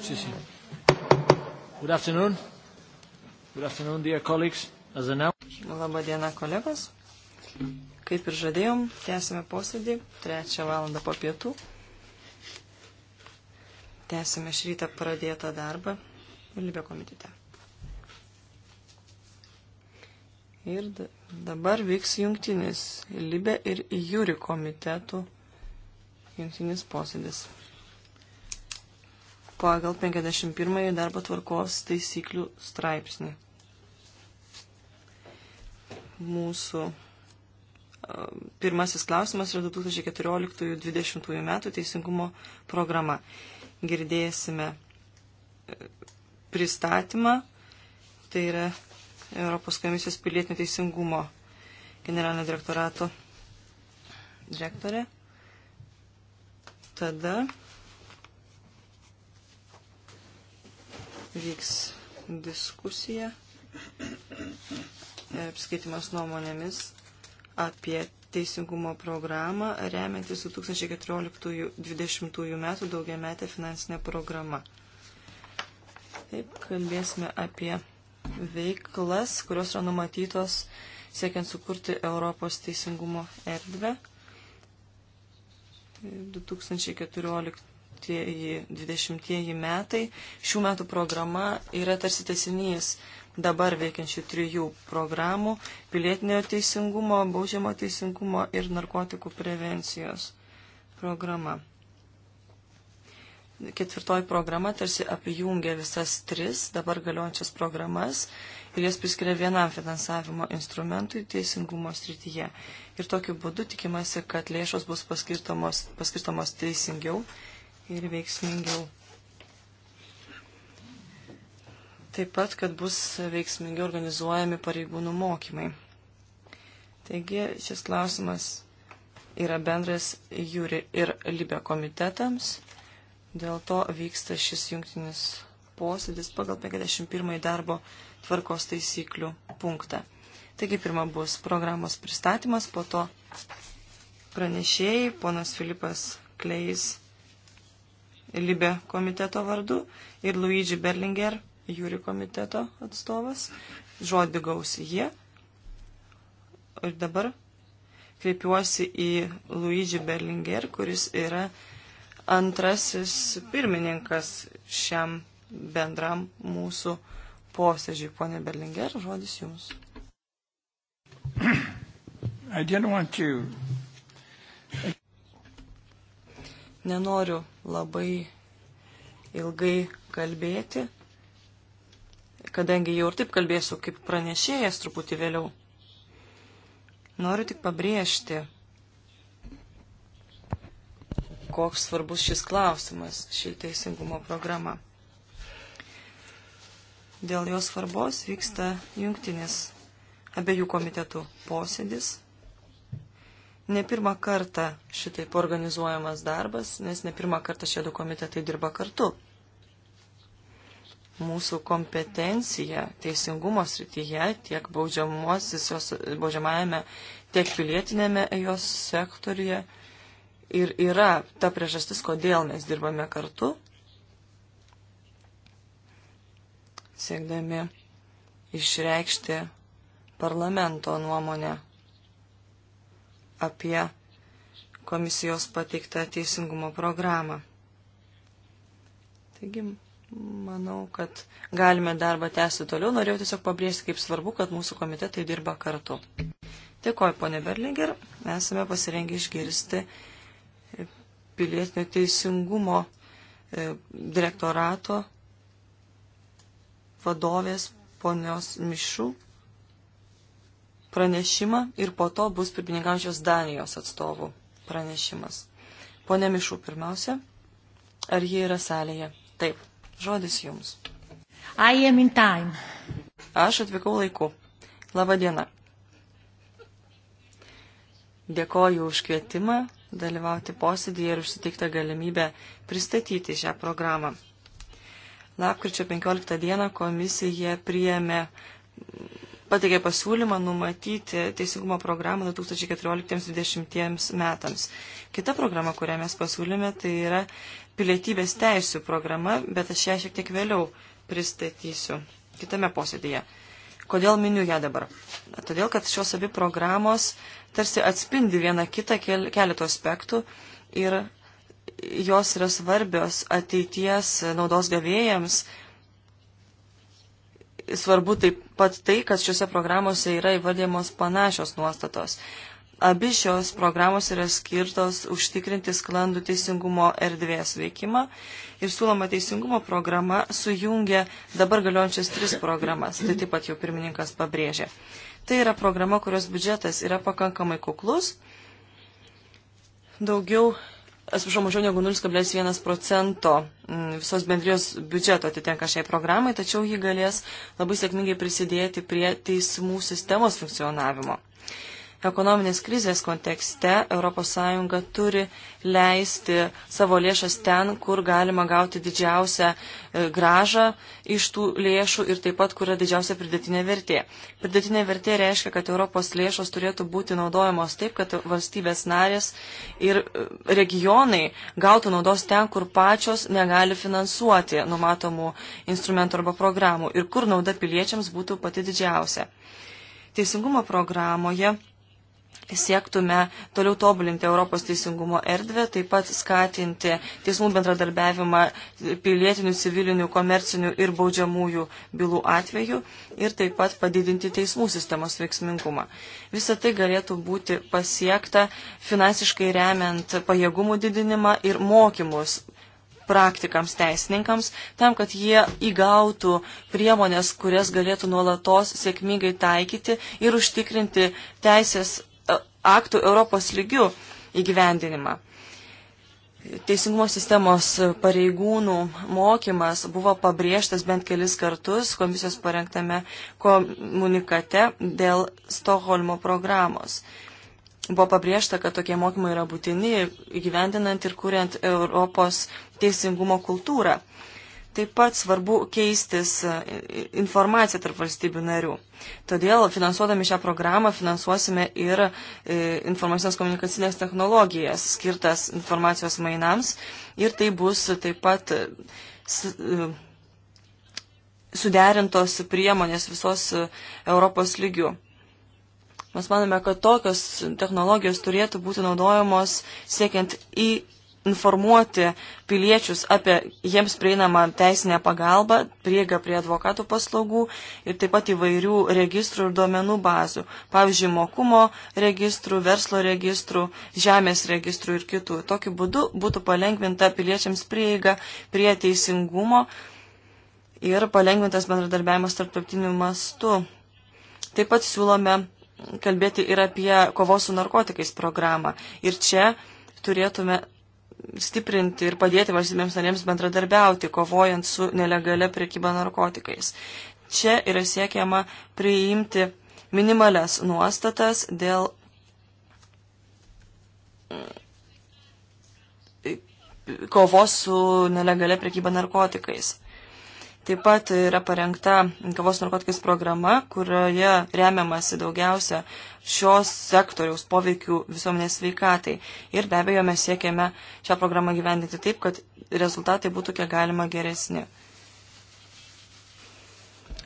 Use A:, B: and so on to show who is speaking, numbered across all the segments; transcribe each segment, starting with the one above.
A: Sì, sì.
B: Good afternoon. Good afternoon, dear colleagues. As announced. Labą dieną, kolegos. Kaip ir žadėjom, tęsime posėdį, trečią valandą po pietų. Tęsime šį rytą pradėtą darbą Libė komitete. Ir dabar vyks jungtinis Libė ir Jūri komitetų jungtinis posėdis pagal 51 darbo tvarkos taisyklių straipsnį. Mūsų pirmasis klausimas yra 2014-2020 metų teisingumo programa. Girdėsime e, pristatymą, tai yra Europos komisijos pilietinio teisingumo generalinio direktorato direktorė. Tada vyks diskusija ir e, apskaitimas nuomonėmis apie teisingumo programą remiantis 2014-2020 metų daugiametę finansinę programą. Taip, kalbėsime apie veiklas, kurios yra numatytos siekiant sukurti Europos teisingumo erdvę 2014 e, 20 metai. Šių metų programa yra tarsi tesinys dabar veikiančių trijų programų - pilietinio teisingumo, baudžiamo teisingumo ir narkotikų prevencijos programa. Ketvirtoji programa tarsi apjungia visas tris dabar galiojančias programas ir jas priskiria vienam finansavimo instrumentui teisingumo srityje. Ir tokiu būdu tikimasi, kad lėšos bus paskirtamos, paskirtamos teisingiau ir veiksmingiau. Taip pat, kad bus veiksmingiau organizuojami pareigūnų mokymai. Taigi šis klausimas yra bendras jūri ir libė komitetams. Dėl to vyksta šis jungtinis posėdis pagal 51 darbo tvarkos taisyklių punktą. Taigi pirma bus programos pristatymas, po to pranešėjai, ponas Filipas Kleis Libe komiteto vardu ir Luigi Berlinger, Jūri komiteto atstovas. Žodį gaus jie. Ir dabar kreipiuosi į Luigi Berlinger, kuris yra antrasis pirmininkas šiam bendram mūsų posėdžiui. Pone Berlinger, žodis jums. I didn't want to Nenoriu labai ilgai kalbėti, kadangi jau ir taip kalbėsiu kaip pranešėjas truputį vėliau. Noriu tik pabrėžti, koks svarbus šis klausimas, ši teisingumo programa. Dėl jos svarbos vyksta jungtinis abiejų komitetų posėdis ne pirmą kartą šitaip organizuojamas darbas, nes ne pirmą kartą šie du komitetai dirba kartu. Mūsų kompetencija teisingumo srityje tiek baudžiamajame, tiek pilietinėme jos sektoriuje ir yra ta priežastis, kodėl mes dirbame kartu, siekdami išreikšti parlamento nuomonę apie komisijos pateiktą teisingumo programą. Taigi, manau, kad galime darbą tęsti toliau. Norėjau tiesiog pabrėžti, kaip svarbu, kad mūsų komitetai dirba kartu. Dėkoju, ponė Berlinger. Esame pasirengę išgirsti pilietinio teisingumo e, direktorato vadovės ponios Mišų pranešimą ir po to bus pirmininkančios Danijos atstovų pranešimas. Pone Mišų pirmiausia, ar jie yra salėje? Taip, žodis jums. I am in time. Aš atvykau laiku. Labadiena. Dėkoju už kvietimą dalyvauti posėdėje ir užsitiktą galimybę pristatyti šią programą. Lapkričio 15 dieną komisija priėmė pateikė pasiūlymą numatyti teisingumo programą 2014-2020 metams. Kita programa, kurią mes pasiūlėme, tai yra pilietybės teisų programa, bet aš ją šiek tiek vėliau pristatysiu kitame posėdėje. Kodėl miniu ją dabar? Todėl, kad šios abi programos tarsi atspindi vieną kitą keletų aspektų ir jos yra svarbios ateities naudos gavėjams, svarbu taip pat tai, kad šiuose programuose yra įvardėmos panašios nuostatos. Abi šios programos yra skirtos užtikrinti sklandų teisingumo erdvės veikimą ir siūloma teisingumo programa sujungia dabar galiojančias tris programas, tai taip pat jau pirmininkas pabrėžė. Tai yra programa, kurios biudžetas yra pakankamai kuklus, daugiau atsiprašau, mažiau negu 0,1 procento mm, visos bendrijos biudžeto atitenka šiai programai, tačiau ji galės labai sėkmingai prisidėti prie teismų sistemos funkcionavimo ekonominės krizės kontekste ES turi leisti savo lėšas ten, kur galima gauti didžiausią e, gražą iš tų lėšų ir taip pat, kur yra didžiausia pridėtinė vertė. Pridėtinė vertė reiškia, kad Europos lėšos turėtų būti naudojamos taip, kad valstybės narės ir e, regionai gautų naudos ten, kur pačios negali finansuoti numatomų instrumentų arba programų ir kur nauda piliečiams būtų pati didžiausia. Teisingumo programoje siektume toliau tobulinti Europos teisingumo erdvę, taip pat skatinti teismų bendradarbiavimą pilietinių, civilinių, komercinių ir baudžiamųjų bylų atveju ir taip pat padidinti teismų sistemos veiksmingumą. Visą tai galėtų būti pasiekta finansiškai remiant pajėgumų didinimą ir mokymus praktikams, teisininkams, tam, kad jie įgautų priemonės, kurias galėtų nuolatos sėkmingai taikyti ir užtikrinti teisės aktų Europos lygių įgyvendinimą. Teisingumo sistemos pareigūnų mokymas buvo pabrėžtas bent kelis kartus komisijos parengtame komunikate dėl Stoholmo programos. Buvo pabrėžta, kad tokie mokymai yra būtini įgyvendinant ir kuriant Europos teisingumo kultūrą. Taip pat svarbu keistis e, informaciją tarp valstybių narių. Todėl finansuodami šią programą finansuosime ir e, informacinės komunikacinės technologijas skirtas informacijos mainams ir tai bus taip pat e, suderintos priemonės visos Europos lygių. Mes manome, kad tokios technologijos turėtų būti naudojamos siekiant į informuoti piliečius apie jiems prieinamą teisinę pagalbą, prieigą prie advokatų paslaugų ir taip pat įvairių registrų ir duomenų bazių, pavyzdžiui, mokumo registrų, verslo registrų, žemės registrų ir kitų. Tokiu būdu būtų palengvinta piliečiams prieiga prie teisingumo ir palengvintas bendradarbiavimas tarptautiniu mastu. Taip pat siūlome kalbėti ir apie kovos su narkotikais programą. Ir čia turėtume stiprinti ir padėti valstybėms narėms bendradarbiauti, kovojant su nelegale priekyba narkotikais. Čia yra siekiama priimti minimales nuostatas dėl kovos su nelegale priekyba narkotikais. Taip pat yra parengta kavos narkotikais programa, kurioje remiamasi daugiausia šios sektoriaus poveikių visuomenės sveikatai. Ir be abejo, mes siekiame šią programą gyvendinti taip, kad rezultatai būtų kiek galima geresni.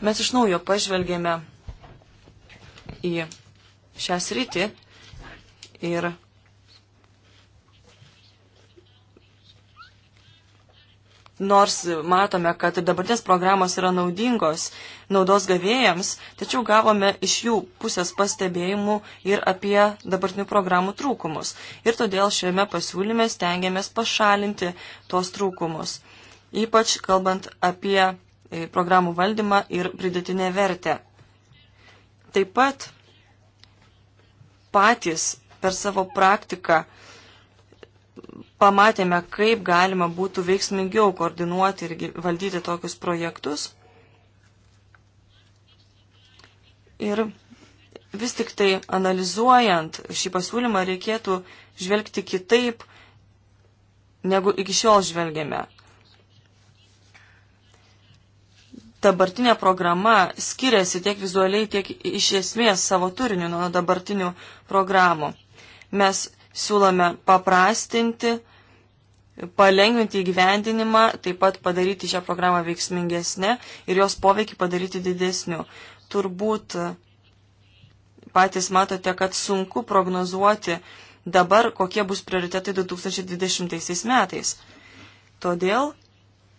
B: Mes iš naujo pažvelgėme į šią sritį ir nors matome, kad ir dabartinės programos yra naudingos naudos gavėjams, tačiau gavome iš jų pusės pastebėjimų ir apie dabartinių programų trūkumus. Ir todėl šiame pasiūlyme stengiamės pašalinti tos trūkumus, ypač kalbant apie e, programų valdymą ir pridėtinę vertę. Taip pat patys per savo praktiką uh, pamatėme, kaip galima būtų veiksmingiau koordinuoti ir valdyti tokius projektus. Ir vis tik tai analizuojant šį pasiūlymą reikėtų žvelgti kitaip, negu iki šiol žvelgėme. Dabartinė programa skiriasi tiek vizualiai, tiek iš esmės savo turiniu nuo dabartinių programų. Mes siūlome paprastinti palengvinti įgyvendinimą, taip pat padaryti šią programą veiksmingesnę ir jos poveikį padaryti didesniu. Turbūt patys matote, kad sunku prognozuoti dabar, kokie bus prioritetai 2020 metais. Todėl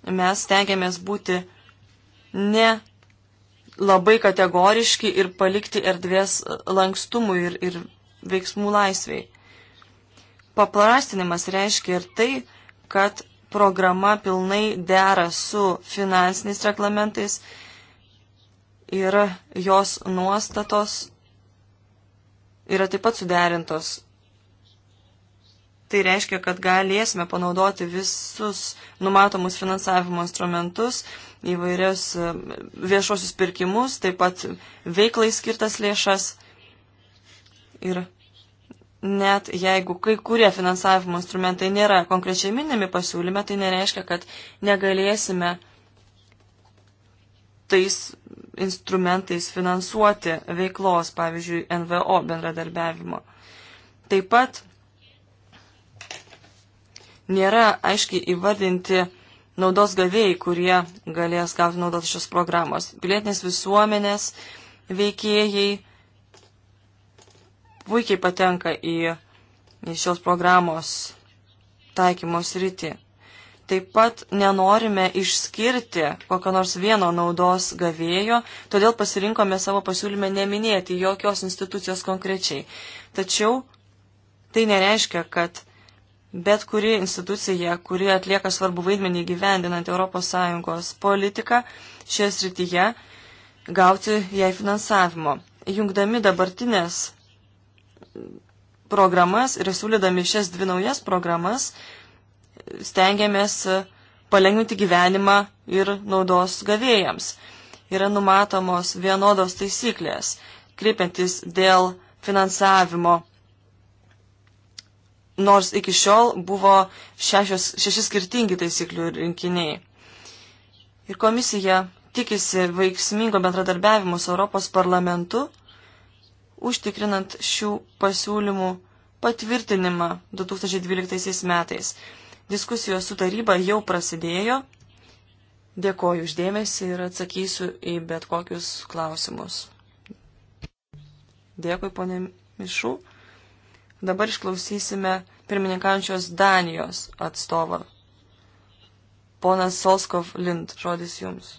B: mes tengiamės būti ne labai kategoriški ir palikti erdvės lankstumui ir, ir veiksmų laisviai. Paprastinimas reiškia ir tai, kad programa pilnai dera su finansiniais reglamentais ir jos nuostatos yra taip pat suderintos. Tai reiškia, kad galėsime panaudoti visus numatomus finansavimo instrumentus, įvairias e, viešuosius pirkimus, taip pat veiklai skirtas lėšas ir net jeigu kai kurie finansavimo instrumentai nėra konkrečiai minimi pasiūlyme, tai nereiškia, kad negalėsime tais instrumentais finansuoti veiklos, pavyzdžiui, NVO bendradarbiavimo. Taip pat nėra aiškiai įvardinti naudos gavėjai, kurie galės gauti naudos šios programos. Pilietinės visuomenės veikėjai, puikiai patenka į šios programos taikymos rytį. Taip pat nenorime išskirti kokio nors vieno naudos gavėjo, todėl pasirinkome savo pasiūlymę neminėti jokios institucijos konkrečiai. Tačiau tai nereiškia, kad bet kuri institucija, kuri atlieka svarbu vaidmenį gyvendinant ES politiką šioje srityje, gauti jai finansavimo. Jungdami dabartinės programas ir siūlydami šias dvi naujas programas stengiamės palengvinti gyvenimą ir naudos gavėjams. Yra numatomos vienodos taisyklės, kreipiantis dėl finansavimo. Nors iki šiol buvo šešios, šeši skirtingi taisyklių rinkiniai. Ir komisija tikisi veiksmingo bendradarbiavimo su Europos parlamentu užtikrinant šių pasiūlymų patvirtinimą 2012 metais. Diskusijos su taryba jau prasidėjo. Dėkoju uždėmesi ir atsakysiu į bet kokius klausimus. Dėkui, ponė Mišų. Dabar išklausysime pirmininkančios Danijos atstovą. Ponas Solskov Lind, žodis jums.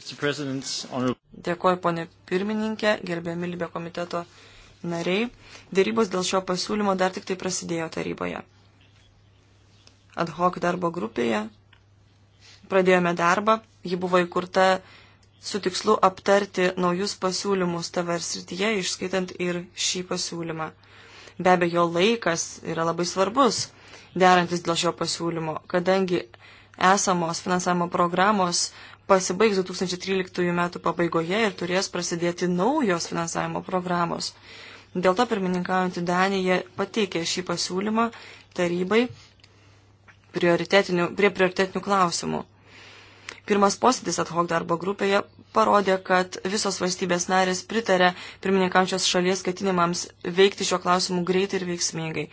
B: Dėkuoju, ponė pirmininkė, gerbėmi Libė komiteto nariai. Dėrybos dėl šio pasiūlymo dar tik tai prasidėjo taryboje. Ad hoc darbo grupėje pradėjome darbą, ji buvo įkurta su tikslu aptarti naujus pasiūlymus TVR srityje, išskaitant ir šį pasiūlymą. Be abejo, laikas yra labai svarbus derantis dėl šio pasiūlymo, kadangi esamos finansavimo programos pasibaigs 2013 metų pabaigoje ir turės prasidėti naujos finansavimo programos. Dėl to pirmininkaujantį Daniją pateikė šį pasiūlymą tarybai prioritetinių, prie prioritetinių klausimų. Pirmas posėdis ad hoc darbo grupėje parodė, kad visos valstybės narės pritarė pirmininkančios šalies ketinimams veikti šiuo klausimu greitai ir veiksmingai.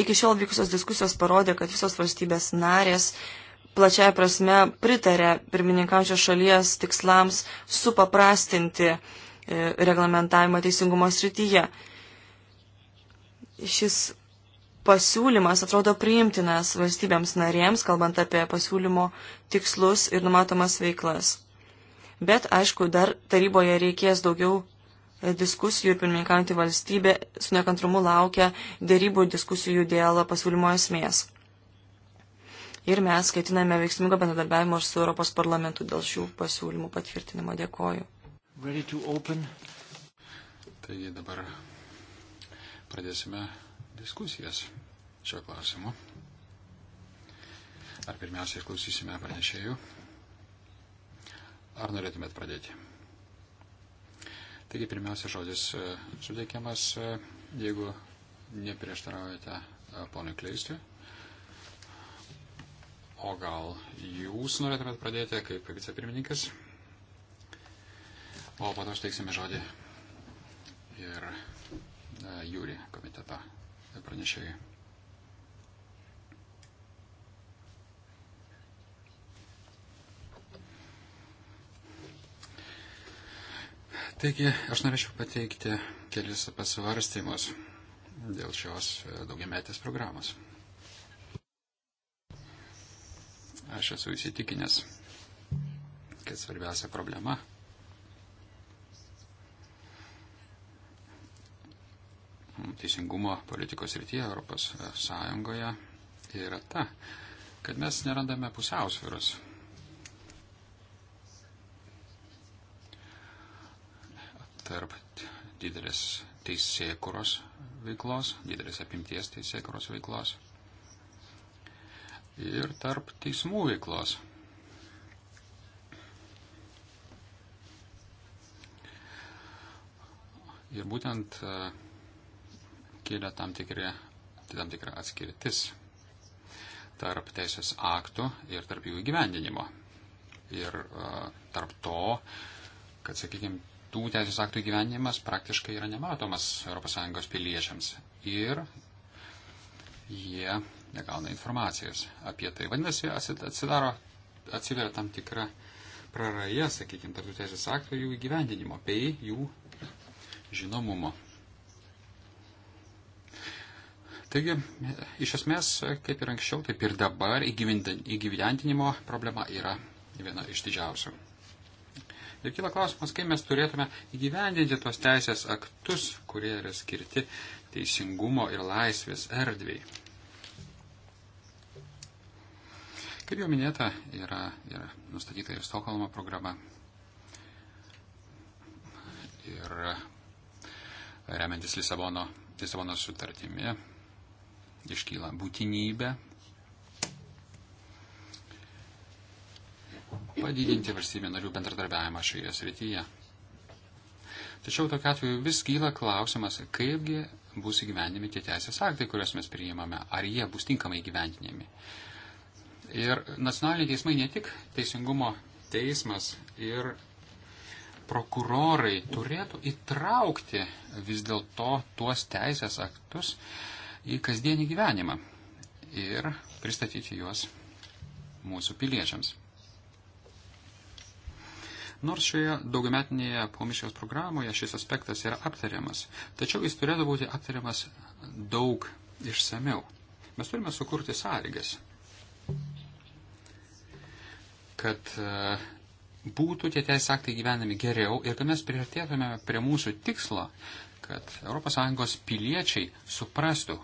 B: Iki šiol vykusios diskusijos parodė, kad visos valstybės narės uh, plačiaja prasme pritarė pirmininkaučio šalies tikslams supaprastinti e, reglamentavimą teisingumo srityje. Šis pasiūlymas atrodo priimtinas valstybėms narėms, kalbant apie pasiūlymo tikslus ir numatomas veiklas. Bet, aišku, dar taryboje reikės daugiau e, diskusijų ir pirmininkaujantį valstybę su nekantrumu laukia dėrybų diskusijų dėl pasiūlymo esmės ir mes ketiname veiksmingo bendradarbiavimo su Europos parlamentu dėl šių pasiūlymų patvirtinimo. Dėkoju. Taigi dabar pradėsime
C: diskusijas šio klausimu. Ar pirmiausia išklausysime pranešėjų? Ar norėtumėt pradėti? Taigi pirmiausia žodis e, sudėkiamas, e, jeigu neprieštaraujate e, ponui Kleistui. O gal jūs norėtumėt pradėti kaip vicepirmininkas? O po to išteiksime žodį ir e, jūrį komitetą pranešėjai. Taigi, aš norėčiau pateikti kelis pasvarstymus dėl šios e, daugiametės programos. Aš esu įsitikinęs, kad svarbiausia problema teisingumo politikos rytyje Europos Sąjungoje yra ta, kad mes nerandame pusiausvėros. Tarp didelės teisėkuros veiklos, didelės apimties teisėkuros veiklos ir tarp teismų veiklos. Ir būtent e, kėlė tam, tikri, tam tikra atskirtis tarp teisės aktų ir tarp jų įgyvendinimo. Ir uh, tarp to, kad, sakykime, tų teisės aktų įgyvendinimas praktiškai yra nematomas ES piliečiams. Ir jie negauna informacijos apie tai. Vadinasi, atsidaro, atsiveria tam tikra praraja, sakykime, tarptų teisės aktų jų įgyvendinimo, bei jų žinomumo. Taigi, iš esmės, kaip ir anksčiau, taip ir dabar įgyvendinimo problema yra viena iš didžiausių. Ir kyla klausimas, kaip mes turėtume įgyvendinti tos teisės aktus, kurie yra skirti teisingumo ir laisvės erdvėjai. Kaip jau minėta, yra, yra nustatyta ir Stokholmo programa. Ir remiantis Lisabono, Lisabono sutartimi iškyla būtinybė padidinti valstybė narių bendradarbiavimą šioje srityje. Tačiau tokiu atveju vis kyla klausimas, kaipgi bus įgyvendinami tie teisės aktai, kuriuos mes priimame, ar jie bus tinkamai įgyvendinami. Ir nacionaliniai teismai ne tik teisingumo teismas ir prokurorai turėtų įtraukti vis dėlto tuos teisės aktus į kasdienį gyvenimą ir pristatyti juos mūsų piliečiams. Nors šioje daugiametinėje komisijos programoje šis aspektas yra aptariamas, tačiau jis turėtų būti aptariamas daug išsameu. Mes turime sukurti sąlygas kad e, būtų tie teisės aktai gyvenami geriau ir kad mes priartėtume prie mūsų tikslo, kad ES piliečiai suprastų,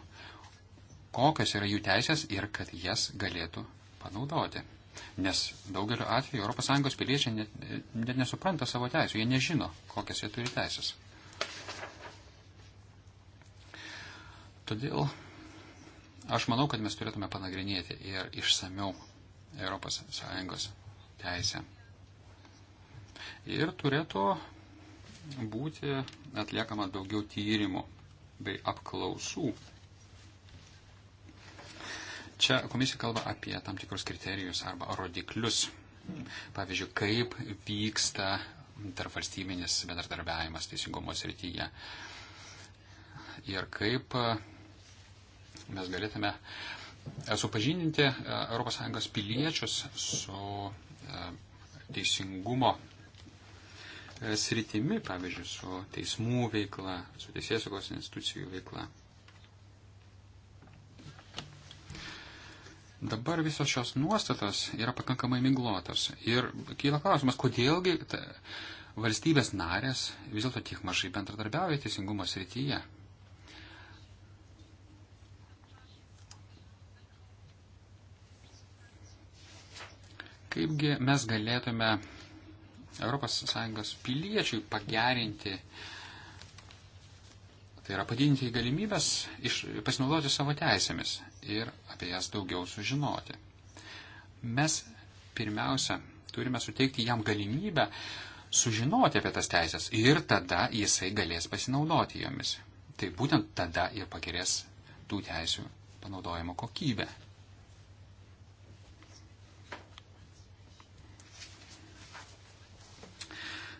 C: kokios yra jų teisės ir kad jas galėtų panaudoti. Nes daugeliu atveju ES piliečiai net, net nesupranta savo teisų, jie nežino, kokias jie turi teisės. Todėl aš manau, kad mes turėtume panagrinėti ir išsameu ES teisę. Ir turėtų būti atliekama daugiau tyrimų bei apklausų. Čia komisija kalba apie tam tikrus kriterijus arba rodiklius. Pavyzdžiui, kaip vyksta tarpvalstybinis bendradarbiavimas teisingumo srityje. Ir kaip mes galėtume supažindinti ES piliečius su E, teisingumo e, sritimi, pavyzdžiui, su teismų veikla, su teisėsaugos institucijų veikla. Dabar visos šios nuostatos yra pakankamai miglotos. Ir kyla klausimas, kodėlgi valstybės narės vis dėlto tiek mažai bendradarbiauja teisingumo srityje. Kaipgi mes galėtume ES piliečiui pagerinti, tai yra padidinti galimybės iš, pasinaudoti savo teisėmis ir apie jas daugiau sužinoti. Mes pirmiausia turime suteikti jam galimybę sužinoti apie tas teisės ir tada jisai galės pasinaudoti jomis. Tai būtent tada ir pagerės tų teisių panaudojimo kokybė.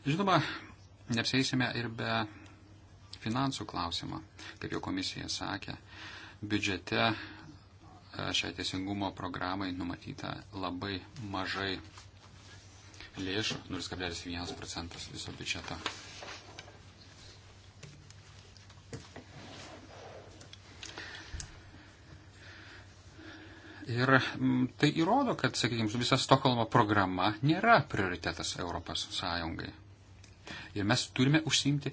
C: Žinoma, neapsėsime ir be finansų klausimą. Kaip jau komisija sakė, biudžete e, šiai teisingumo programai numatyta labai mažai lėšų, 0,1 procentas viso biudžeto. Ir tai įrodo, kad, sakykime, visa Stokholmo programa nėra prioritetas Europos Sąjungai. Ir mes turime užsimti,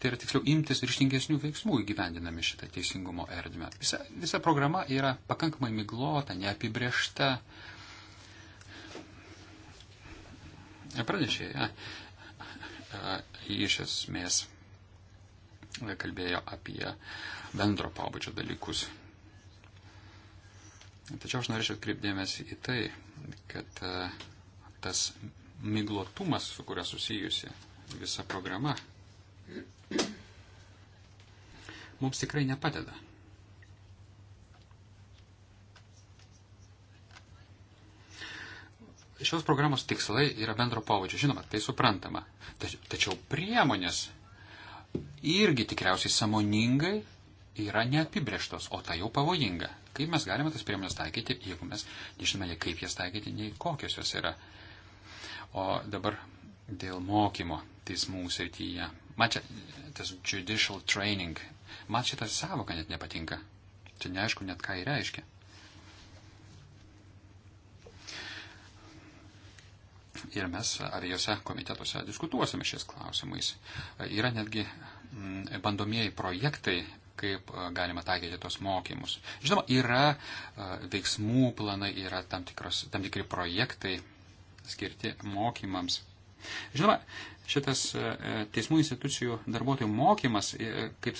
C: tai yra tiksliau imtis ryštingesnių veiksmų įgyvendinami šitą teisingumo erdvę. Visa, visa programa yra pakankamai miglota, neapibriešta. Pranešėja iš esmės kalbėjo apie bendro pobūdžio dalykus. Tačiau aš norėčiau atkreipdėmėsi į tai, kad tas miglotumas, su kuria susijusi visa programa mums tikrai nepadeda. Šios programos tikslai yra bendro pavadžio, žinoma, tai suprantama. Tačiau priemonės irgi tikriausiai samoningai yra neapibrieštos, o tai jau pavojinga. Kaip mes galime tas priemonės taikyti, jeigu mes nežinome, kaip jas taikyti, nei kokios jos yra. O dabar dėl mokymo teismų srityje. Man čia tas judicial training, man šitą savoką net nepatinka. Čia neaišku net ką jį reiškia. Ir mes abiejose komitetuose diskutuosime šiais klausimais. Yra netgi mm, bandomieji projektai, kaip galima taikyti tos mokymus. Žinoma, yra veiksmų planai, yra tam, tikros, tam tikri projektai skirti mokymams. Žinoma, šitas e, teismų institucijų darbuotojų mokymas e, kaip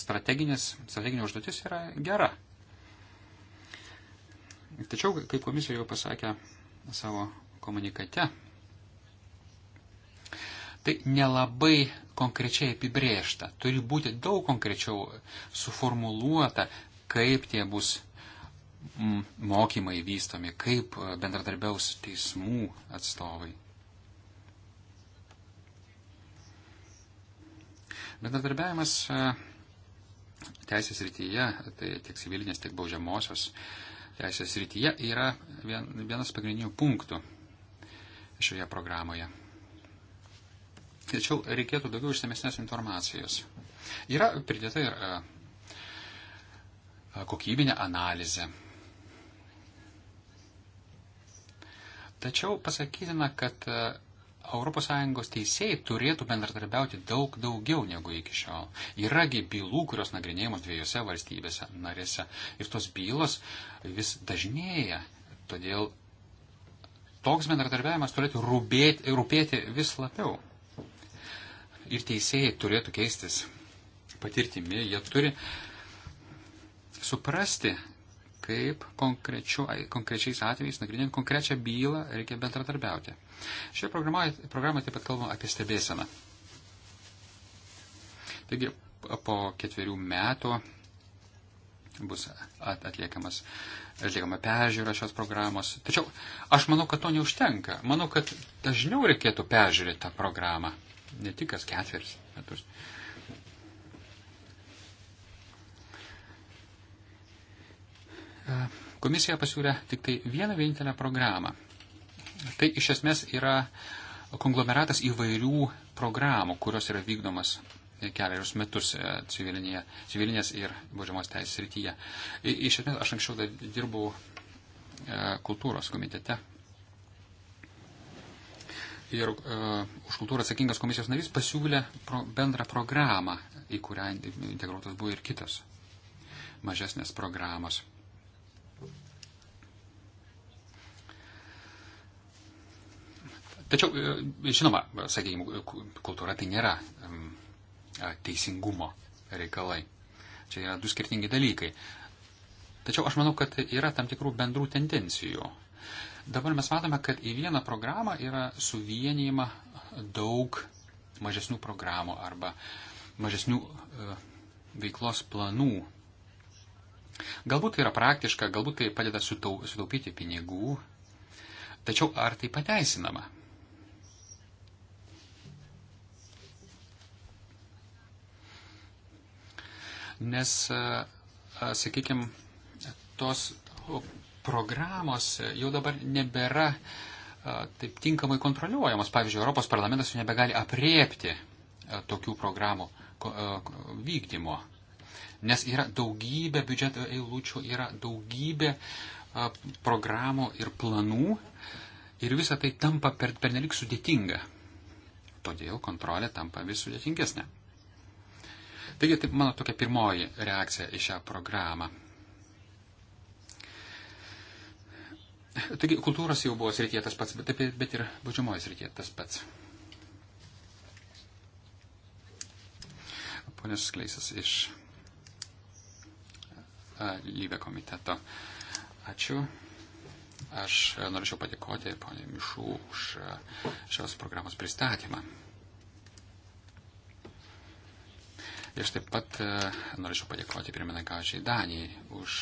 C: strateginės, strateginė užduotis yra gera. Tačiau, kaip komisija jau pasakė savo komunikate, tai nelabai konkrečiai apibriešta. Turi būti daug konkrečiau suformuluota, kaip tie bus mokymai vystomi, kaip e, bendradarbiaus teismų atstovai. Bendradarbiavimas e, teisės rytyje, tai tiek civilinės, tiek baudžiamosios teisės rytyje yra vienas pagrindinių punktų šioje programoje. Tačiau reikėtų daugiau išsamesnės informacijos. Yra pridėta ir e, kokybinė analizė. Tačiau pasakytina, kad e, ES teisėjai turėtų bendradarbiauti daug daugiau negu iki šiol. Yragi bylų, kurios nagrinėjamos dviejose valstybėse narėse. Ir tos bylos vis dažnėja. Todėl toks bendradarbiavimas turėtų rūpėti, rūpėti vis labiau. Ir teisėjai turėtų keistis patirtimi. Jie turi suprasti kaip konkrečiais atvejais, nagrinėjant konkrečią bylą, reikia bendradarbiauti. Šioje programoje taip pat kalbama apie stebėseną. Taigi, po ketverių metų bus atliekamas, atliekama peržiūra šios programos. Tačiau aš manau, kad to neužtenka. Manau, kad dažniau reikėtų peržiūrėti tą programą. Ne tik kas ketveris metus. Uh, Komisija pasiūlė tik tai vieną vienintelę programą. Tai iš esmės yra konglomeratas įvairių programų, kurios yra vykdomas keliarius metus e, civilinės ir baudžiamos teisės rytyje. Iš esmės, aš anksčiau dirbau e, kultūros komitete. Ir uh, už kultūrą atsakingas komisijos narys pasiūlė pro, bendrą programą, į kurią integruotas buvo ir kitos mažesnės programos. Tačiau, e, žinoma, sakykime, kultūra tai nėra teisingumo reikalai. Čia yra du skirtingi dalykai. Tačiau aš manau, kad yra tam tikrų bendrų tendencijų. Dabar mes matome, kad į vieną programą yra suvienijama daug mažesnių programų arba mažesnių e, veiklos planų. Galbūt tai yra praktiška, galbūt tai padeda sutaupyti pinigų, tačiau ar tai pateisinama? nes, e, e, sakykime, tos programos jau dabar nebėra e, taip tinkamai kontroliuojamos. Pavyzdžiui, Europos parlamentas jau nebegali apriepti tokių programų vykdymo, nes yra daugybė biudžeto eilučių, yra daugybė programų ir planų ir visa tai tampa per, per nelik sudėtinga. Todėl kontrolė tampa vis sudėtingesnė. Taigi, tai mano tokia pirmoji reakcija į šią programą. Taigi, kultūros jau buvo srityje tas pats, bet, bet ir baudžiamoji srityje tas pats. Ponės Kleisas iš lygio komiteto. Ačiū. Aš norėčiau padėkoti ponė Mišų už šios programos pristatymą. Ir aš taip pat e, norėčiau padėkoti pirmininkaučiai Danijai už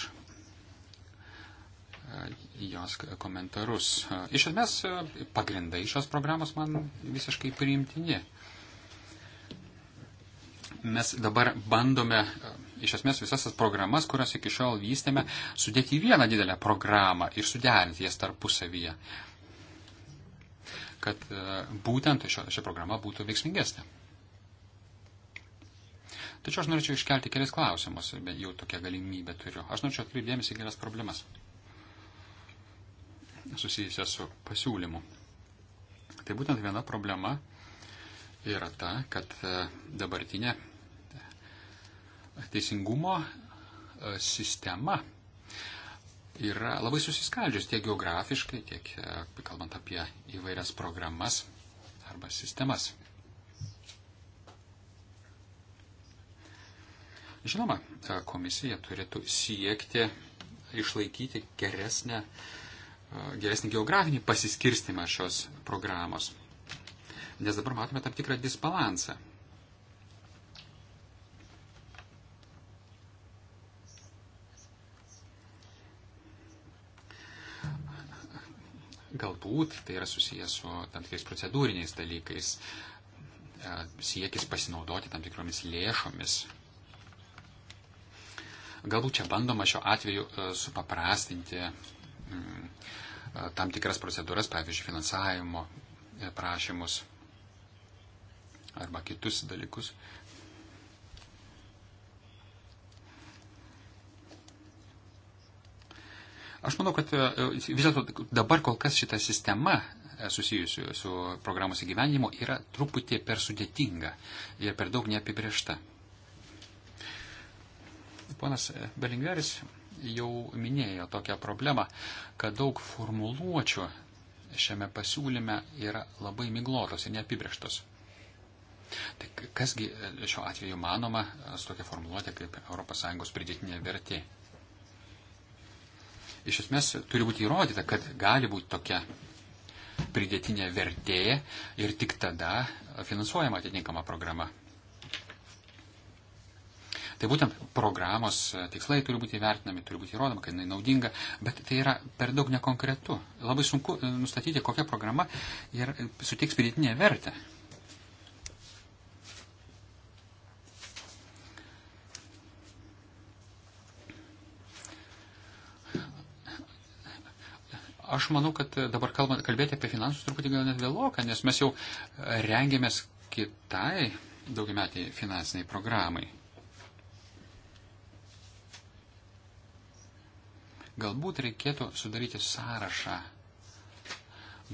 C: e, jos komentarus. E, iš esmės, pagrindai šios programos man visiškai priimtini. Mes dabar bandome iš esmės visas tas programas, kurias iki šiol vystėme, sudėti į vieną didelę programą ir suderinti jas tarpusavyje, kad būtent ši programa būtų veiksmingesnė. Tačiau aš norėčiau iškelti kelias klausimus, bet jau tokią galimybę turiu. Aš norėčiau atkreipdėmėsi kelias problemas susijusias su pasiūlymu. Tai būtent viena problema yra ta, kad e, dabartinė e, teisingumo e, sistema yra labai susiskaldžius tiek geografiškai, tiek kalbant apie įvairias programas arba sistemas. Žinoma, komisija turėtų siekti išlaikyti geresnę, e, geresnį geografinį pasiskirstimą šios programos. Nes dabar matome tam tikrą disbalansą. Galbūt tai yra susijęs su tam tikrais procedūriniais dalykais, e, siekis pasinaudoti tam tikromis lėšomis Galbūt čia bandoma šiuo atveju e, supaprastinti mm, e, tam tikras procedūras, pavyzdžiui, finansavimo e, prašymus arba kitus dalykus. Aš manau, kad vis dėlto dabar kol kas šita sistema susijusi su programos įgyvenimu yra truputį per sudėtinga ir per daug neapibriešta. Ponas Belingeris jau minėjo tokią problemą, kad daug formuluočių šiame pasiūlyme yra labai miglotos ir neapibrieštos. Tai kasgi e, šiuo atveju manoma e, su tokia formuluotė kaip ES pridėtinė vertė? Iš esmės e, turi būti įrodyta, kad gali būti tokia pridėtinė vertė ir tik tada finansuojama atitinkama programa. Tai būtent programos e, tikslai turi būti vertinami, turi būti įrodoma, kad jinai naudinga, bet tai yra per daug nekonkretu. Labai sunku e, nustatyti, kokia programa ir suteiks pridėtinę vertę. Aš manau, kad dabar kalbant, kalbėti apie finansus truputį gal net vėloka, nes mes jau rengiamės kitai daugiametiai finansiniai programai. Galbūt reikėtų sudaryti sąrašą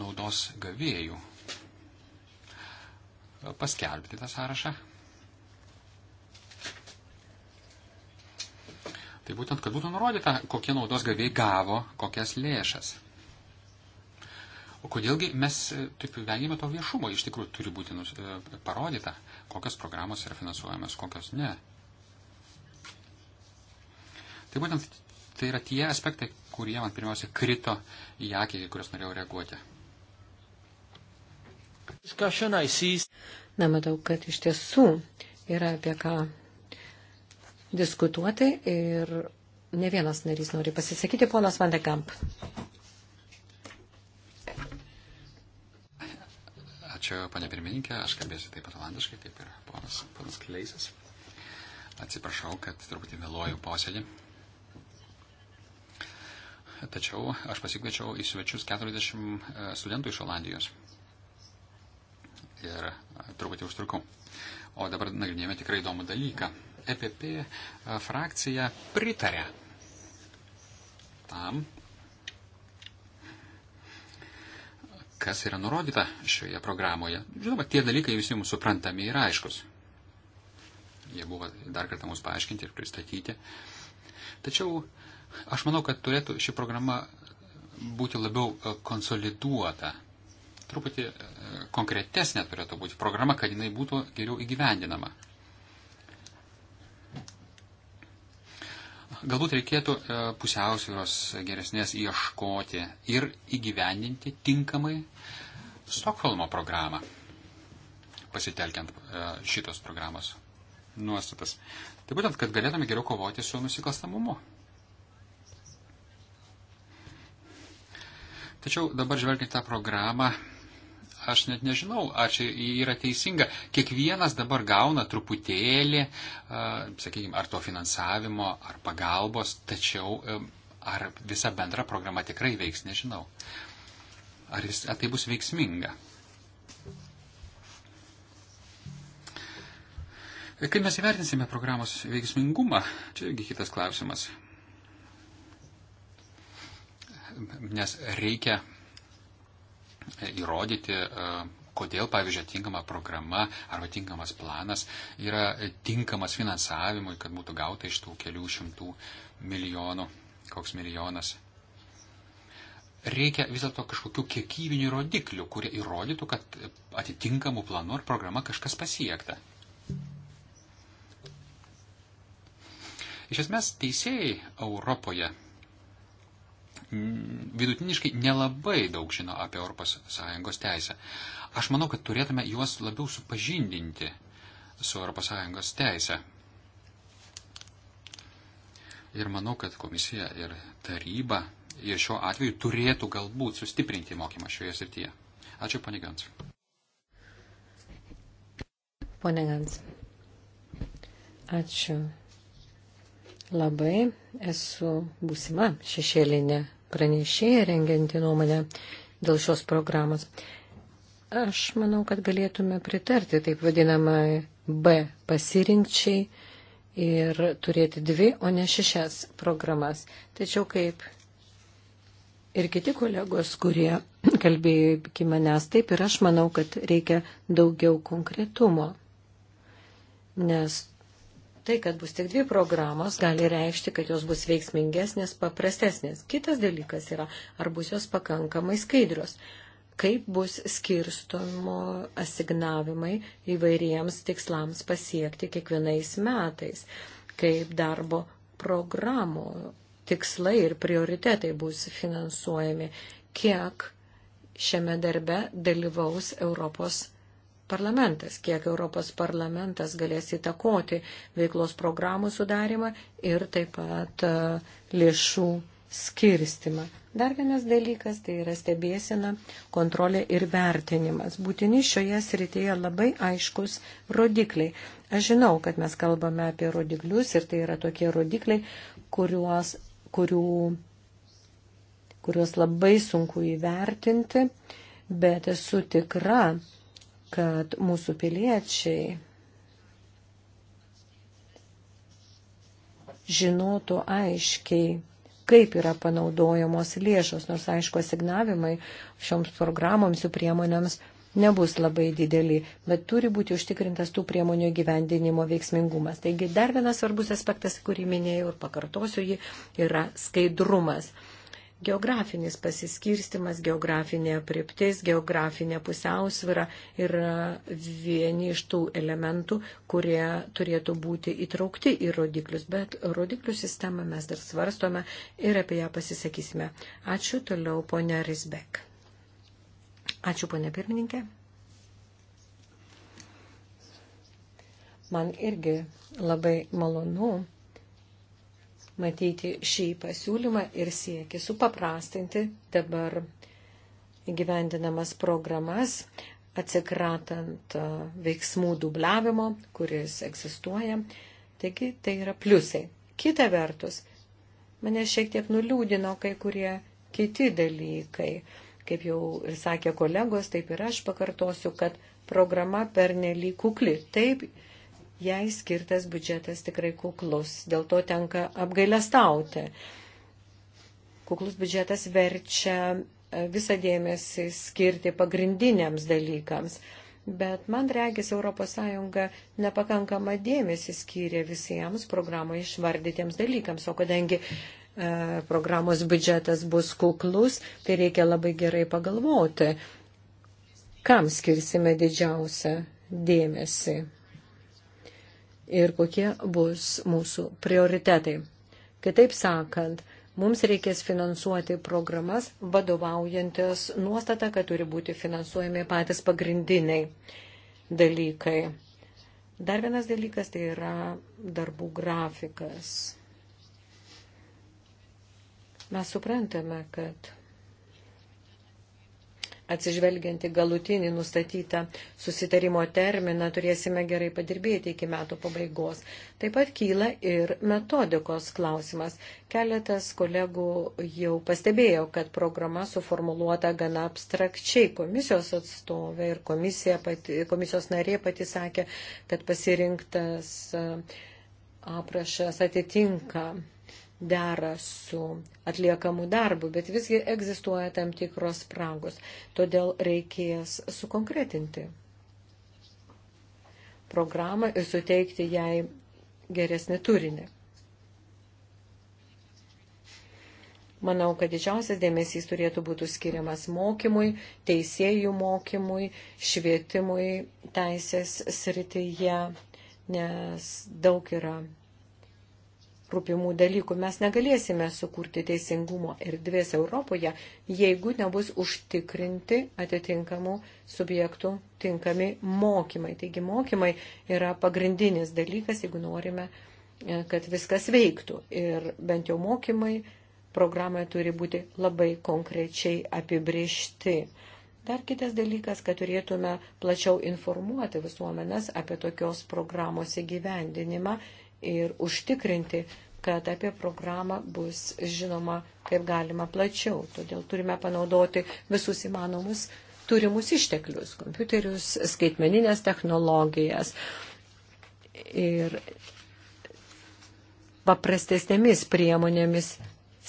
C: naudos gavėjų. Paskelbti tą sąrašą. Tai būtent, kad būtų nurodyta, kokie naudos gavėjai gavo, kokias lėšas. O kodėlgi mes e, taip vengėme to viešumo, iš tikrųjų turi būti nus, e, parodyta, kokios programos yra finansuojamas, kokios ne. Tai būtent Tai yra tie aspektai, kurie man pirmiausia krito į akį, į kuriuos norėjau reaguoti.
A: Na, matau, kad iš tiesų yra apie ką diskutuoti ir ne vienas narys nori pasisakyti, ponas Vandekamp.
C: Ačiū, panė pirmininkė, aš kalbėsiu taip pat olandiškai, kaip ir ponas, ponas Kleisas. Atsiprašau, kad truputį vėluoju posėdį tačiau aš pasikviečiau į svečius 40 e, studentų iš Olandijos. Ir e, truputį užtrukau. O dabar nagrinėjame tikrai įdomų dalyką. EPP e, frakcija pritarė tam, kas yra nurodyta šioje programoje. Žinoma, tie dalykai visi mums suprantami ir aiškus. Jie buvo dar kartą mums paaiškinti ir pristatyti. Tačiau Aš manau, kad turėtų ši programa būti labiau e, konsoliduota, truputį e, konkretesnė turėtų būti programa, kad jinai būtų geriau įgyvendinama. Galbūt reikėtų e, pusiausvyros geresnės ieškoti ir įgyvendinti tinkamai Stokholmo programą, pasitelkiant šitos programos nuostatas. Tai būtent, kad galėtume geriau kovoti su nusikalstamumu. Tačiau dabar žvelgiant tą programą, aš net nežinau, ar čia yra teisinga. Kiekvienas dabar gauna truputėlį, sakykime, ar to finansavimo, ar pagalbos, tačiau ar visa bendra programa tikrai veiks, nežinau. Ar, jis, ar tai bus veiksminga? Kai mes įvertinsime programos veiksmingumą, čia irgi kitas klausimas nes reikia įrodyti, e, kodėl, pavyzdžiui, tinkama programa arba tinkamas planas yra tinkamas finansavimui, kad būtų gauta iš tų kelių šimtų milijonų, koks milijonas. Reikia vis dėlto kažkokių kiekybinių rodiklių, kurie įrodytų, kad atitinkamų planų ar programa kažkas pasiekta. Iš esmės, teisėjai Europoje vidutiniškai nelabai daug žino apie ES teisę. Aš manau, kad turėtume juos labiau supažindinti su ES teisė. Ir manau, kad komisija ir taryba ir šiuo atveju turėtų galbūt sustiprinti mokymą šioje srityje. Ačiū, ponė Gans.
A: Pone Gans. Ačiū. Labai esu būsima šešėlinė pranešėja rengianti nuomonę dėl šios programos. Aš manau, kad galėtume pritarti taip vadinamai B pasirinkčiai ir turėti dvi, o ne šešias programas. Tačiau kaip ir kiti kolegos, kurie kalbėjo iki manęs, taip ir aš manau, kad reikia daugiau konkretumo, nes Tai, kad bus tik dvi programos, gali reikšti, kad jos bus veiksmingesnės, paprastesnės. Kitas dalykas yra, ar bus jos pakankamai skaidrios kaip bus skirstomo asignavimai įvairiems tikslams pasiekti kiekvienais metais, kaip darbo programų tikslai ir prioritetai bus finansuojami, kiek šiame darbe dalyvaus Europos parlamentas, kiek Europos parlamentas galės įtakoti veiklos programų sudarimą ir taip pat e, lėšų skirstimą. Dar vienas dalykas tai yra stebėsina, kontrolė ir vertinimas. Būtini šioje srityje labai aiškus rodikliai. Aš žinau, kad mes kalbame apie rodiklius ir tai yra tokie rodikliai, kuriuos, kurių, kuriuos labai sunku įvertinti, bet esu tikra, kad mūsų piliečiai žinotų aiškiai, kaip yra panaudojamos lėšos, nors aišku, asignavimai šioms programoms, jų priemonėms nebus labai dideli, bet turi būti užtikrintas tų priemonių gyvendinimo veiksmingumas. Taigi dar vienas svarbus aspektas, kurį minėjau ir pakartosiu jį, yra skaidrumas geografinis pasiskirstimas, geografinė apriptis, geografinė pusiausvyra yra vieni iš tų elementų, kurie turėtų būti įtraukti į rodiklius, bet rodiklių sistemą mes dar svarstome ir apie ją pasisakysime. Ačiū toliau, ponia Risbek. Ačiū, ponia pirmininkė. Man irgi labai malonu matyti šį pasiūlymą ir sieki supaprastinti dabar įgyvendinamas programas, atsikratant veiksmų dubliavimo, kuris egzistuoja. Taigi tai yra pliusai. Kita vertus, mane šiek tiek nuliūdino kai kurie kiti dalykai. Kaip jau ir sakė kolegos, taip ir aš pakartosiu, kad programa per nelikukli. Taip, jai skirtas biudžetas tikrai kuklus, dėl to tenka apgailestauti. Kuklus biudžetas verčia e, visą dėmesį skirti pagrindiniams dalykams. Bet man regis ES nepakankamą dėmesį skyrė visiems programoje išvardytiems dalykams, o kadangi e, programos biudžetas bus kuklus, tai reikia labai gerai pagalvoti, kam skirsime didžiausią dėmesį ir kokie bus mūsų prioritetai. Kitaip sakant, mums reikės finansuoti programas vadovaujantis nuostata, kad turi būti finansuojami patys pagrindiniai dalykai. Dar vienas dalykas tai yra darbų grafikas. Mes suprantame, kad atsižvelgianti galutinį nustatytą susitarimo terminą, turėsime gerai padirbėti iki metų pabaigos. Taip pat kyla ir metodikos klausimas. Keletas kolegų jau pastebėjo, kad programa suformuluota gana abstrakčiai. Komisijos atstovė ir komisija pati, komisijos narė pati sakė, kad pasirinktas aprašas atitinka dera su atliekamu darbu, bet visgi egzistuoja tam tikros spragos. Todėl reikės sukonkretinti programą ir suteikti jai geresnį turinį. Manau, kad didžiausias dėmesys turėtų būti skiriamas mokymui, teisėjų mokymui, švietimui teisės srityje, nes daug yra rūpimų dalykų. Mes negalėsime sukurti teisingumo erdvės Europoje, jeigu nebus užtikrinti atitinkamų subjektų tinkami mokymai. Taigi mokymai yra pagrindinis dalykas, jeigu norime, e, kad viskas veiktų. Ir bent jau mokymai programoje turi būti labai konkrečiai apibriešti. Dar kitas dalykas, kad turėtume plačiau informuoti visuomenės apie tokios programos įgyvendinimą ir užtikrinti, kad apie programą bus žinoma kaip galima plačiau. Todėl turime panaudoti visus įmanomus turimus išteklius, kompiuterius, skaitmeninės technologijas ir paprastesnėmis priemonėmis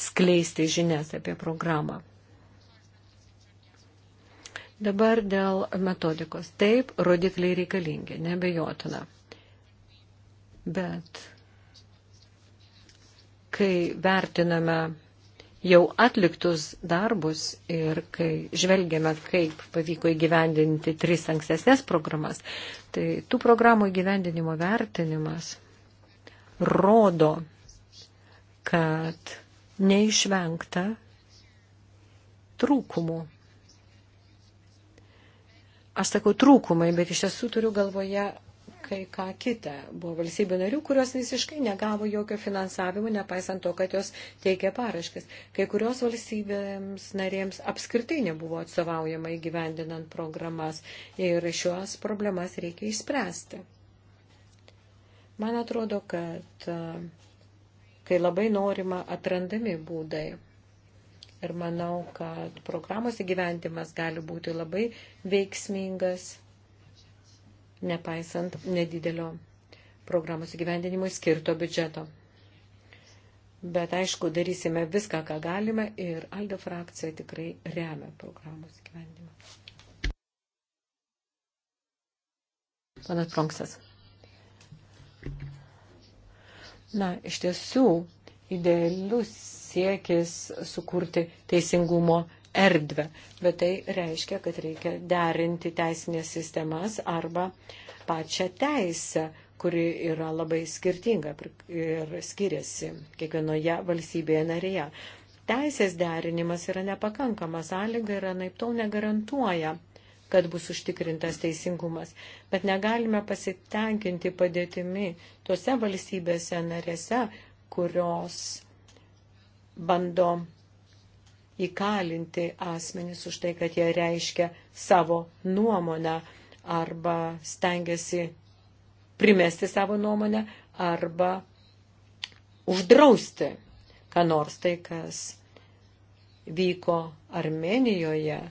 A: skleisti žinias apie programą. Dabar dėl metodikos. Taip, rodikliai reikalingi, nebejotina. Bet kai vertiname jau atliktus darbus ir kai žvelgiame, kaip pavyko įgyvendinti tris ankstesnės programas, tai tų programų įgyvendinimo vertinimas rodo, kad neišvengta trūkumų. Aš sakau trūkumai, bet iš tiesų turiu galvoje kai ką kitą. Buvo valstybių narių, kurios visiškai negavo jokio finansavimo, nepaisant to, kad jos teikė paraškas. Kai kurios valstybėms narėms apskritai nebuvo atstovaujama įgyvendinant programas ir šios problemas reikia išspręsti. Man atrodo, kad e, kai labai norima atrandami būdai ir manau, kad programos įgyvendimas gali būti labai veiksmingas nepaisant nedidelio programos įgyvendinimui skirto biudžeto. Bet aišku, darysime viską, ką galime ir Aldo frakcija tikrai remia programos įgyvendimą. Panas Pronksas. Na, iš tiesų, idealius siekis sukurti teisingumo erdvę, bet tai reiškia, kad reikia derinti teisinės sistemas arba pačią teisę, kuri yra labai skirtinga ir skiriasi kiekvienoje valstybėje narėje. Teisės derinimas yra nepakankama sąlyga ir anaip tol negarantuoja kad bus užtikrintas teisingumas. Bet negalime pasitenkinti padėtimi tose valstybėse narėse, kurios bando įkalinti asmenys už tai, kad jie reiškia savo nuomonę arba stengiasi primesti savo nuomonę arba uždrausti, ką nors tai, kas vyko Armenijoje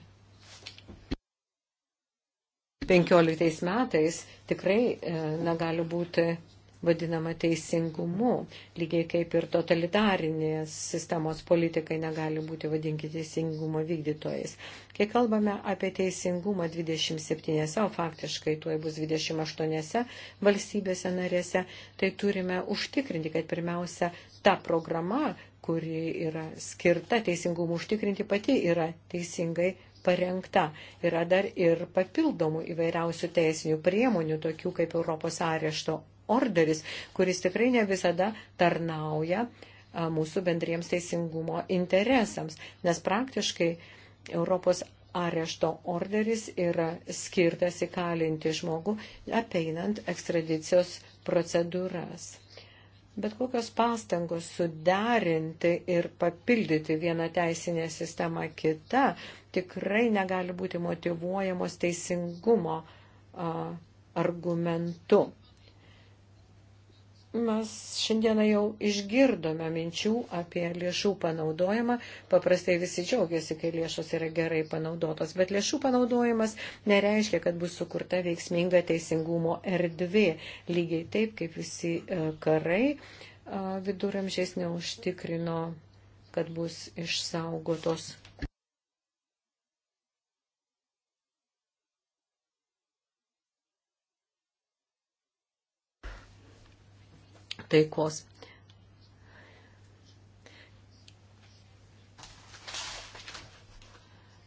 A: 15 metais, tikrai e, negali būti vadinama teisingumu, lygiai kaip ir totalitarinės sistemos politikai negali būti vadinti teisingumo vykdytojais. Kai kalbame apie teisingumą 27, o faktiškai tuoj bus 28 valstybėse narėse, tai turime užtikrinti, kad pirmiausia ta programa, kuri yra skirta teisingumu užtikrinti, pati yra teisingai parengta. Yra dar ir papildomų įvairiausių teisinių priemonių, tokių kaip Europos arešto orderis, kuris tikrai ne visada tarnauja mūsų bendriems teisingumo interesams, nes praktiškai Europos arešto orderis yra skirtas įkalinti žmogų, apeinant ekstradicijos procedūras. Bet kokios pastangos suderinti ir papildyti vieną teisinę sistemą kitą tikrai negali būti motivuojamos teisingumo a, argumentu. Mes šiandieną jau išgirdome minčių apie lėšų panaudojimą. Paprastai visi džiaugiasi, kai lėšos yra gerai panaudotos, bet lėšų panaudojimas nereiškia, kad bus sukurta veiksminga teisingumo erdvė. Lygiai taip, kaip visi e, karai e, viduramžiais neužtikrino, kad bus išsaugotos taikos.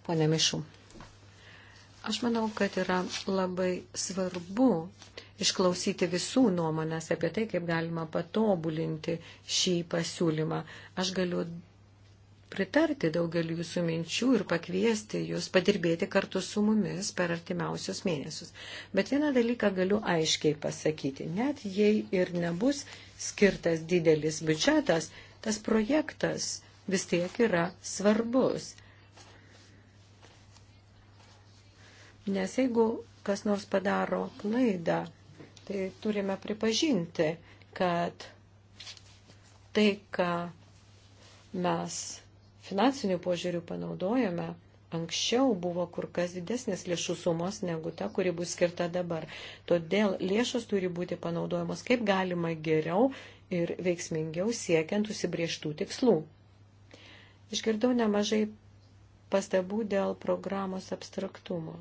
A: Pone Mišų. Aš manau, kad yra labai svarbu išklausyti visų nuomonės apie tai, kaip galima patobulinti šį pasiūlymą. Aš galiu pritarti daugeliu jūsų minčių ir pakviesti jūs padirbėti kartu su mumis per artimiausius mėnesius. Bet vieną dalyką galiu aiškiai pasakyti. Net jei ir nebus skirtas didelis biudžetas, tas projektas vis tiek yra svarbus. Nes jeigu kas nors padaro klaidą, tai turime pripažinti, kad tai, ką mes finansinių požiūrių panaudojome, anksčiau buvo kur kas didesnės lėšų sumos negu ta, kuri bus skirta dabar. Todėl lėšos turi būti panaudojamos kaip galima geriau ir veiksmingiau siekiant užsibrieštų tikslų. Išgirdau nemažai pastabų dėl programos abstraktumo.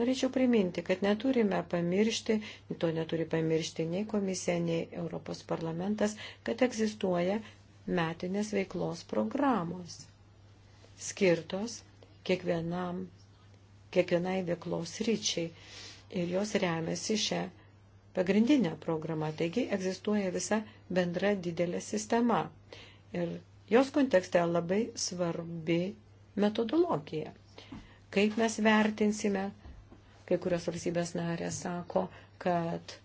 A: Norėčiau priminti, kad neturime pamiršti, to neturi pamiršti nei komisija, nei Europos parlamentas, kad egzistuoja metinės veiklos programos, skirtos kiekvienam, kiekvienai veiklos ryčiai ir jos remiasi šią pagrindinę programą. Taigi egzistuoja visa bendra didelė sistema ir jos kontekste labai svarbi metodologija. Kaip mes vertinsime, kai kurios valstybės narės sako, kad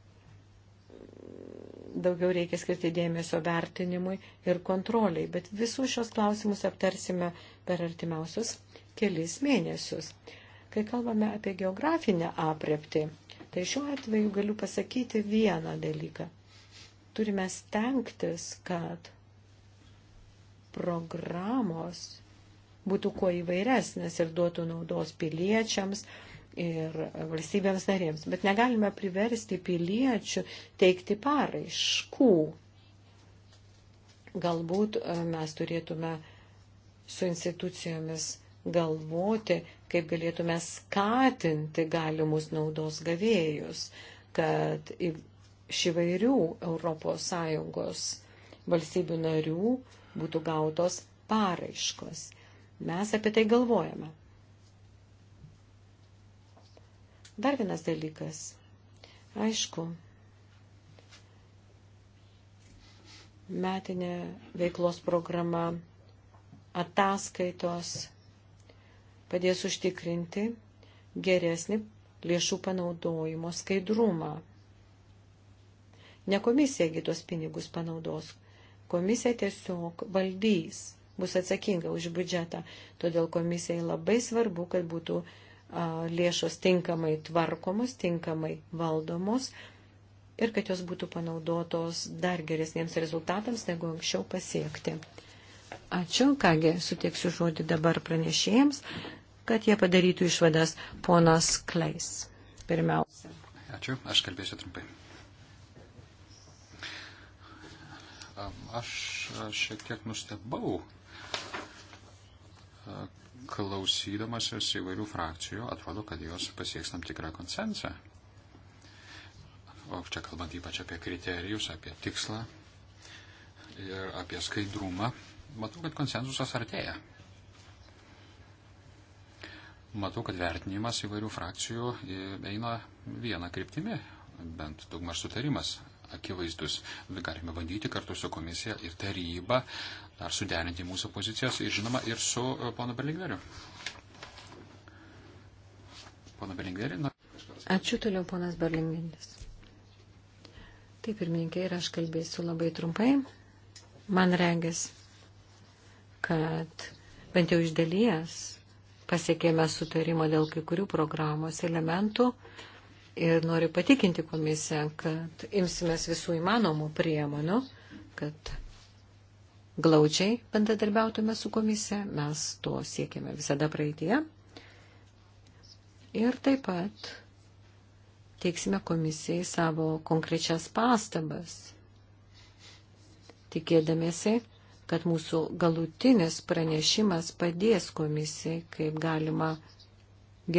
A: daugiau reikia skirti dėmesio vertinimui ir kontroliai, bet visus šios klausimus aptarsime per artimiausius kelis mėnesius. Kai kalbame apie geografinę aprepti, tai šiuo atveju galiu pasakyti vieną dalyką. Turime stengtis, kad programos būtų kuo įvairesnės ir duotų naudos piliečiams, ir valstybėms narėms. Bet negalime priversti piliečių teikti paraiškų. Galbūt e, mes turėtume su institucijomis galvoti, kaip galėtume skatinti galimus naudos gavėjus, kad iš įvairių ES valstybių narių būtų gautos paraiškos. Mes apie tai galvojame. Dar vienas dalykas. Aišku, metinė veiklos programa, ataskaitos padės užtikrinti geresnį lėšų panaudojimo skaidrumą. Ne komisijagi tuos pinigus panaudos. Komisija tiesiog valdys, bus atsakinga už biudžetą. Todėl komisijai labai svarbu, kad būtų uh, lėšos tinkamai tvarkomos, tinkamai valdomos ir kad jos būtų panaudotos dar geresniems rezultatams, negu anksčiau pasiekti. Ačiū, kągi, suteiksiu žodį dabar pranešėjams, kad jie padarytų išvadas ponas Kleis. Pirmiausia.
C: Ačiū, aš kalbėsiu trumpai. Aš šiek tiek nustebau, klausydamasis įvairių frakcijų, atrodo, kad jos pasieks tam tikrą konsensą. O čia kalbant ypač apie kriterijus, apie tikslą ir apie skaidrumą, matau, kad konsensusas artėja. Matau, kad vertinimas įvairių frakcijų e, eina vieną kryptimį, bent daugmaž sutarimas akivaizdus. Galime bandyti kartu su komisija ir taryba dar suderinti mūsų pozicijas ir žinoma ir su e, pono Berlingveriu. Pono Berlingveri, na.
A: Ačiū toliau, ponas Berlingveris. Taip, pirmininkai, ir aš kalbėsiu labai trumpai. Man regis, kad bent jau iš dalies pasiekėme sutarimą dėl kai kurių programos elementų, ir noriu patikinti komisiją, kad imsimės visų įmanomų priemonių, kad glaučiai bendradarbiautume su komisija, mes to siekėme visada praeitie. Ir taip pat teiksime komisijai savo konkrečias pastabas, tikėdamėsi, kad mūsų galutinis pranešimas padės komisijai, kaip galima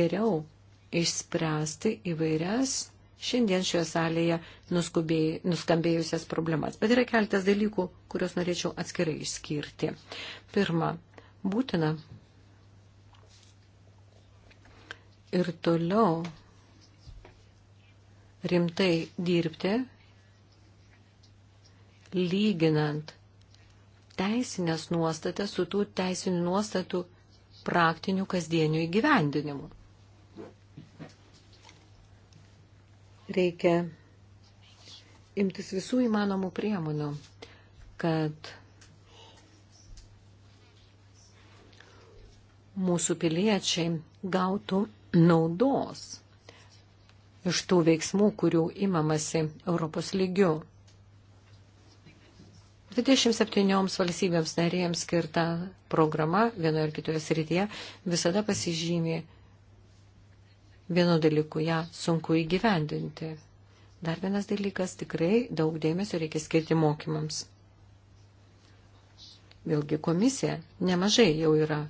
A: geriau išspręsti įvairias šiandien šioje salėje nuskambėjusias problemas. Bet yra keltas dalykų, kuriuos norėčiau atskirai išskirti. Pirma, būtina ir toliau rimtai dirbti, lyginant teisinės nuostatas su tų teisinių nuostatų praktiniu kasdieniu įgyvendinimu. reikia imtis visų įmanomų priemonių, kad mūsų piliečiai gautų naudos iš tų veiksmų, kurių imamasi Europos lygių. 27 valstybėms narėjams skirta programa vienoje ar kitoje srityje visada pasižymė vienu dalyku ją sunku įgyvendinti. Dar vienas dalykas, tikrai daug dėmesio reikia skirti mokymams. Vėlgi komisija nemažai jau yra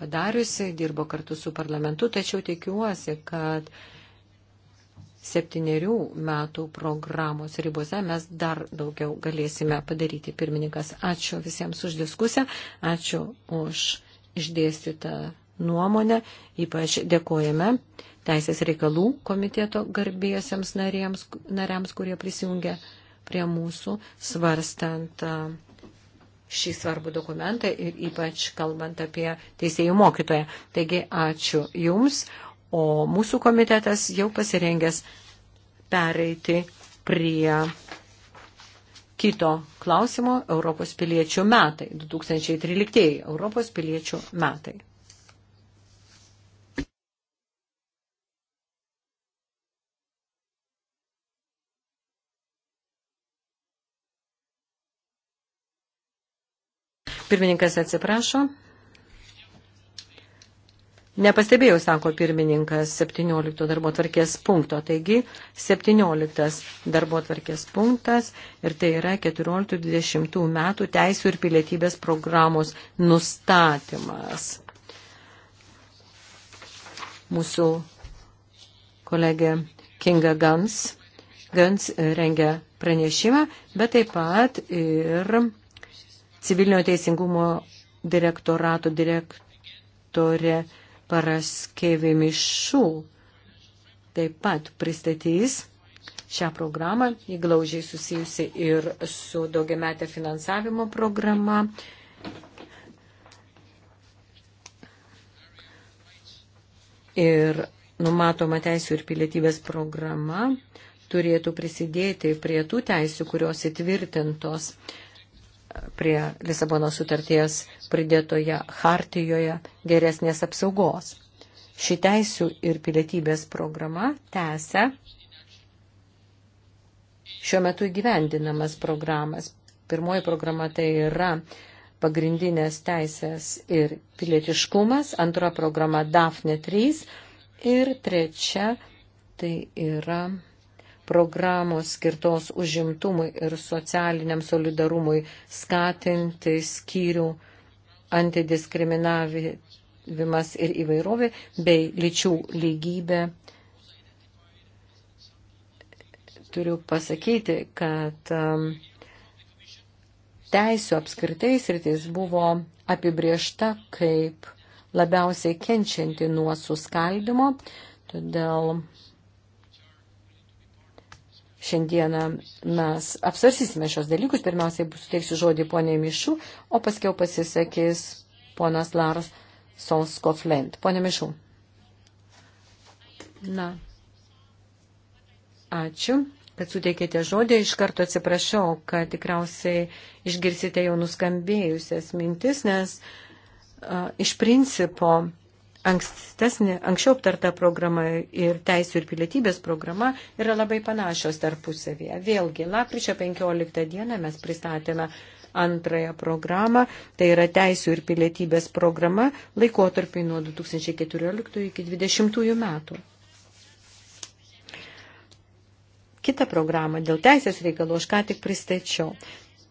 A: padariusi, dirbo kartu su parlamentu, tačiau tikiuosi, kad septyniarių metų programos ribose mes dar daugiau galėsime padaryti. Pirmininkas, ačiū visiems už diskusiją, ačiū už išdėstytą nuomonę, ypač dėkojame Teisės reikalų komiteto garbėsiams narėms, nariams, kurie prisijungia prie mūsų, svarstant šį svarbų dokumentą ir ypač kalbant apie teisėjų mokytoją. Taigi, ačiū Jums, o mūsų komitetas jau pasirengęs pereiti prie kito klausimo Europos piliečių metai, 2013 Europos piliečių metai. Pirmininkas atsiprašo. Nepastebėjau, sako pirmininkas, 17 darbo tvarkės punkto. Taigi, 17 darbo tvarkės punktas ir tai yra 14-20 metų teisų ir pilietybės programos nustatymas. Mūsų kolegė Kinga Gans, Gans rengia pranešimą, bet taip pat ir civilinio teisingumo direktorato direktorė Paraskevė Mišų taip pat pristatys šią programą, įglaužiai susijusi ir su daugiametė finansavimo programa. Ir numatoma teisų ir pilietybės programa turėtų prisidėti prie tų teisų, kurios įtvirtintos uh, prie Lisabono sutarties pridėtoje hartijoje geresnės apsaugos. Ši teisų ir pilietybės programa tęsia šiuo metu įgyvendinamas programas. Pirmoji programa tai yra pagrindinės teisės ir pilietiškumas, antra programa DAFNE 3 ir trečia tai yra programos skirtos užimtumui ir socialiniam solidarumui skatinti skyrių antidiskriminavimas ir įvairovė bei lyčių lygybė. Turiu pasakyti, kad um, teisų apskritai sritis buvo apibriešta kaip labiausiai kenčianti nuo suskaldimo, todėl Šiandieną mes apsarsysime šios dalykus. Pirmiausiai suteiksiu žodį poniai Mišų, o paskiau pasisakys ponas Lars Sonskoflent. Pone Mišų. Na. Ačiū, kad suteikėte žodį. Iš karto atsiprašau, kad tikriausiai išgirsite jau nuskambėjusias mintis, nes uh, iš principo uh, ankstesnė, anksčiau aptarta programa ir teisų ir pilietybės programa yra labai panašios tarpusavėje. Vėlgi, lapkričio 15 dieną mes pristatėme antrąją programą, tai yra teisų ir pilietybės programa laikotarpiai nuo 2014 iki 2020 metų. Kita programa dėl teisės reikalų aš ką tik pristačiau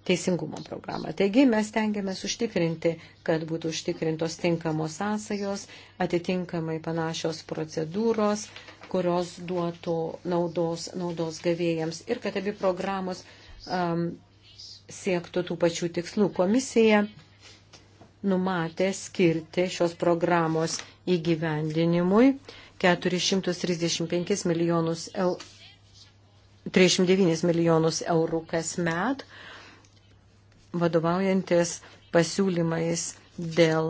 A: teisingumo programą. Taigi mes tengiamės užtikrinti, kad būtų užtikrintos tinkamos sąsajos, atitinkamai panašios procedūros, kurios duotų naudos, naudos gavėjams ir kad abi programos um, siektų tų pačių tikslų. Komisija numatė skirti šios programos įgyvendinimui 435 milijonus eurų. 39 milijonus eurų kas met, vadovaujantis pasiūlymais dėl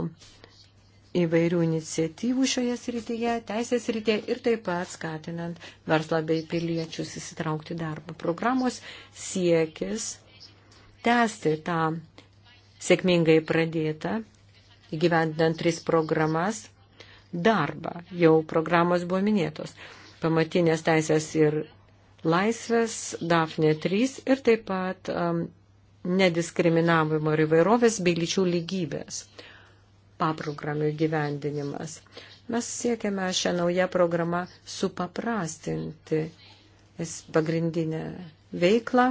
A: įvairių iniciatyvų šioje srityje, teisės srityje ir taip pat skatinant verslą bei piliečius įsitraukti darbą. Programos siekis tęsti tą sėkmingai pradėtą, įgyvendinant tris programas, darbą. Jau programos buvo minėtos. Pamatinės teisės ir laisvės, Dafne 3 ir taip pat um, nediskriminavimo ir įvairovės bei lyčių lygybės paprogramio gyvendinimas. Mes siekiame šią naują programą supaprastinti pagrindinę veiklą,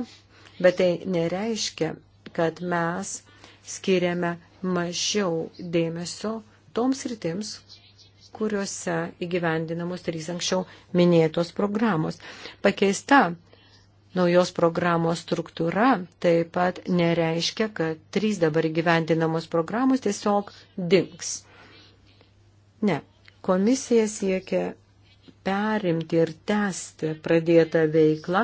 A: bet tai nereiškia, kad mes skiriame mažiau dėmesio toms rytims, kuriuose įgyvendinamos trys anksčiau minėtos programos. Pakeista Naujos programos struktūra taip pat nereiškia, kad trys dabar gyvendinamos programos tiesiog dinks. Ne, komisija siekia perimti ir tęsti pradėtą veiklą,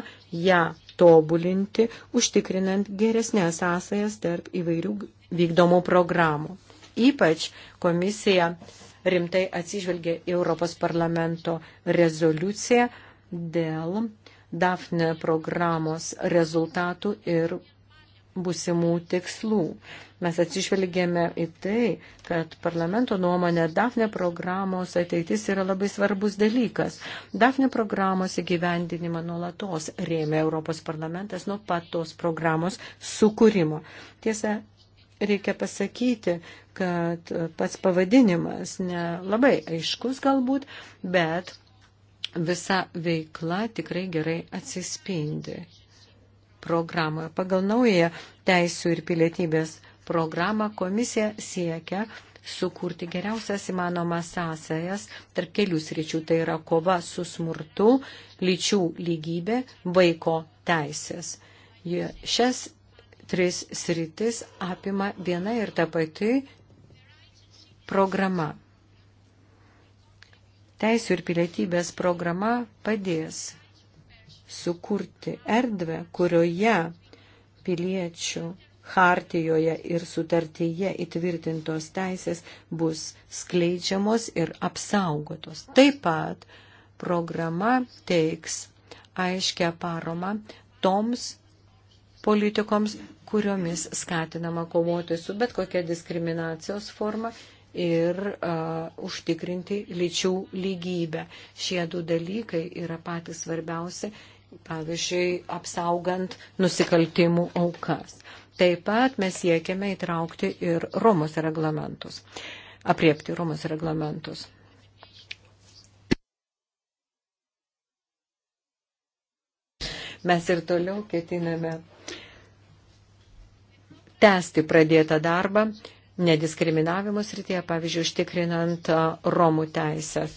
A: ją tobulinti, užtikrinant geresnės sąsajas tarp įvairių vykdomų programų. Ypač komisija rimtai atsižvelgia Europos parlamento rezoliuciją dėl DAFNE programos rezultatų ir busimų tikslų. Mes atsižvelgėme į tai, kad parlamento nuomonė DAFNE programos ateitis yra labai svarbus dalykas. DAFNE programos įgyvendinimą nuolatos rėmė Europos parlamentas nuo pat tos programos sukūrimo. Tiesa, reikia pasakyti, kad pats pavadinimas nelabai aiškus galbūt, bet visa veikla tikrai gerai atsispindi programoje. Pagal naują teisų ir pilietybės programą komisija siekia sukurti geriausias įmanomas sąsajas tarp kelių sričių, tai yra kova su smurtu, lyčių lygybė, vaiko teisės. Šias tris sritis apima viena ir ta pati programa. Teisų ir pilietybės programa padės sukurti erdvę, kurioje piliečių hartijoje ir sutartyje įtvirtintos teisės bus skleidžiamos ir apsaugotos. Taip pat programa teiks aiškę paromą toms politikoms, kuriomis skatinama kovoti su bet kokia diskriminacijos forma ir uh, užtikrinti lyčių lygybę. Šie du dalykai yra patys svarbiausi, pavyzdžiui, apsaugant nusikaltimų aukas. Taip pat mes siekiame įtraukti ir Romos reglamentus, apriepti Romos reglamentus. Mes ir toliau ketiname tęsti pradėtą darbą nediskriminavimo srityje, pavyzdžiui, užtikrinant Romų teisės.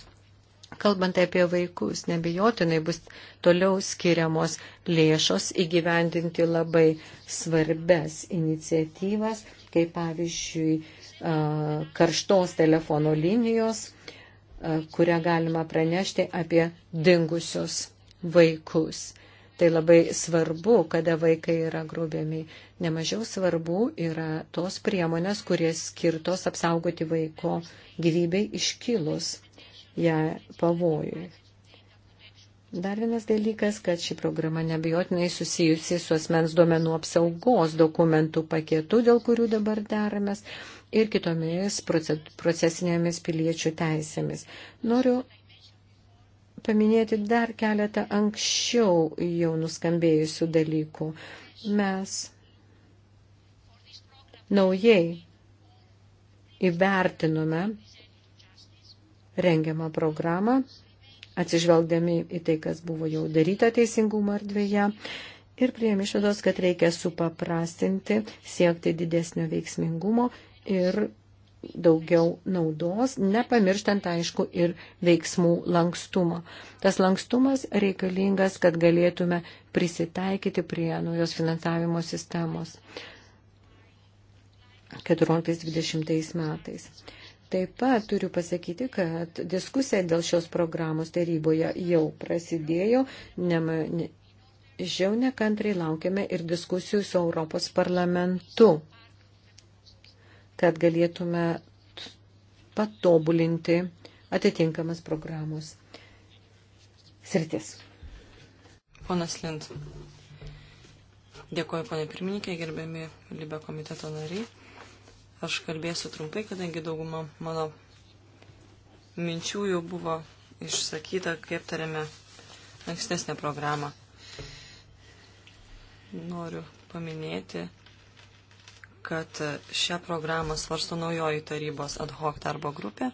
A: Kalbant apie vaikus, nebejotinai bus toliau skiriamos lėšos įgyvendinti labai svarbes iniciatyvas, kaip pavyzdžiui karštos telefono linijos, kurią galima pranešti apie dingusius vaikus. Tai labai svarbu, kada vaikai yra grūbiami. Nemažiau svarbu yra tos priemonės, kuries skirtos apsaugoti vaiko gyvybei iškilus ją pavojui. Dar vienas dalykas, kad ši programa nebijotinai susijusi su asmens duomenų apsaugos dokumentų paketu, dėl kurių dabar deramės, ir kitomis procesinėmis piliečių teisėmis. Noriu paminėti dar keletą anksčiau jau nuskambėjusių dalykų. Mes naujai įvertinome rengiamą programą, atsižvelgdami į tai, kas buvo jau daryta teisingumo erdvėje ir prieim išvados, kad reikia supaprastinti, siekti didesnio veiksmingumo ir daugiau naudos, nepamirštant, aišku, ir veiksmų lankstumo. Tas lankstumas reikalingas, kad galėtume prisitaikyti prie naujos finansavimo sistemos 14-20 metais. Taip pat turiu pasakyti, kad diskusija dėl šios programos taryboje jau prasidėjo. Nema, ne, žiau nekantrai laukiame ir diskusijų su Europos parlamentu kad galėtume patobulinti atitinkamas programos sritis. Ponas Lint.
B: Dėkuoju, ponė pirmininkė, gerbiami Libė komiteto nariai. Aš kalbėsiu trumpai, kadangi dauguma mano minčių jau buvo išsakyta, kai aptarėme ankstesnę programą. Noriu paminėti, kad šią programą svarsto naujoji tarybos ad hoc darbo grupė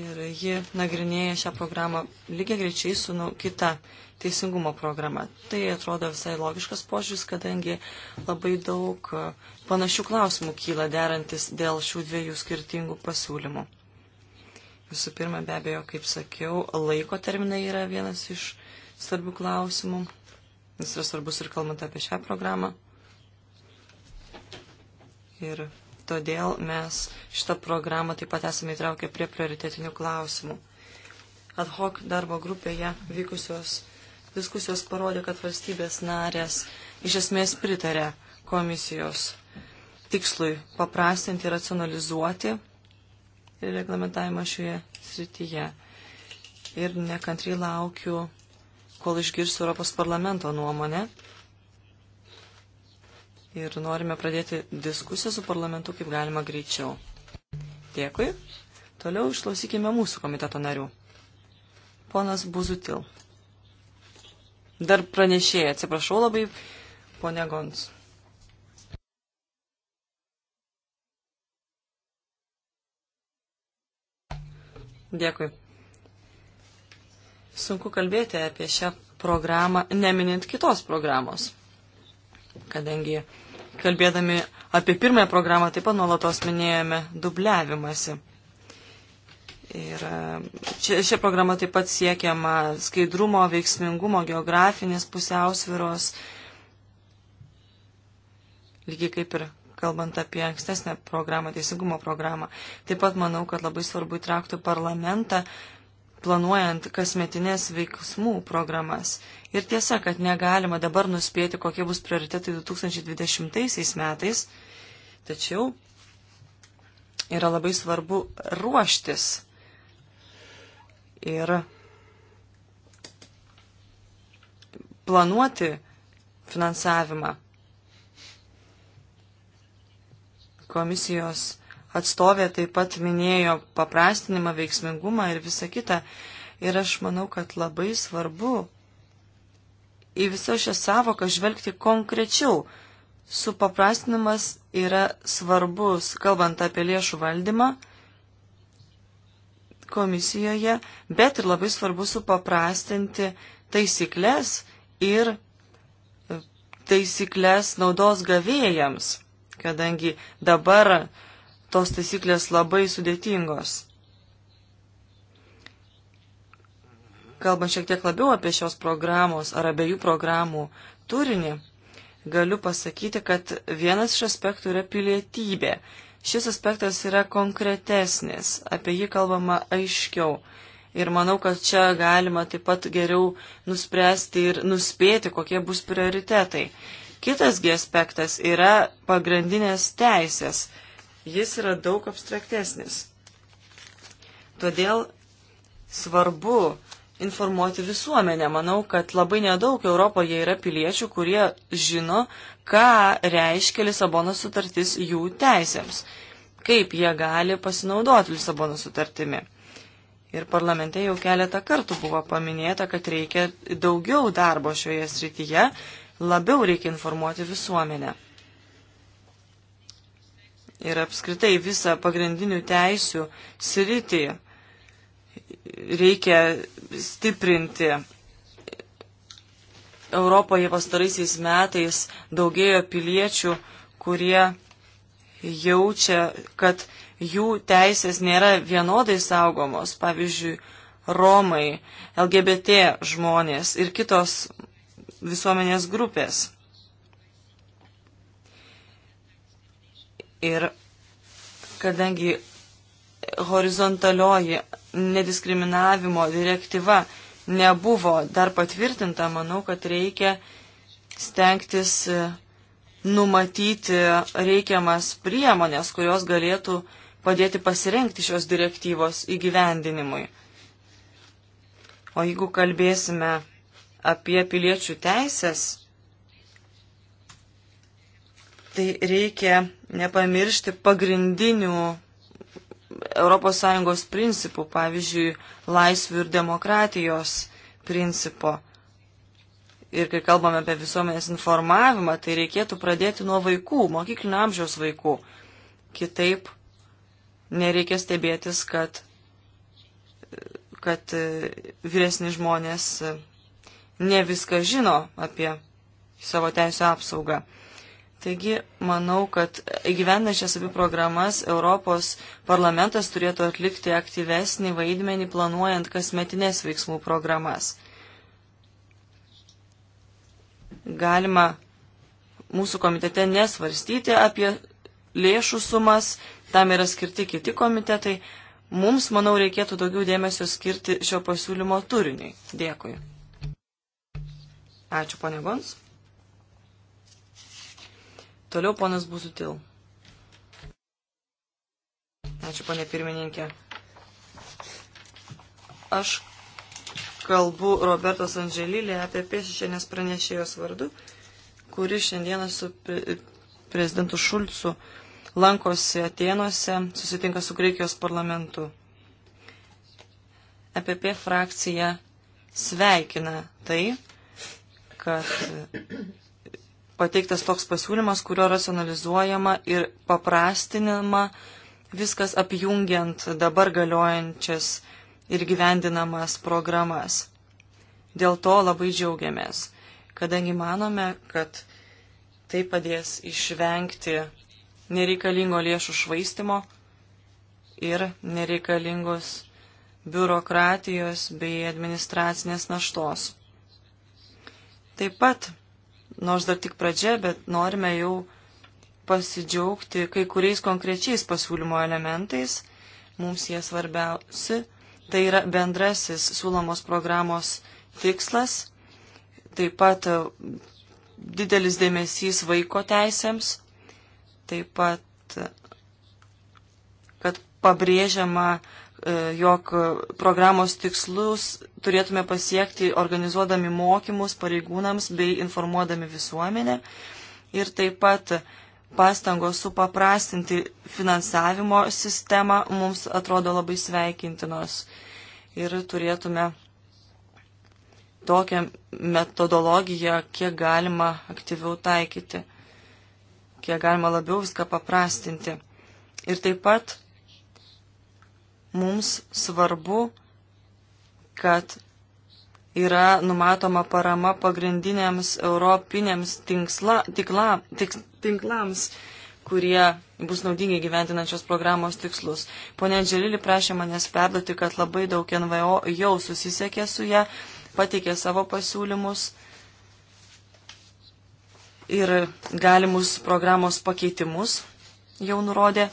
B: ir ji nagrinėja šią programą lygiai greičiai su kita teisingumo programa. Tai atrodo visai logiškas požiūris, kadangi labai daug e, panašių klausimų kyla derantis dėl šių dviejų skirtingų pasiūlymų. Visų pirma, be abejo, kaip sakiau, laiko terminai yra vienas iš svarbių klausimų. Jis yra svarbus ir kalbant apie šią programą. Ir todėl mes šitą programą taip pat esame įtraukę prie prioritetinių klausimų. Ad hoc darbo grupėje vykusios diskusijos parodė, kad valstybės narės iš esmės pritarė komisijos tikslui paprastinti ir racionalizuoti reglamentavimą šioje srityje. Ir nekantriai laukiu, kol išgirsiu Europos parlamento nuomonę ir norime pradėti diskusiją su parlamentu kaip galima greičiau. Dėkui. Toliau išklausykime mūsų komiteto narių. Ponas Buzutil. Dar pranešėjai, atsiprašau labai, ponė Gons. Dėkui. Sunku kalbėti apie šią programą, neminint kitos programos, kadangi kalbėdami apie pirmąją programą, taip pat nuolatos minėjome dubliavimąsi. Ir e, čia, šia programa taip pat siekiama skaidrumo, veiksmingumo, geografinės pusiausviros, lygiai kaip ir kalbant apie ankstesnę programą, teisingumo programą. Taip pat manau, kad labai svarbu įtraukti parlamentą planuojant kasmetinės veiksmų programas. Ir tiesa, kad negalima dabar nuspėti, kokie bus prioritetai 2020 metais, tačiau yra labai svarbu ruoštis. Ir planuoti finansavimą. Komisijos atstovė taip pat minėjo paprastinimą, veiksmingumą ir visą kitą. Ir aš manau, kad labai svarbu į visą šią savoką žvelgti konkrečiau. Supaprastinimas yra svarbus, kalbant apie lėšų valdymą komisijoje, bet ir labai svarbu supaprastinti taisyklės ir taisyklės naudos gavėjams, kadangi dabar tos taisyklės labai sudėtingos. Kalbant šiek tiek labiau apie šios programos ar abiejų programų turinį, galiu pasakyti, kad vienas iš aspektų yra pilietybė. Šis aspektas yra konkretesnis, apie jį kalbama aiškiau. Ir manau, kad čia galima taip pat geriau nuspręsti ir nuspėti, kokie bus prioritetai. Kitasgi aspektas yra pagrindinės teisės jis yra daug abstraktesnis. Todėl svarbu informuoti visuomenę. Manau, kad labai nedaug Europoje yra piliečių, kurie žino, ką reiškia Lisabonos sutartis jų teisėms, kaip jie gali pasinaudoti Lisabonos sutartimi. Ir parlamente jau keletą kartų buvo paminėta, kad reikia daugiau darbo šioje srityje, labiau reikia informuoti visuomenę ir apskritai visą pagrindinių teisių sritį reikia stiprinti. Europoje pastaraisiais metais daugėjo piliečių, kurie jaučia, kad jų teisės nėra vienodai saugomos, pavyzdžiui, Romai, LGBT žmonės ir kitos visuomenės grupės. Ir kadangi horizontalioji nediskriminavimo direktyva nebuvo dar patvirtinta, manau, kad reikia stengtis e, numatyti reikiamas priemonės, kurios galėtų padėti pasirenkti šios direktyvos įgyvendinimui. O jeigu kalbėsime apie piliečių teisės, tai reikia nepamiršti pagrindinių ES principų, pavyzdžiui, laisvių ir demokratijos principo. Ir kai kalbame apie visuomenės informavimą, tai reikėtų pradėti nuo vaikų, mokyklinio amžiaus vaikų. Kitaip nereikia stebėtis, kad, kad vyresni žmonės ne viską žino apie savo teisų apsaugą. Taigi, manau, kad įgyvendant šias abi programas, Europos parlamentas turėtų atlikti aktyvesnį vaidmenį planuojant kasmetinės veiksmų programas. Galima mūsų komitete nesvarstyti apie lėšų sumas, tam yra skirti kiti komitetai. Mums, manau, reikėtų daugiau dėmesio skirti šio pasiūlymo turiniui. Dėkui. Ačiū, ponė Gons. Toliau ponas Busutil. Ačiū, ponė pirmininkė. Aš kalbu Robertos Andželylė apie piešišėnės pranešėjos vardu, kuri šiandieną su prezidentu Šulcu lankosi Atenuose, susitinka su Graikijos parlamentu. EPP frakcija sveikina tai, kad pateiktas toks pasiūlymas, kurio racionalizuojama ir paprastinama viskas apjungiant dabar galiojančias ir gyvendinamas programas. Dėl to labai džiaugiamės, kadangi manome, kad tai padės išvengti nereikalingo lėšų švaistimo ir nereikalingos biurokratijos bei administracinės naštos. Taip pat nors dar tik pradžia, bet norime jau pasidžiaugti kai kuriais konkrečiais pasiūlymo elementais. Mums jie svarbiausi. Tai yra bendrasis siūlomos programos tikslas. Taip pat e, didelis dėmesys vaiko teisėms. Taip pat, e, kad pabrėžiama E, jog programos tikslus turėtume pasiekti organizuodami mokymus pareigūnams bei informuodami visuomenę ir taip pat pastangos supaprastinti finansavimo sistemą mums atrodo labai sveikintinos ir turėtume tokią metodologiją kiek galima aktyviau taikyti, kiek galima labiau viską paprastinti. Ir taip pat mums svarbu, kad yra numatoma parama pagrindiniams europinėms tinksla, tikla, tik, tinklams, kurie bus naudingi gyventinančios programos tikslus. Pone Dželili prašė manęs perduoti, kad labai daug NVO jau susisiekė su ją, pateikė savo pasiūlymus ir galimus programos pakeitimus jau nurodė.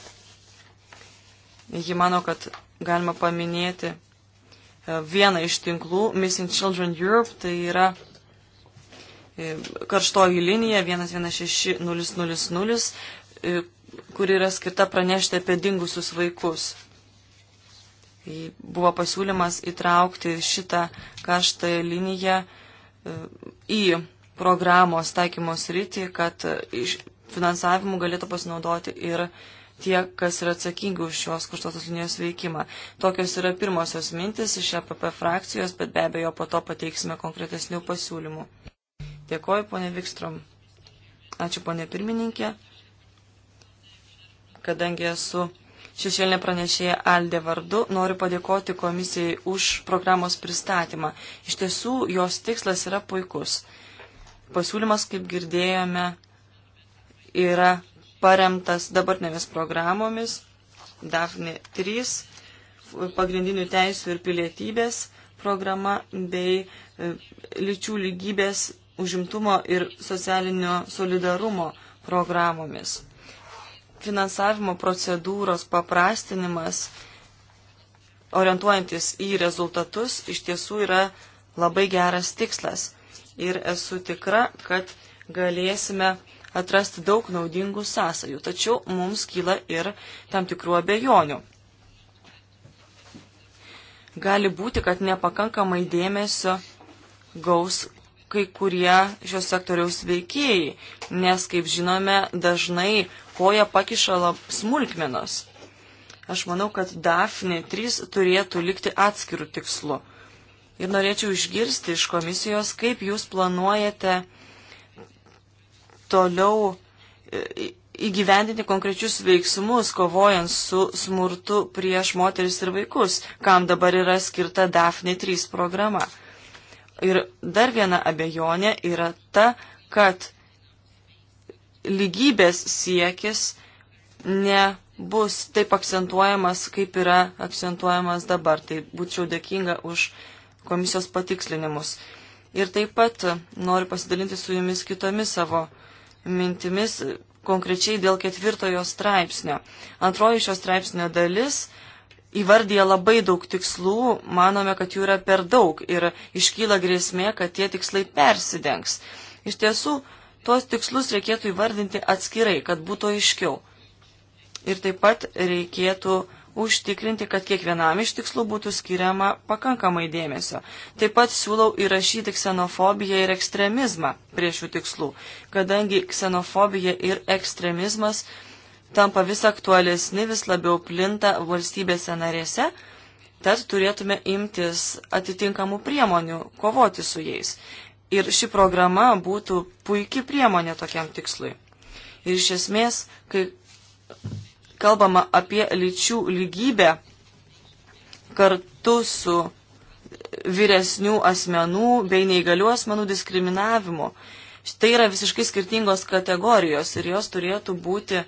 B: Ji mano, kad galima paminėti e, vieną iš tinklų, Missing Children Europe, tai yra e, karštoji linija 116000, e, kuri yra skirta pranešti apie dingusius vaikus. Tai buvo pasiūlymas įtraukti šitą karštąją liniją į programos taikymos rytį, kad finansavimu galėtų pasinaudoti ir uh, tie, kas yra atsakingi už šios karštosios linijos veikimą. Tokios yra pirmosios mintis iš EPP frakcijos, bet be abejo po to pateiksime konkretesnių pasiūlymų. Dėkoju, ponė Vikstrom. Ačiū, ponė pirmininkė. Kadangi esu šešėlinė pranešėja Aldė vardu, noriu padėkoti komisijai už programos pristatymą. Iš tiesų, jos tikslas yra puikus. Pasiūlymas, kaip girdėjome, yra paremtas dabartinėmis programomis DAFNE 3, pagrindinių teisų ir pilietybės programa bei e, lyčių lygybės užimtumo ir socialinio solidarumo programomis. Finansavimo procedūros paprastinimas, orientuojantis į rezultatus, iš tiesų yra labai geras tikslas. Ir esu tikra, kad galėsime atrasti daug naudingų sąsajų, tačiau mums kyla ir tam tikrų abejonių. Gali būti, kad nepakankamai dėmesio gaus kai kurie šios sektoriaus veikėjai, nes, kaip žinome, dažnai koja pakišala smulkmenos. Aš manau, kad Dafne 3 turėtų likti atskirų tikslų. Ir norėčiau išgirsti iš komisijos, kaip jūs planuojate uh, toliau e, įgyvendinti konkrečius veiksmus, kovojant su smurtu prieš moteris ir vaikus, kam dabar yra skirta DAFNE 3 programa. Ir dar viena abejonė yra ta, kad lygybės siekis nebus taip akcentuojamas, kaip yra akcentuojamas dabar. Tai būčiau dėkinga už komisijos patikslinimus. Ir taip pat noriu pasidalinti su jumis kitomis savo uh, mintimis konkrečiai dėl ketvirtojo straipsnio. Antroji šio straipsnio dalis įvardyja labai daug tikslų, manome, kad jų yra per daug ir iškyla grėsmė, kad tie tikslai persidengs. Iš tiesų, tuos tikslus reikėtų įvardinti atskirai, kad būtų aiškiau. Ir taip pat reikėtų užtikrinti, kad kiekvienam iš tikslų būtų skiriama pakankamai dėmesio. Taip pat siūlau įrašyti ksenofobiją ir ekstremizmą prie šių tikslų, kadangi ksenofobija ir ekstremizmas tampa vis aktualesni, vis labiau plinta valstybėse narėse, tad turėtume imtis atitinkamų priemonių kovoti su jais. Ir ši programa būtų puikia priemonė tokiam tikslui. Ir iš esmės, kai kalbama apie lyčių lygybę kartu su vyresnių asmenų bei neįgalių asmenų diskriminavimu. Tai yra visiškai skirtingos kategorijos ir jos turėtų būti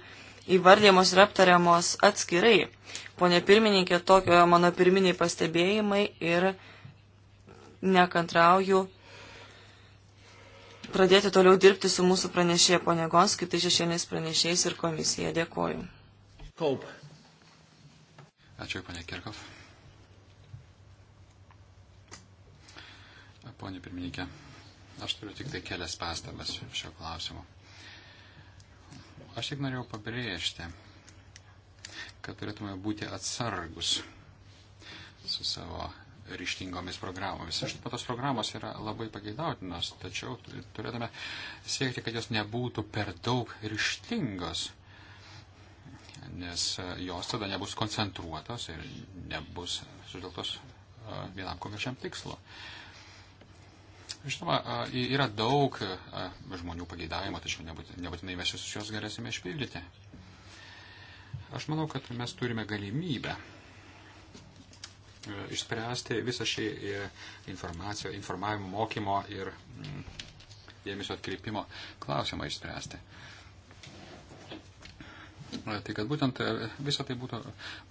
B: įvardėmos ir aptariamos atskirai. Pone pirmininkė, tokio mano pirminiai pastebėjimai ir nekantrauju pradėti toliau dirbti su mūsų pranešėja pone Gonski, tai šešėnės pranešėjais ir komisija. Dėkoju.
C: Kaup. Ačiū, ponė Kirkov. Pone pirmininkė, aš turiu tik tai kelias pastabas šio klausimu. Aš tik norėjau pabrėžti, kad turėtume būti atsargus su savo ryštingomis programomis. Aš pat tos programos yra labai pageidautinos, tačiau turėtume siekti, kad jos nebūtų per daug ryštingos nes e, jos tada nebus koncentruotos ir nebus sužvelgtos e, vienam konkrečiam tikslu. Žinoma, e, yra daug žmonių pageidavimo, tačiau nebūtinai mes visus juos galėsime išpildyti. Aš manau, kad mes turime galimybę išspręsti visą šį informaciją, informavimo, mokymo ir mm, dėmesio atkreipimo klausimą išspręsti. Uh, Tai kad būtent e, visą tai būtų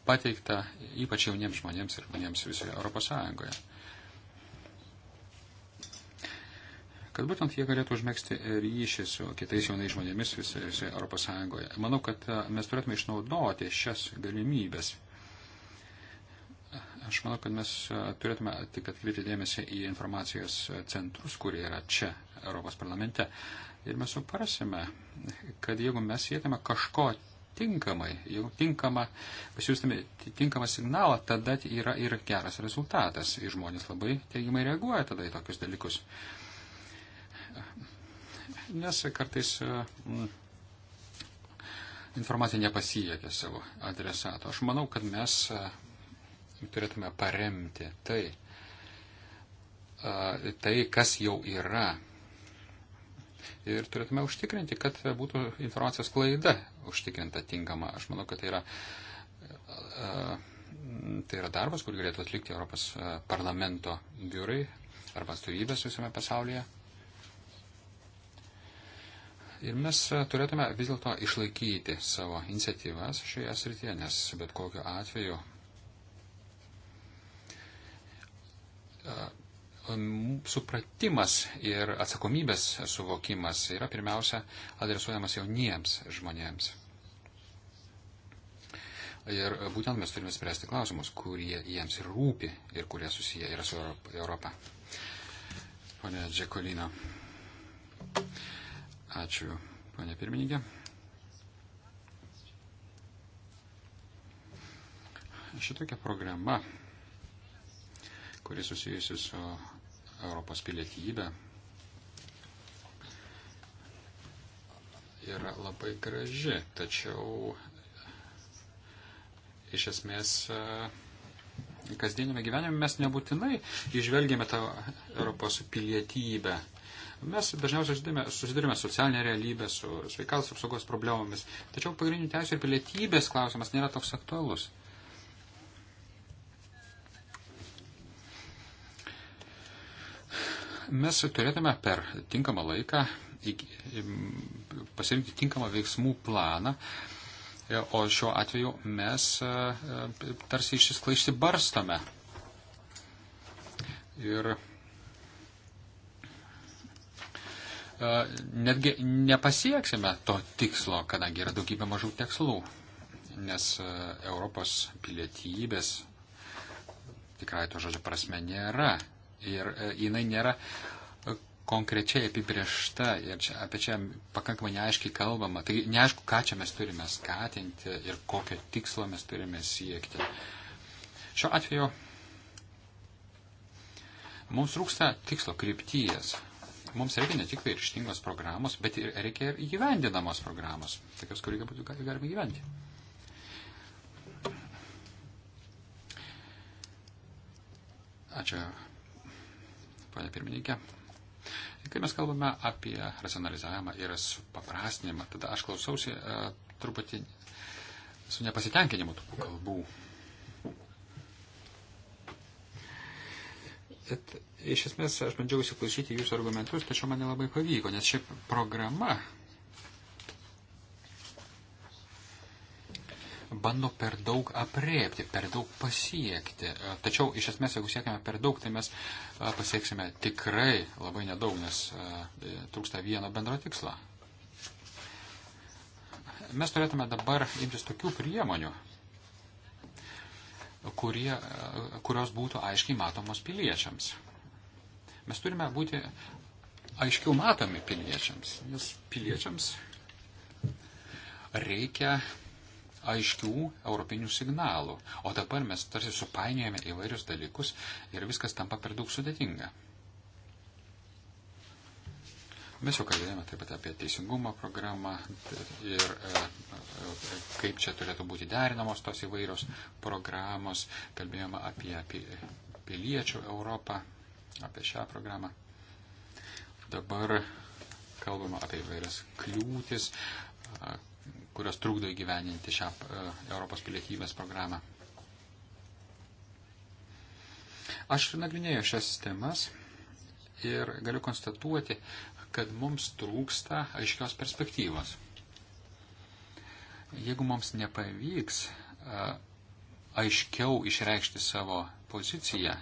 C: pateikta ypač jauniems žmonėms ir žmonėms visoje Europos Sąjungoje. Kad būtent jie galėtų užmėgsti ryšį su kitais jaunais žmonėmis visoje, visoje Europos Sąjungoje. Manau, kad e, mes turėtume išnaudoti šias galimybės. Aš manau, kad mes e, turėtume tik atkreipti dėmesį į informacijos centrus, kurie yra čia Europos parlamente. Ir mes suprasime, kad jeigu mes siekiame kažko tinkamai, jeigu tinkama, pasiūstume tinkamą signalą, tada yra ir geras rezultatas. Ir žmonės labai teigiamai reaguoja tada į tokius dalykus. Nes kartais m, mm, informacija nepasiekia savo adresato. Aš manau, kad mes e, turėtume paremti tai, e, tai kas jau yra ir turėtume užtikrinti, kad būtų informacijos klaida užtikrinta tinkama. Aš manau, kad tai yra, e, tai yra darbas, kurį galėtų atlikti Europos e, parlamento biurai arba atstovybės visame pasaulyje. Ir mes e, turėtume vis dėlto išlaikyti savo iniciatyvas šioje srityje, nes bet kokiu atveju supratimas ir atsakomybės suvokimas yra pirmiausia adresuojamas jauniems žmonėms. Ir būtent mes turime spręsti klausimus, kurie jiems ir rūpi ir kurie susiję yra su Europa. Pone Džekolino. Ačiū, ponė pirmininkė. Šitokia programa, kuri susijusi su Europos pilietybę. Yra labai graži, tačiau iš esmės e, kasdienėme gyvenime mes nebūtinai išvelgėme tą Europos pilietybę. Mes dažniausiai susidurime, susidurime socialinę realybę, su sveikatos apsaugos problemomis, tačiau pagrindinių teisų ir pilietybės klausimas nėra toks aktualus. mes turėtume per tinkamą laiką pasirinkti tinkamą veiksmų planą, e, o šiuo atveju mes e, e, tarsi išsisklaišti barstame. Ir netgi nepasieksime to tikslo, kadangi yra daugybė mažų tikslų, nes Europos pilietybės tikrai to žodžio prasme nėra ir e, jinai nėra e, konkrečiai apibriešta ir čia, apie čia pakankamai neaiškiai kalbama. Taigi neaišku, ką čia mes turime skatinti ir kokio tikslo mes turime siekti. Šiuo atveju mums rūksta tikslo krypties. Mums reikia ne tik tai ryštingos programos, bet ir reikia ir įgyvendinamos programos, tokios, kurį būtų galima įgyvendinti. Ačiū ponė pirmininkė. Kai mes kalbame apie racionalizavimą ir supaprastinimą, tada aš klausausi e, truputį su nepasitenkinimu tų kalbų. Bet iš esmės aš bandžiau įsiklausyti jūsų argumentus, tačiau man nelabai pavyko, nes ši programa bando per daug apriepti, per daug pasiekti. E, tačiau iš esmės, jeigu siekime per daug, tai mes e, pasieksime tikrai labai nedaug, nes e, trūksta vieno bendro tikslo. Mes turėtume dabar imtis tokių priemonių, kurie, kurios būtų aiškiai matomos piliečiams. Mes turime būti aiškiau matomi piliečiams, nes piliečiams reikia aiškių europinių signalų. O dabar mes tarsi supainiojame įvairius dalykus ir viskas tampa per daug sudėtinga. Mes jau kalbėjome taip pat apie teisingumo programą ir e, e, kaip čia turėtų būti derinamos tos įvairios programos. Kalbėjome apie, apie piliečių Europą, apie šią programą. Dabar kalbama apie įvairias kliūtis, kurios trukdo įgyveninti šią e, Europos pilietybės programą. Aš nagrinėjau šias temas ir galiu konstatuoti, kad mums trūksta aiškios perspektyvos. Jeigu mums nepavyks e, aiškiau išreikšti savo poziciją,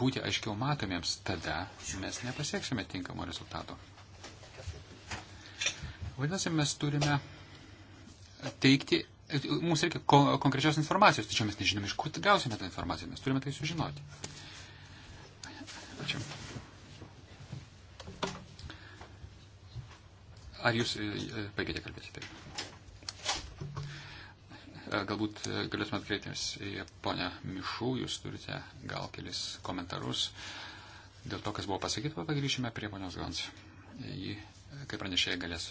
C: būti aiškiau matomiems, tada mes nepasieksime tinkamo rezultato. Vadinasi, mes turime teikti, mums reikia konkrečios informacijos, tačiau mes nežinome, iš kur gausime tą informaciją, mes turime tai sužinoti. Ačiū. Ar jūs e, e, baigėte kalbėti? Taip. E, galbūt galėtumėt kreiptis į ponę Mišų, jūs turite gal kelis komentarus dėl to, kas buvo pasakyta, pagrįšime prie ponios Gans. Ji, kaip pranešėjai, galės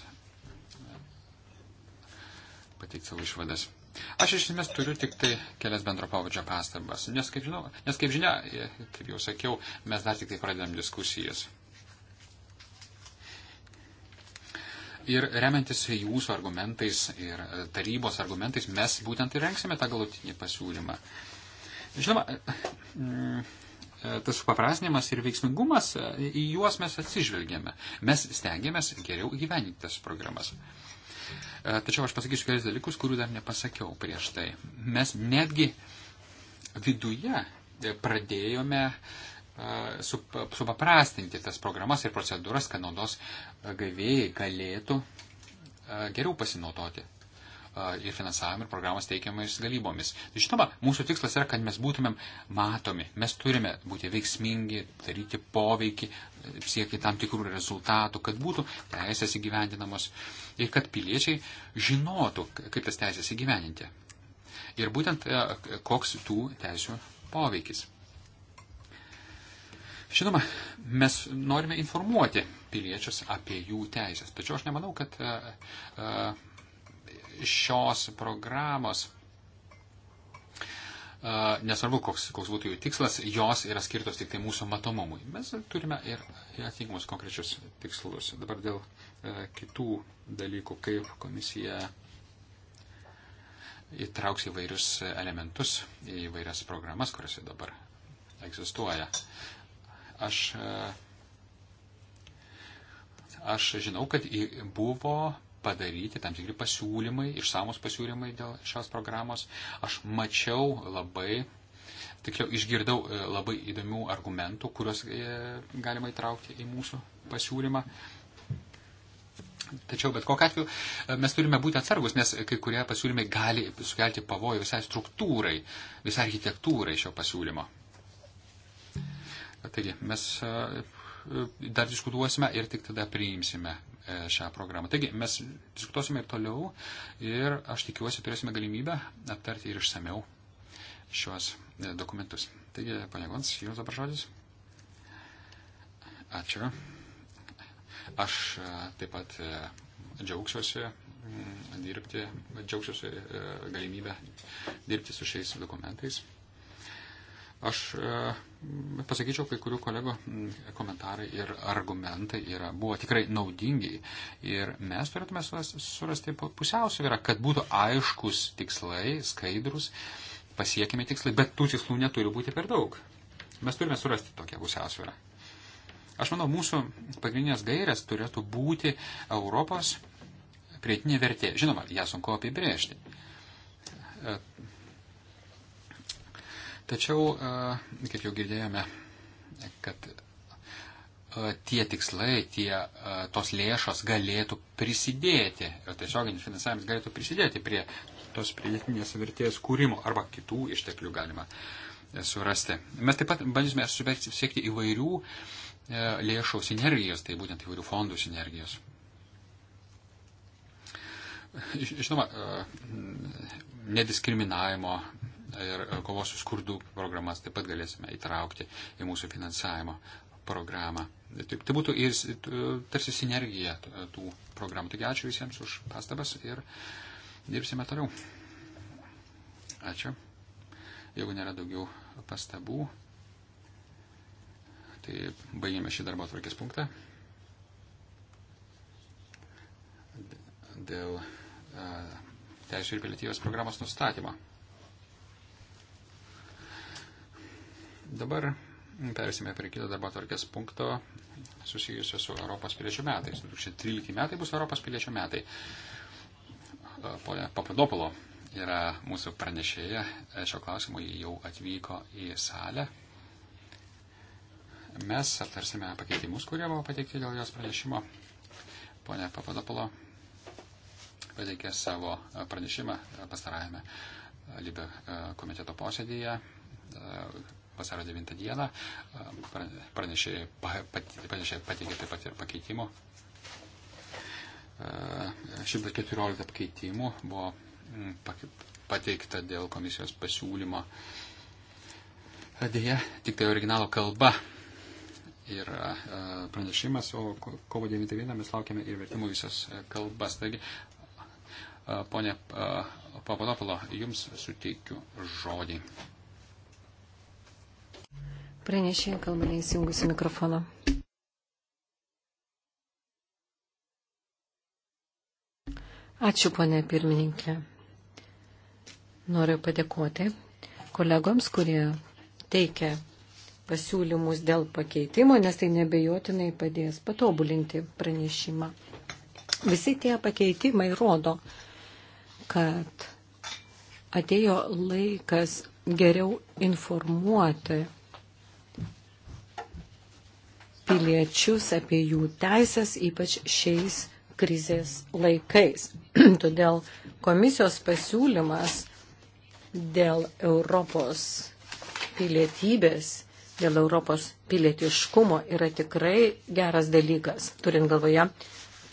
C: pateikti savo išvadas. Aš iš esmės turiu tik tai kelias bendro pavadžio pastabas, nes kaip, žinau, nes kaip žinia, kaip jau sakiau, mes dar tik tai pradedam diskusijas. Ir remiantis jūsų argumentais ir tarybos argumentais, mes būtent ir renksime tą galutinį pasiūlymą. Žinoma, tas supaprasnimas ir veiksmingumas, į juos mes atsižvelgėme. Mes stengiamės geriau gyveninti tas programas. Mm. E, tačiau aš pasakysiu kelis dalykus, kurių dar nepasakiau prieš tai. Mes netgi viduje e, pradėjome e, supaprastinti tas programas ir procedūras, kad naudos gavėjai galėtų geriau pasinaudoti ir finansavimu, ir programos teikiamais galybomis. Tai žinoma, mūsų tikslas yra, kad mes būtumėm matomi, mes turime būti veiksmingi, daryti poveikį, siekti tam tikrų rezultatų, kad būtų teisės įgyvendinamos ir kad piliečiai žinotų, kaip tas teisės įgyvendinti. Ir būtent e, koks tų teisų poveikis. Žinoma, mes norime informuoti piliečius apie jų teisės, tačiau aš nemanau, kad uh, uh, šios programos, e, nesvarbu, koks, koks būtų jų tikslas, jos yra skirtos tik tai mūsų matomumui. Mes turime ir atitinkamus konkrečius tikslus. Dabar dėl e, kitų dalykų, kaip komisija įtrauks įvairius elementus į vairias programas, kuriuose dabar egzistuoja. Aš, e, aš žinau, kad buvo padaryti tam tikri pasiūlymai, išsamus pasiūlymai dėl šios programos. Aš mačiau labai, tiksliau išgirdau e, labai įdomių argumentų, kuriuos e, galima įtraukti į mūsų pasiūlymą. Tačiau bet kokiu atveju e, mes turime būti atsargus, nes kai kurie pasiūlymai gali sukelti pavojų visai struktūrai, visai architektūrai šio pasiūlymo. Taigi, mes dar diskutuosime ir tik tada priimsime šią programą. Taigi mes diskutuosime ir toliau ir aš tikiuosi turėsime galimybę aptarti ir išsameu šios e, dokumentus. Taigi, panegons, jums dabar žodis. Ačiū. Aš e, taip pat e, džiaugsiuosi mm, dirbti, džiaugsiuosi galimybę dirbti su šiais dokumentais. Aš e, pasakyčiau, kai kurių kolegų komentarai ir argumentai yra, buvo tikrai naudingi. Ir mes turėtume surasti pusiausvyrą, kad būtų aiškus tikslai, skaidrus, pasiekime tikslai, bet tų tikslų neturi būti per daug. Mes turime surasti tokią pusiausvyrą. Aš manau, mūsų pagrindinės gairės turėtų būti Europos prietinė vertė. Žinoma, ją sunku apibrėžti e, Tačiau, e, kaip jau girdėjome, kad e, tie tikslai, tie, e, tos lėšos galėtų prisidėti, tiesioginis finansavimas galėtų prisidėti prie tos pridėtinės vertės kūrimo arba kitų išteklių galima surasti. Mes taip pat bandysime siekti įvairių lėšų sinergijos, tai būtent įvairių fondų sinergijos. Žinoma, nediskriminavimo ir kovos su skurdu programas taip pat galėsime įtraukti į mūsų finansavimo programą. Tai, tai būtų ir tarsi sinergija tų programų. Taigi ačiū visiems už pastabas ir dirbsime toliau. Ačiū. Jeigu nėra daugiau pastabų, tai baigėme šį darbo atvarkės punktą. Dėl e, teisų ir pilietybės programos nustatymo. Dabar persime prie kito darbo tvarkės punkto susijusio su Europos piliečių metais. 2013 metai bus Europos piliečių metai. Pone Papadopolo yra mūsų pranešėja šio klausimo, jie jau atvyko į salę. Mes aptarsime pakeitimus, kurie buvo pateikti dėl jos pranešimo. Pone Papadopolo pateikė savo pranešimą pastarajame Libio komiteto posėdėje vasario 9 dieną. Pranešėjai pateikė taip pat ir pakeitimų. 114 pakeitimų buvo mm, pateikta dėl komisijos pasiūlymo. Dėja, tik tai originalo kalba ir e, pranešimas, o kovo 9 dieną mes laukiame ir vertimų visas e, kalbas. Taigi, e, ponė Papadopolo, jums suteikiu žodį.
A: Pranešė kalba neįsijungusi mikrofono. Ačiū, ponė pirmininkė. Noriu padėkoti kolegoms, kurie teikia pasiūlymus dėl pakeitimo, nes tai nebejotinai padės patobulinti pranešimą. Visi tie pakeitimai rodo, kad atėjo laikas geriau informuoti piliečius, apie jų teisės, ypač šiais krizės laikais. Todėl komisijos pasiūlymas dėl Europos pilietybės, dėl Europos pilietiškumo yra tikrai geras dalykas, turint galvoje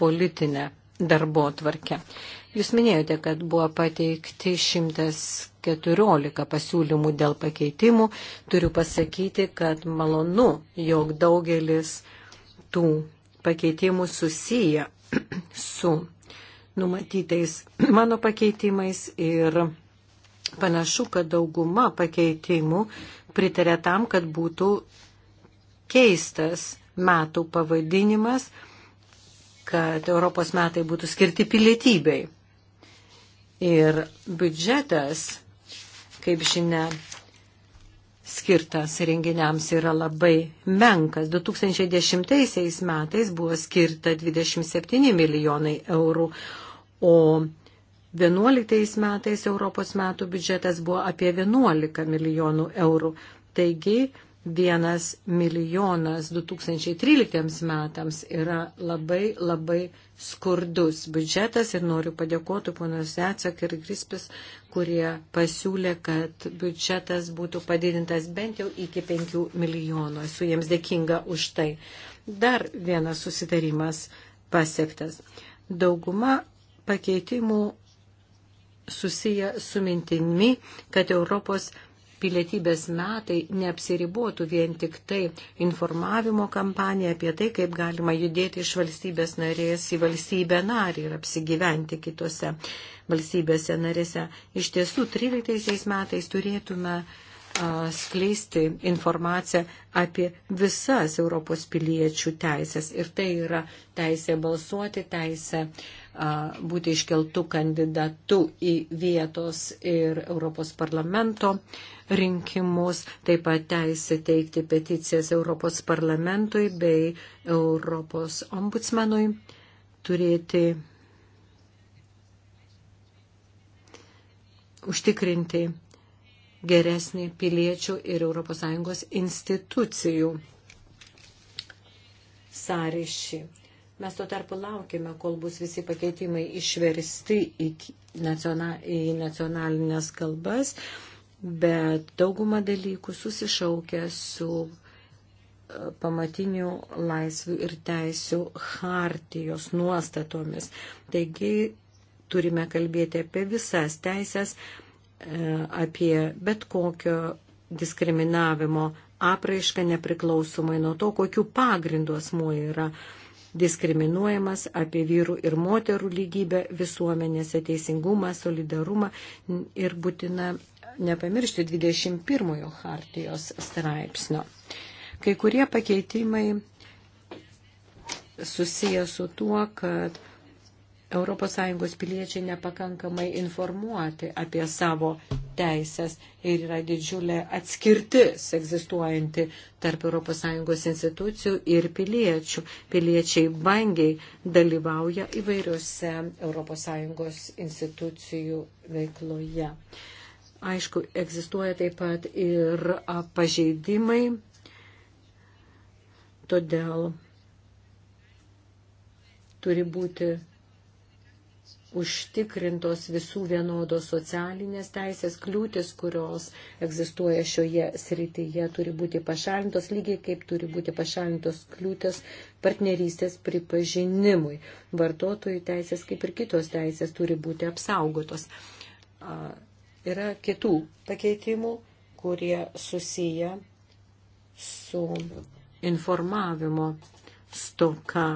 A: politinę darbo tvarkę. Jūs minėjote, kad buvo pateikti 114 pasiūlymų dėl pakeitimų. Turiu pasakyti, kad malonu, jog daugelis tų pakeitimų susiję su numatytais mano pakeitimais ir panašu, kad dauguma pakeitimų pritarė tam, kad būtų keistas metų pavadinimas, kad Europos metai būtų skirti pilietybei. Ir biudžetas, kaip žinia, skirtas renginiams yra labai menkas. 2010 metais buvo skirta 27 milijonai eurų, o 2011 metais Europos metų biudžetas buvo apie 11 milijonų eurų. Taigi vienas milijonas 2013 metams yra labai labai skurdus biudžetas ir noriu padėkoti ponas Jacek ir Grispis, kurie pasiūlė, kad biudžetas būtų padidintas bent jau iki 5 milijonų. Esu jiems dėkinga už tai. Dar vienas susitarimas pasiektas. Dauguma pakeitimų susiję su mintimi, kad Europos pilietybės metai neapsiribotų vien tik tai informavimo kampanija apie tai, kaip galima judėti iš valstybės narės į valstybę narį ir apsigyventi kitose valstybėse narėse. Iš tiesų, 13 metais turėtume skleisti informaciją apie visas Europos piliečių teisės. Ir tai yra teisė balsuoti, teisė būti iškeltų kandidatų į vietos ir Europos parlamento rinkimus, taip pat teisė teikti peticijas Europos parlamentui bei Europos ombudsmenui, turėti užtikrinti geresnį piliečių ir ES institucijų sąryšį. Mes tuo tarpu laukime, kol bus visi pakeitimai išversti į, nacional, į nacionalinės kalbas, bet dauguma dalykų susišaukia su e, pamatinių laisvių ir teisių hartijos nuostatomis. Taigi turime kalbėti apie visas teisės, E, apie bet kokio diskriminavimo apraišką nepriklausomai nuo to, kokiu pagrindu asmuo yra diskriminuojamas, apie vyrų ir moterų lygybę visuomenėse, teisingumą, solidarumą ir būtina nepamiršti 21 hartijos straipsnio. Kai kurie pakeitimai susiję su tuo, kad ES piliečiai nepakankamai informuoti apie savo teisės ir yra didžiulė atskirtis egzistuojanti tarp ES institucijų ir piliečių. Piliečiai vangiai dalyvauja įvairiose ES institucijų veikloje. Aišku, egzistuoja taip pat ir pažeidimai, todėl turi būti užtikrintos visų vienodos socialinės teisės, kliūtis, kurios egzistuoja šioje srityje, turi būti pašalintos, lygiai kaip turi būti pašalintos kliūtis partnerystės pripažinimui. Vartotojų teisės, kaip ir kitos teisės, turi būti apsaugotos. Yra kitų pakeitimų, kurie susiję su informavimo stoka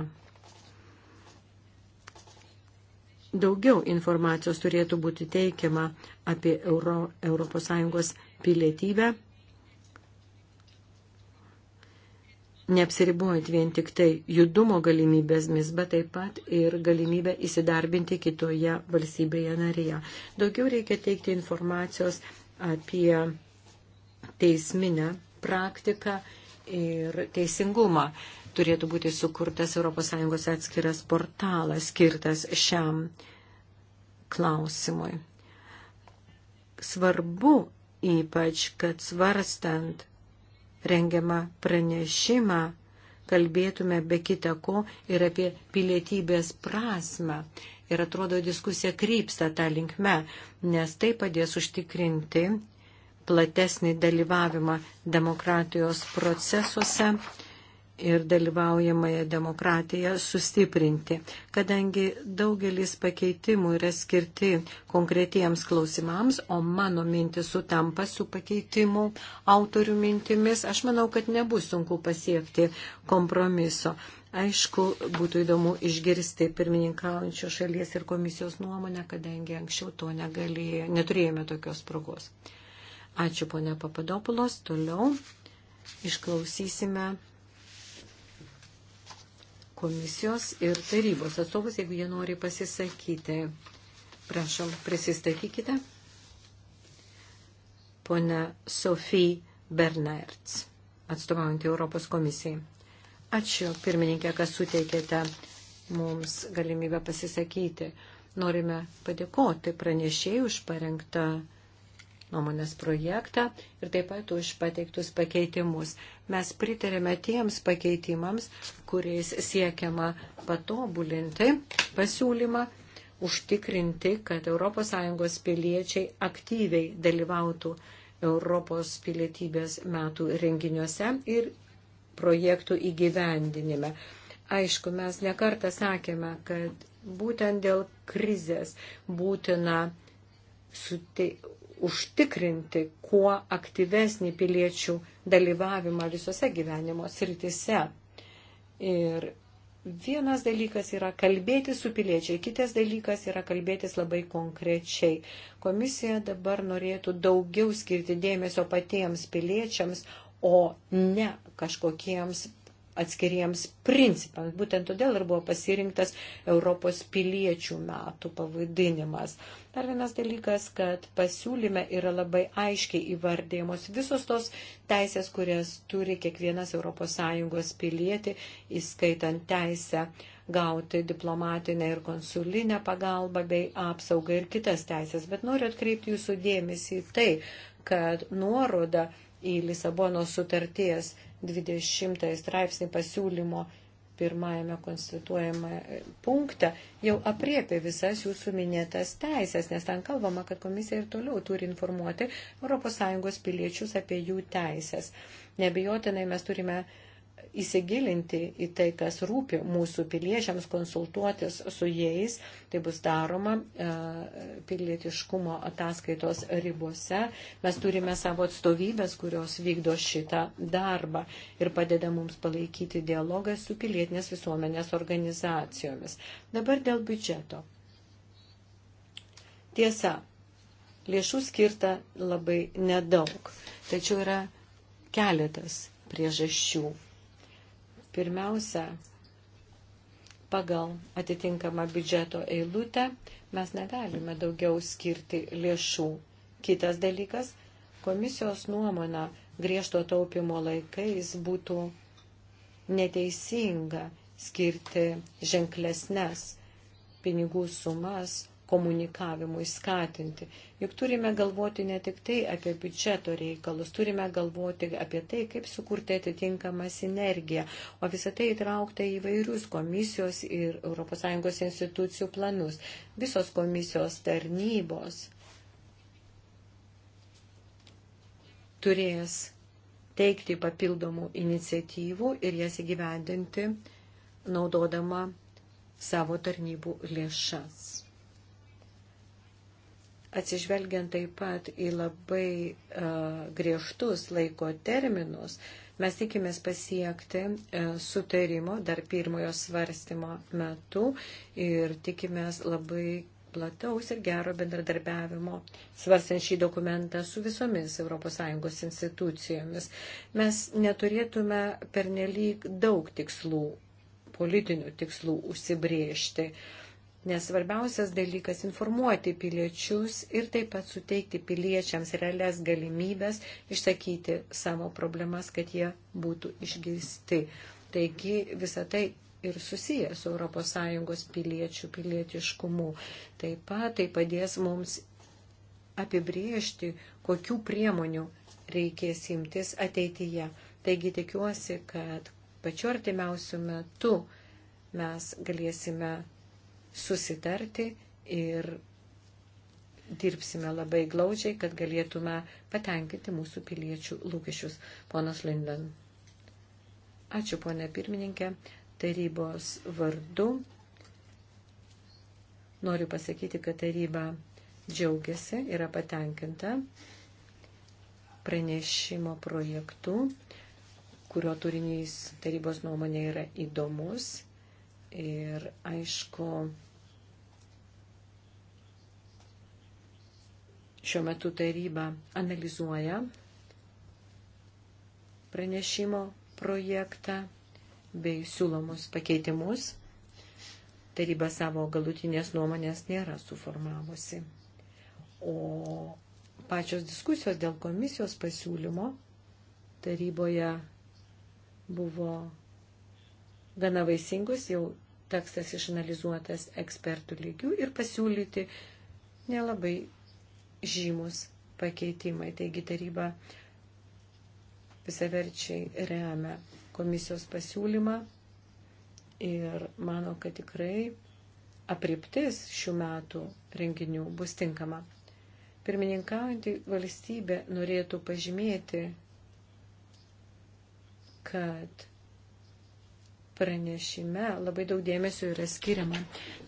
A: daugiau informacijos turėtų būti teikiama apie Euro, ES pilietybę, neapsiribuojant vien tik tai judumo galimybėmis, bet taip pat ir galimybę įsidarbinti kitoje valstybėje narėje. Daugiau reikia teikti informacijos apie teisminę praktiką ir teisingumą turėtų būti sukurtas ES atskiras portalas skirtas šiam klausimui. Svarbu ypač, kad svarstant rengiamą pranešimą kalbėtume be kita ko ir apie pilietybės prasme. Ir atrodo, diskusija krypsta tą linkme, nes tai padės užtikrinti platesnį dalyvavimą demokratijos procesuose ir dalyvaujamąją demokratiją sustiprinti, kadangi daugelis pakeitimų yra skirti konkretiems klausimams, o mano mintis sutampa su pakeitimu autorių mintimis, aš manau, kad nebus sunku pasiekti kompromiso. Aišku, būtų įdomu išgirsti pirmininkaujančio šalies ir komisijos nuomonę, kadangi anksčiau to negalėjo, neturėjome tokios progos. Ačiū, ponia Papadopulos. Toliau išklausysime komisijos ir tarybos atstovus, jeigu jie nori pasisakyti. Prašom, prisistatykite. Pone Sofija Bernards, atstovaujantį Europos komisijai. Ačiū, pirmininkė, kas suteikėte mums galimybę pasisakyti. Norime padėkoti pranešėjai už parengtą nuomonės projektą ir taip pat už pateiktus pakeitimus. Mes pritarėme tiems pakeitimams, kuriais siekiama patobulinti pasiūlymą, užtikrinti, kad ES piliečiai aktyviai dalyvautų Europos pilietybės metų renginiuose ir projektų įgyvendinime. Aišku, mes nekartą sakėme, kad būtent dėl krizės būtina užtikrinti kuo aktyvesnį piliečių dalyvavimą visose gyvenimo sritise. Ir vienas dalykas yra kalbėti su piliečiai, kitas dalykas yra kalbėtis labai konkrečiai. Komisija dabar norėtų daugiau skirti dėmesio patiems piliečiams, o ne kažkokiems atskiriems principams. Būtent todėl ir buvo pasirinktas Europos piliečių metų pavadinimas. Dar vienas dalykas, kad pasiūlyme yra labai aiškiai įvardėjamos visos tos teisės, kurias turi kiekvienas ES pilietį, įskaitant teisę gauti diplomatinę ir konsulinę pagalbą bei apsaugą ir kitas teisės. Bet noriu atkreipti jūsų dėmesį į tai, kad nuoroda į Lisabono sutarties 20 straipsnį pasiūlymo pirmajame konstituojame punkte jau apriepia visas jūsų minėtas teisės, nes ten kalbama, kad komisija ir toliau turi informuoti ES piliečius apie jų teisės. Nebijotinai mes turime uh, įsigilinti į tai, kas rūpi mūsų piliečiams, konsultuotis su jais. Tai bus daroma e, pilietiškumo ataskaitos ribose. Mes turime savo atstovybės, kurios vykdo šitą darbą ir padeda mums palaikyti dialogą su pilietinės visuomenės organizacijomis. Dabar dėl biudžeto. Tiesa, lėšų skirta labai nedaug, tačiau yra keletas priežasčių, Pirmiausia, pagal atitinkamą biudžeto eilutę mes negalime daugiau skirti lėšų. Kitas dalykas, komisijos nuomona griežto taupimo laikais būtų neteisinga skirti ženklesnes pinigų sumas komunikavimui skatinti. Juk turime galvoti ne tik tai apie biudžeto reikalus, turime galvoti apie tai, kaip sukurti atitinkamą sinergiją, o visą tai įtraukta į vairius komisijos ir ES institucijų planus. Visos komisijos tarnybos turės teikti papildomų iniciatyvų ir jas įgyvendinti naudodama savo tarnybų lėšas atsižvelgiant taip pat į labai uh, griežtus laiko terminus, mes tikimės pasiekti uh, sutarimo dar pirmojo svarstymo metu ir tikimės labai plataus ir gero bendradarbiavimo, svarstant šį dokumentą su visomis ES institucijomis. Mes neturėtume pernelyg daug tikslų, politinių tikslų užsibriežti. Uh, nes svarbiausias dalykas - informuoti piliečius ir taip pat suteikti piliečiams realias galimybės išsakyti savo problemas, kad jie būtų išgirsti. Taigi visą tai ir susiję su ES piliečių pilietiškumu. Taip pat tai padės mums apibriežti, kokių priemonių reikės imtis ateityje. Taigi tikiuosi, kad pačiu artimiausiu metu mes galėsime susitarti ir dirbsime labai glaudžiai, kad galėtume patenkinti mūsų piliečių lūkesčius. Ponas Linden. Ačiū, ponė pirmininkė. Tarybos vardu noriu pasakyti, kad taryba džiaugiasi, yra patenkinta pranešimo projektu, kurio turinys tarybos nuomonė yra įdomus ir aišku, Šiuo metu taryba analizuoja pranešimo projektą bei siūlomus pakeitimus. Taryba savo galutinės nuomonės nėra suformavusi. O pačios diskusijos dėl komisijos pasiūlymo taryboje buvo gana vaisingus, jau tekstas išanalizuotas ekspertų lygių ir pasiūlyti nelabai žymus pakeitimai. Taigi taryba visaverčiai remia komisijos pasiūlymą ir mano, kad tikrai apriptis šių metų renginių bus tinkama. Pirmininkaujantį valstybę norėtų pažymėti, kad pranešime labai daug dėmesio yra skiriama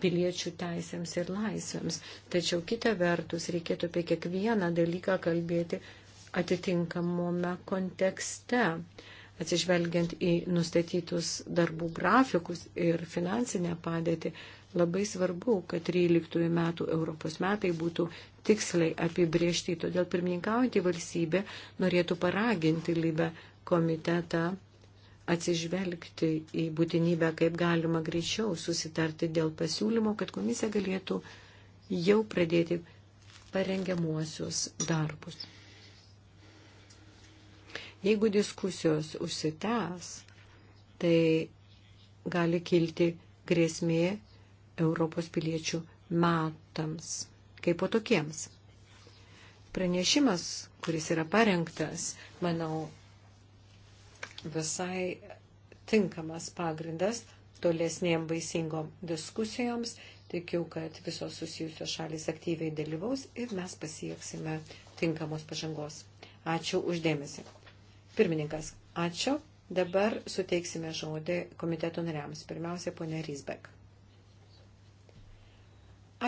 A: piliečių teisėms ir laisvėms. Tačiau kita vertus reikėtų apie kiekvieną dalyką kalbėti atitinkamame kontekste, atsižvelgiant į nustatytus darbų grafikus ir finansinę padėtį. Labai svarbu, kad 13 metų Europos metai būtų tiksliai apibriežti. Todėl pirmininkaujantį valstybę norėtų paraginti Libę komitetą atsižvelgti į būtinybę, kaip galima greičiau susitarti dėl pasiūlymo, kad komisija galėtų jau pradėti parengiamuosius darbus. Jeigu diskusijos užsitęs, tai gali kilti grėsmė Europos piliečių metams, kaip po tokiems. Pranešimas, kuris yra parengtas, manau, visai tinkamas pagrindas tolesniem vaisingom diskusijoms. Tikiu, kad visos susijusios šalis aktyviai dalyvaus ir mes pasieksime tinkamos pažangos. Ačiū uždėmesi. Pirmininkas, ačiū. Dabar suteiksime žodį komiteto nariams. Pirmiausia, ponė Rysbek.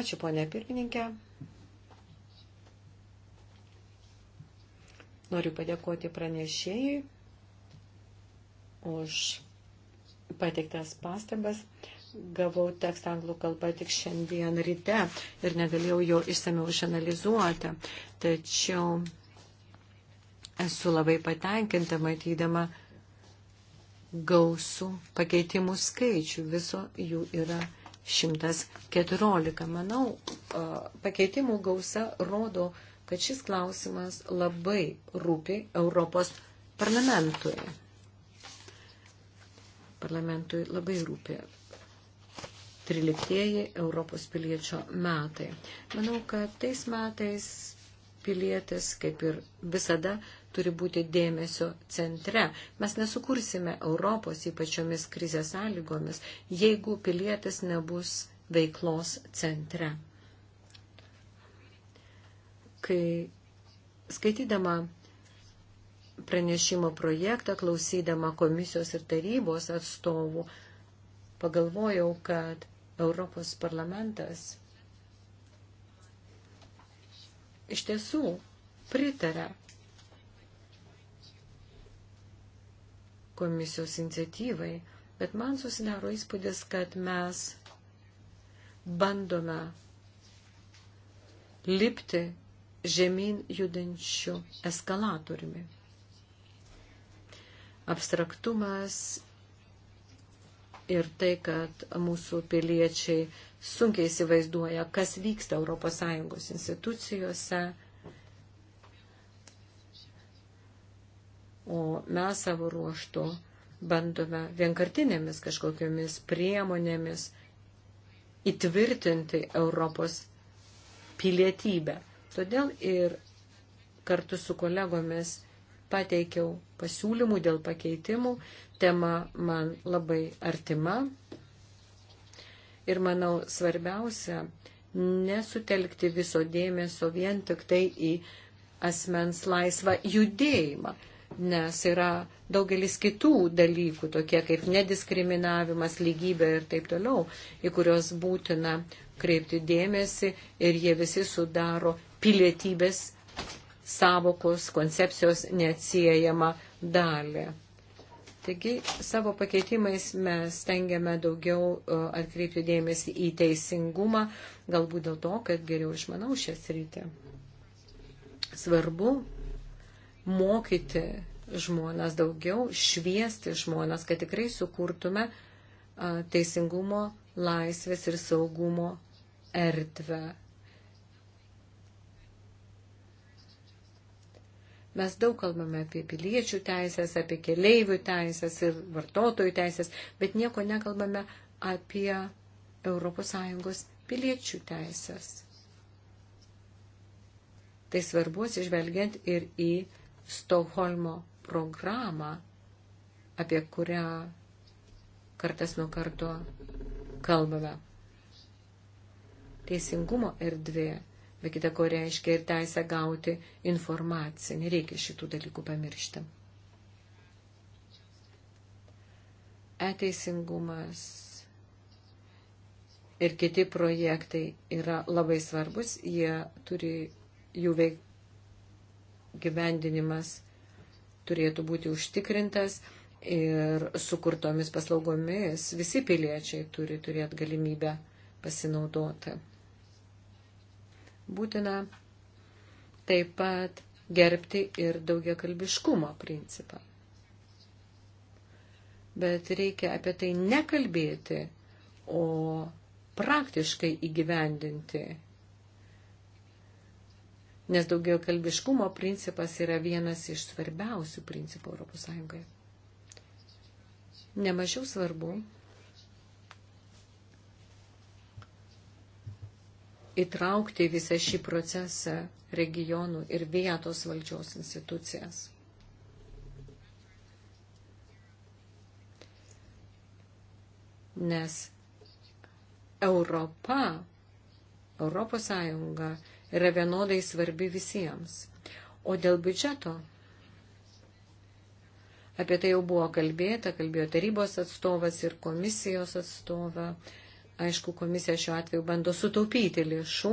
A: Ačiū, ponė pirmininkė. Noriu padėkoti pranešėjai už pateiktas pastabas. Gavau tekstą anglų kalbą tik šiandien ryte ir negalėjau jo išsameu išanalizuoti. Tačiau esu labai patenkinta matydama gausų pakeitimų skaičių. Viso jų yra 114. Manau, pakeitimų gausa rodo, kad šis klausimas labai rūpi Europos parlamentui parlamentui labai rūpi 13 Europos piliečio metai. Manau, kad tais metais pilietis, kaip ir visada, turi būti dėmesio centre. Mes nesukursime Europos ypačiomis krizės sąlygomis, jeigu pilietis nebus veiklos centre. Kai skaitydama pranešimo projektą, klausydama komisijos ir tarybos atstovų, pagalvojau, kad Europos parlamentas iš tiesų pritarė komisijos iniciatyvai, bet man susidaro įspūdis, kad mes bandome lipti žemyn judančių eskalatoriumi abstraktumas ir tai, kad mūsų piliečiai sunkiai įsivaizduoja, kas vyksta ES institucijose. O mes savo ruoštų bandome vienkartinėmis kažkokiamis priemonėmis įtvirtinti Europos pilietybę. Todėl ir kartu su kolegomis pateikiau pasiūlymų dėl pakeitimų, tema man labai artima ir manau svarbiausia nesutelkti viso dėmesio vien tik tai į asmens laisvą judėjimą, nes yra daugelis kitų dalykų, tokie kaip nediskriminavimas, lygybė ir taip toliau, į kuriuos būtina kreipti dėmesį ir jie visi sudaro pilietybės savokos, koncepcijos neatsiejama dalį. Taigi savo pakeitimais mes tengiame daugiau e, atkreipti dėmesį į teisingumą, galbūt dėl to, kad geriau išmanau šią sritį. Svarbu mokyti žmonės daugiau, šviesti žmonės, kad tikrai sukurtume e, teisingumo, laisvės ir saugumo erdvę Mes daug kalbame apie piliečių teisės, apie keleivių teisės ir vartotojų teisės, bet nieko nekalbame apie ES piliečių teisės. Tai svarbu atsižvelgiant ir į Stokholmo programą, apie kurią kartas nuo karto kalbame. Teisingumo erdvė be kita ko reiškia ir teisę gauti informaciją. Nereikia šitų dalykų pamiršti. Eteisingumas ir kiti projektai yra labai svarbus, jie turi jų veik gyvendinimas turėtų būti užtikrintas ir sukurtomis paslaugomis visi piliečiai turi turėti galimybę pasinaudoti. Būtina taip pat gerbti ir daugiakalbiškumo principą. Bet reikia apie tai nekalbėti, o praktiškai įgyvendinti. Nes daugiakalbiškumo principas yra vienas iš svarbiausių principų ES. Nemažiau svarbu, įtraukti visą šį procesą regionų ir vietos valdžios institucijas. Nes Europa, Europos Sąjunga yra vienodai svarbi visiems. O dėl biudžeto Apie tai jau buvo kalbėta, kalbėjo tarybos atstovas ir komisijos atstovas. Aišku, komisija šiuo atveju bando sutaupyti lėšų,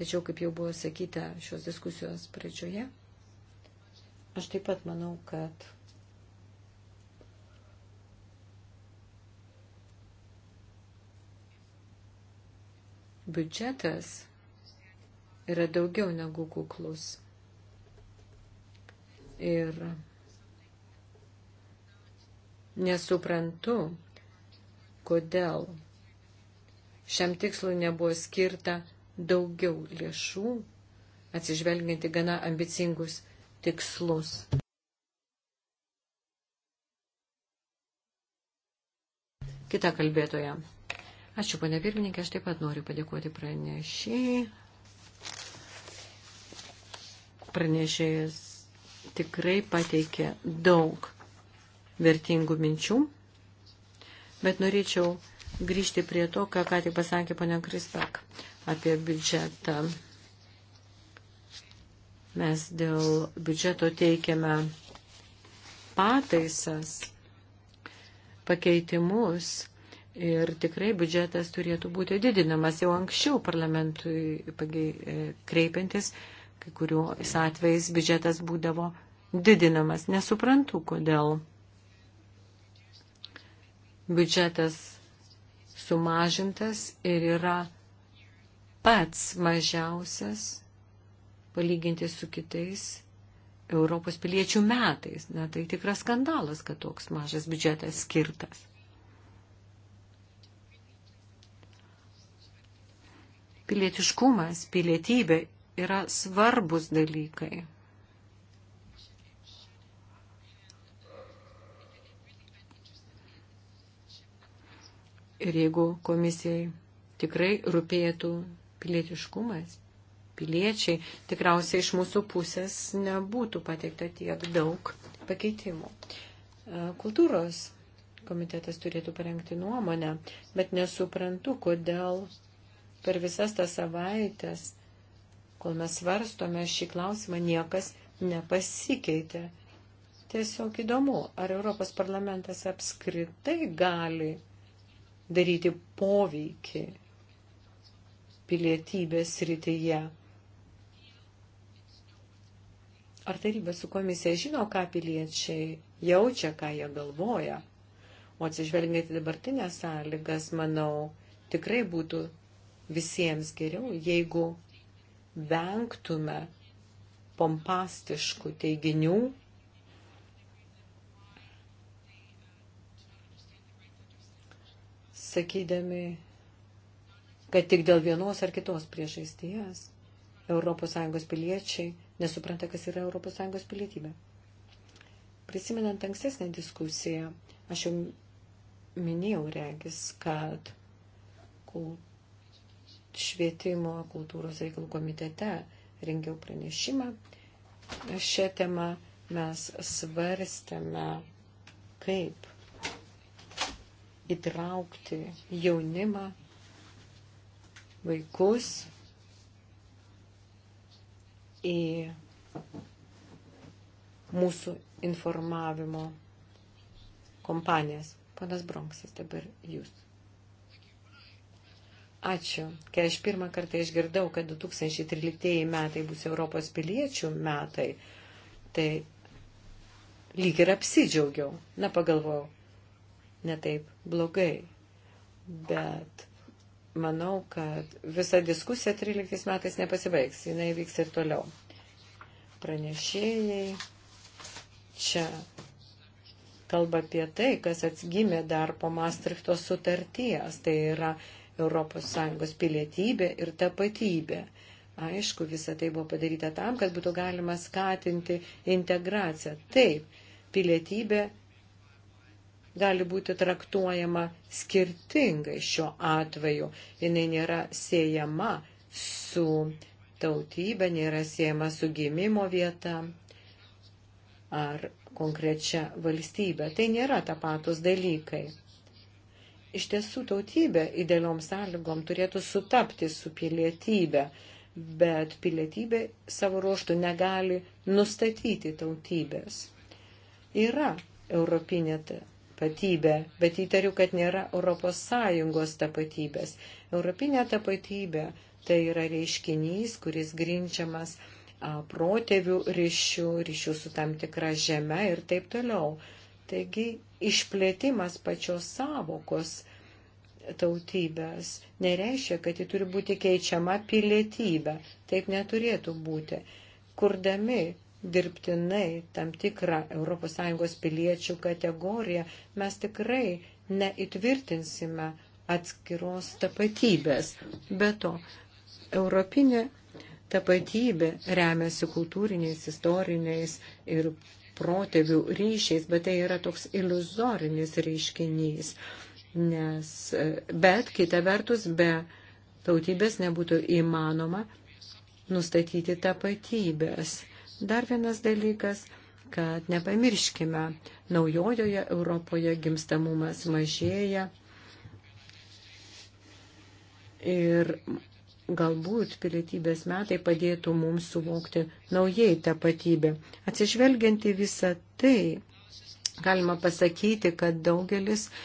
A: tačiau, kaip jau buvo sakyta šios diskusijos pradžioje, aš taip pat manau, kad biudžetas yra daugiau negu kuklus. Ir nesuprantu, kodėl šiam tikslui nebuvo skirta daugiau lėšų, atsižvelginti gana ambicingus tikslus. Kita kalbėtoja. Ačiū, pane pirmininkė, aš taip pat noriu padėkoti pranešėjai. Pranešėjas tikrai pateikė daug vertingų minčių Bet norėčiau grįžti prie to, ką ką tik pasakė ponia Kristak apie biudžetą. Mes dėl biudžeto teikiame pataisas, pakeitimus ir tikrai biudžetas turėtų būti didinamas jau anksčiau parlamentui e, kreipiantis, kai kuriuo atvejais biudžetas būdavo didinamas. Nesuprantu, kodėl biudžetas sumažintas ir yra pats mažiausias palyginti su kitais Europos piliečių metais. Na, tai tikras skandalas, kad toks mažas biudžetas skirtas. Pilietiškumas, pilietybė yra svarbus dalykai. Ir jeigu komisijai tikrai rūpėtų pilietiškumas, piliečiai, tikriausiai iš mūsų pusės nebūtų pateikta tiek daug pakeitimų. E, kultūros komitetas turėtų parengti nuomonę, bet nesuprantu, kodėl per visas tas savaitės, kol mes svarstome šį klausimą, niekas nepasikeitė. Tiesiog įdomu, ar Europos parlamentas apskritai gali daryti poveikį pilietybės rytyje. Ar taryba su komisija žino, ką piliečiai jaučia, ką jie galvoja? O atsižvelgiant į dabartinės sąlygas, manau, tikrai būtų visiems geriau, jeigu vengtume pompastiškų teiginių sakydami, kad tik dėl vienos ar kitos priežasties ES piliečiai nesupranta, kas yra ES pilietybė. Prisimenant ankstesnę diskusiją, aš jau minėjau regis, kad švietimo kultūros reikalų komitete rengiau pranešimą. Šią temą mes svarstėme, kaip įtraukti jaunimą, vaikus į mūsų informavimo kompanijas. Panas Bronksas dabar jūs. Ačiū. Kai aš pirmą kartą išgirdau, kad 2013 metai bus Europos piliečių metai, tai lyg ir apsidžiaugiau. Na, pagalvojau, netaip blogai. Bet manau, kad visa diskusija 13 metais nepasibaigs, jinai vyks ir toliau. Pranešėjai čia kalba apie tai, kas atgimė dar po Maastrichto sutarties, tai yra ES pilietybė ir tapatybė. Aišku, visa tai buvo padaryta tam, kad būtų galima skatinti integraciją. Taip, pilietybė gali būti traktuojama skirtingai šiuo atveju. Jis nėra siejama su tautybė, nėra siejama su gimimo vieta ar konkrečia valstybė. Tai nėra tapatus dalykai. Iš tiesų tautybė idealiom sąlygom turėtų sutapti su pilietybė, bet pilietybė savo ruoštų negali nustatyti tautybės. Yra europinė tapatybę, bet įtariu, kad nėra ES tapatybės. Europinė tapatybė tai yra reiškinys, kuris grinčiamas protėvių ryšių, ryšių su tam tikra žeme ir taip toliau. Taigi išplėtimas pačios savokos tautybės nereiškia, kad ji turi būti keičiama pilietybė. Taip neturėtų būti. Kurdami dirbtinai tam tikrą ES piliečių kategoriją, mes tikrai neįtvirtinsime atskiros tapatybės. Be to, europinė tapatybė remiasi kultūriniais, istoriniais ir protėvių ryšiais, bet tai yra toks iliuzorinis reiškinys. Nes, bet kita vertus, be tautybės nebūtų įmanoma nustatyti tapatybės. Dar vienas dalykas, kad nepamirškime, naujojoje Europoje gimstamumas mažėja ir galbūt pilietybės metai padėtų mums suvokti naujai tapatybę. Atsižvelgianti visą tai, galima pasakyti, kad daugelis uh,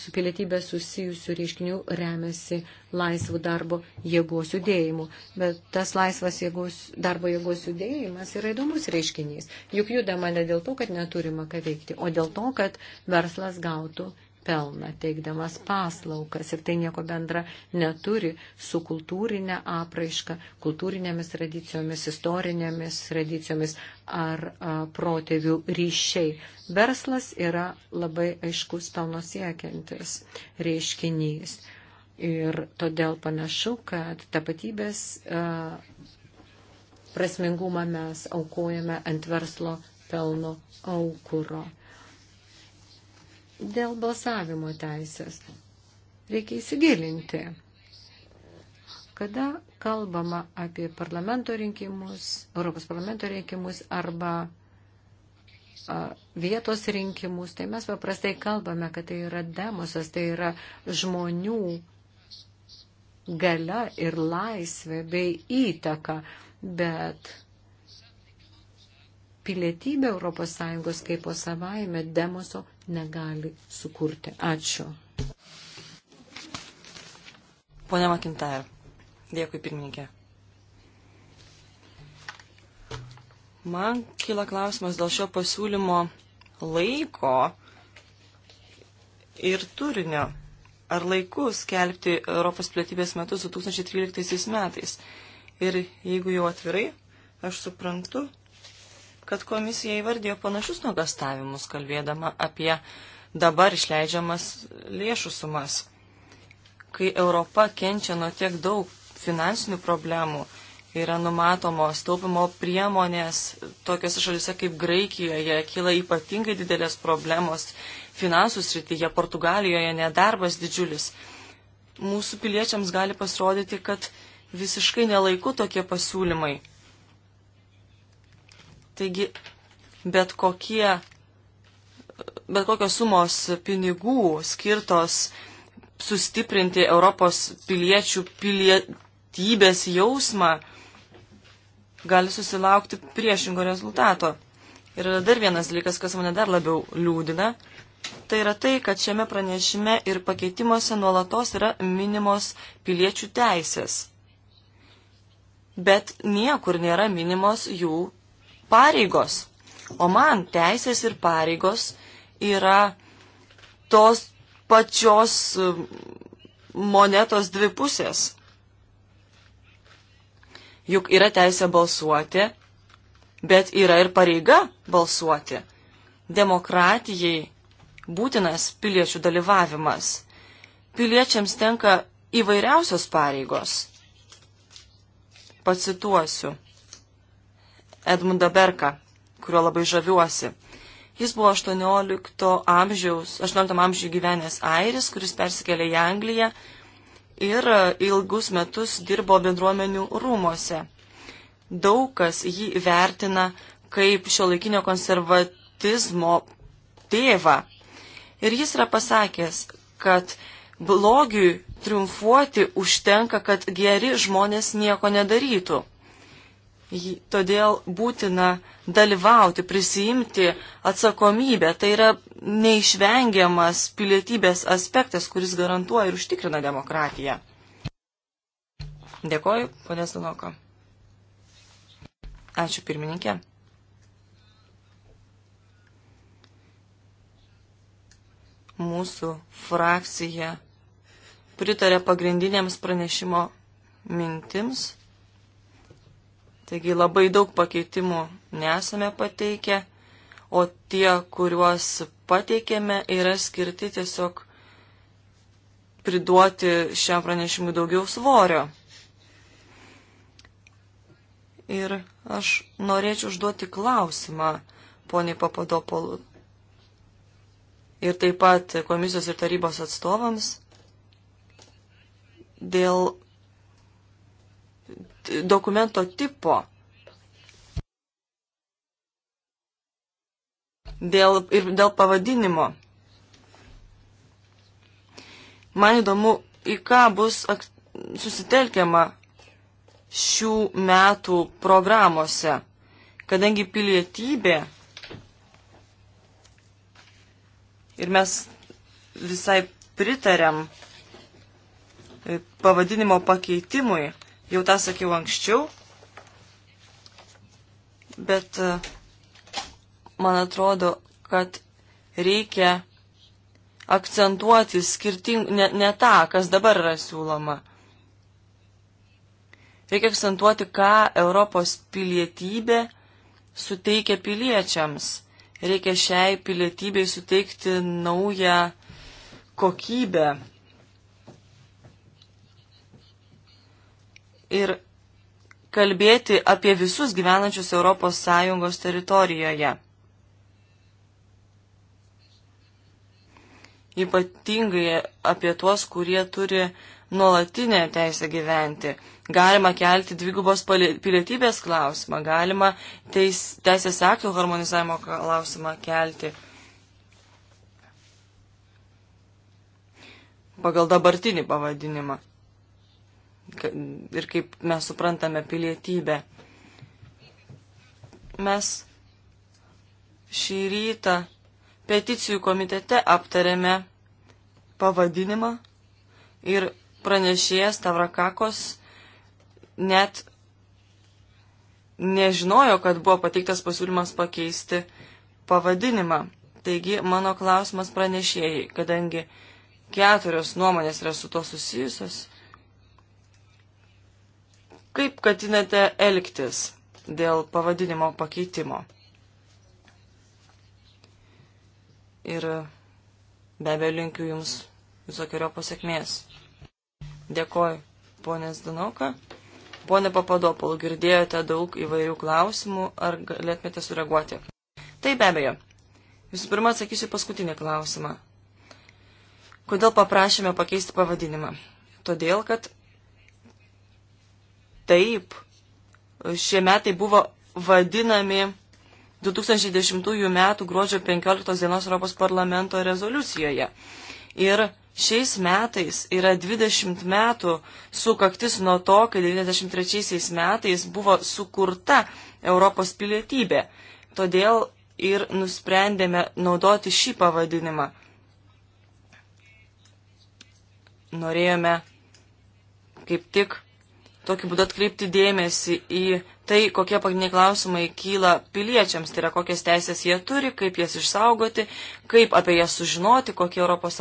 A: su pilietybė susijusių reiškinių remiasi laisvų darbo jėgos judėjimu. Bet tas laisvas jėgos, darbo jėgos judėjimas yra įdomus reiškinys. Juk judama ne dėl to, kad neturima ką veikti, o dėl to, kad verslas gautų pelną teikdamas paslaukas ir tai nieko bendra neturi su kultūrinė apraiška, kultūrinėmis tradicijomis, istorinėmis tradicijomis ar a, protėvių ryšiai. Verslas yra labai aiškus pelno siekiantis reiškinys. Ir todėl panašu, kad tapatybės a, prasmingumą mes aukojame ant verslo pelno aukuro. Dėl balsavimo teisės reikia įsigilinti. Kada kalbama apie parlamento rinkimus, Europos parlamento rinkimus arba vietos rinkimus, tai mes paprastai kalbame, kad tai yra demosas, tai yra žmonių gale ir laisvė bei įtaka, bet pilietybė Europos Sąjungos kaip po savaime demoso negali sukurti. Ačiū. Pone
B: Makintair, dėkui pirmininkė. Man kyla klausimas dėl šio pasiūlymo laiko ir turinio. Ar laiku skelbti Europos pilietybės metus 2013 metais? Ir jeigu jau atvirai, aš suprantu, kad komisija įvardėjo panašius nuogastavimus, kalbėdama apie dabar išleidžiamas lėšų sumas. Kai Europa kenčia nuo tiek daug finansinių problemų, yra numatomos taupimo priemonės, tokiuose šalise kaip Graikijoje kyla ypatingai didelės problemos finansų srityje, Portugalijoje nedarbas didžiulis. Mūsų piliečiams gali pasirodyti, kad visiškai nelaiku tokie pasiūlymai. Taigi, bet kokie, bet kokios sumos pinigų skirtos sustiprinti Europos piliečių pilietybės jausmą gali susilaukti priešingo rezultato. Ir dar vienas dalykas, kas mane dar labiau liūdina, tai yra tai, kad šiame pranešime ir pakeitimuose nuolatos yra minimos piliečių teisės. Bet niekur nėra minimos jų pareigos. O man teisės ir pareigos yra tos pačios monetos dvi pusės. Juk yra teisė balsuoti, bet yra ir pareiga balsuoti. Demokratijai būtinas piliečių dalyvavimas. Piliečiams tenka įvairiausios pareigos. Pacituosiu. Edmundą Berką, kuriuo labai žaviuosi. Jis buvo 18 amžiaus, 18 amžių gyvenęs airis, kuris persikėlė į Angliją ir e, ilgus metus dirbo bendruomenių rūmose. Daug kas jį vertina kaip šio laikinio konservatizmo tėvą. Ir jis yra pasakęs, kad blogiui triumfuoti užtenka, kad geri žmonės nieko nedarytų. Todėl būtina dalyvauti, prisijimti atsakomybę. Tai yra neišvengiamas pilietybės aspektas, kuris garantuoja ir užtikrina demokratiją. Dėkoju, ponė Stanoko. Ačiū pirmininkė. Mūsų frakcija pritarė pagrindinėms pranešimo mintims Taigi labai daug pakeitimų nesame pateikę, o tie, kuriuos pateikėme, yra skirti tiesiog priduoti šiam pranešimui daugiau svorio. Ir aš norėčiau užduoti klausimą poniai Papadopolų ir taip pat komisijos ir tarybos atstovams dėl dokumento tipo. Dėl, ir dėl pavadinimo. Man įdomu, į ką bus susitelkiama šių metų programuose, kadangi pilietybė ir mes visai pritariam e, pavadinimo pakeitimui. Jau tą sakiau anksčiau, bet e, man atrodo, kad reikia akcentuoti skirting, ne, ne tą, kas dabar yra siūloma. Reikia akcentuoti, ką Europos pilietybė suteikia piliečiams. Reikia šiai pilietybei suteikti naują kokybę ir kalbėti apie visus gyvenančius ES teritorijoje. Ypatingai apie tuos, kurie turi nuolatinę teisę gyventi. Galima kelti dvigubos pilietybės klausimą, galima teis, teisės aktų harmonizavimo klausimą kelti. Pagal dabartinį pavadinimą ir kaip mes suprantame pilietybę. Mes šį rytą peticijų komitete aptarėme pavadinimą ir pranešėjas Tavrakakos net nežinojo, kad buvo pateiktas pasiūlymas pakeisti pavadinimą. Taigi mano klausimas pranešėjai, kadangi keturios nuomonės yra su to susijusios. Kaip katinate elgtis dėl pavadinimo pakeitimo? Ir be abejo linkiu Jums visokiojo pasiekmės. Dėkoju, ponės Danauka. Pone Papadopol, girdėjote daug įvairių klausimų, ar galėtumėte sureaguoti? Taip, be abejo. Visų pirma, atsakysiu paskutinį klausimą. Kodėl paprašėme pakeisti pavadinimą? Todėl, kad Taip, šie metai buvo vadinami 2010 m. gruodžio 15 dienos Europos parlamento rezoliucijoje. Ir šiais metais yra 20 metų sukaktis nuo to, kai 93 metais buvo sukurta Europos pilietybė. Todėl ir nusprendėme naudoti šį pavadinimą. Norėjome kaip tik tokiu būdu atkreipti dėmesį į tai, kokie pagrindiniai klausimai kyla piliečiams, tai yra kokias teisės jie turi, kaip jas išsaugoti, kaip apie jas sužinoti, kokie ES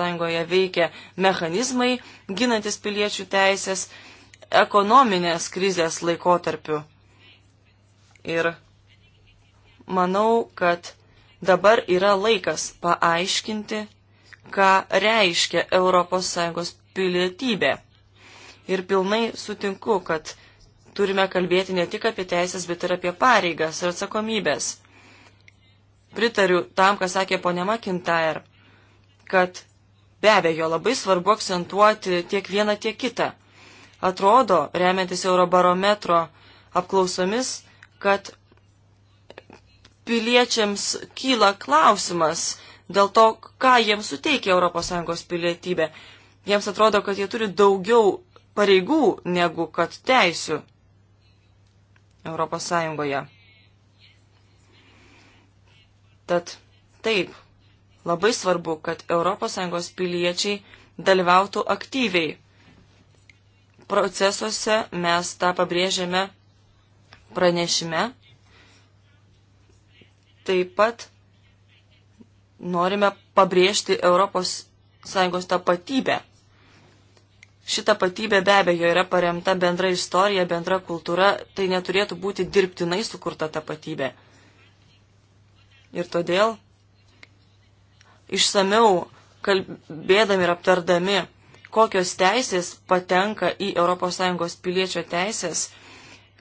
B: veikia mechanizmai ginantis piliečių teisės ekonominės krizės laikotarpiu. Ir manau, kad dabar yra laikas paaiškinti, ką reiškia ES pilietybė Ir pilnai sutinku, kad turime kalbėti ne tik apie teisės, bet ir apie pareigas ir atsakomybės. Pritariu tam, ką sakė ponė McIntyre, kad be abejo labai svarbu akcentuoti tiek vieną, tiek kitą. Atrodo, remiantis Eurobarometro apklausomis, kad piliečiams kyla klausimas dėl to, ką jiems suteikia ES pilietybė. Jiems atrodo, kad jie turi daugiau pareigų negu kad teisių Europos Sąjungoje. Tad taip, labai svarbu, kad Europos Sąjungos piliečiai dalyvautų aktyviai. Procesuose mes tą pabrėžėme pranešime. Taip pat norime pabrėžti Europos Sąjungos tapatybę. Šita patybė be abejo yra paremta bendra istorija, bendra kultūra, tai neturėtų būti dirbtinai sukurta tapatybė. Ir todėl išsameu kalbėdami ir aptardami, kokios teisės patenka į ES piliečio teisės,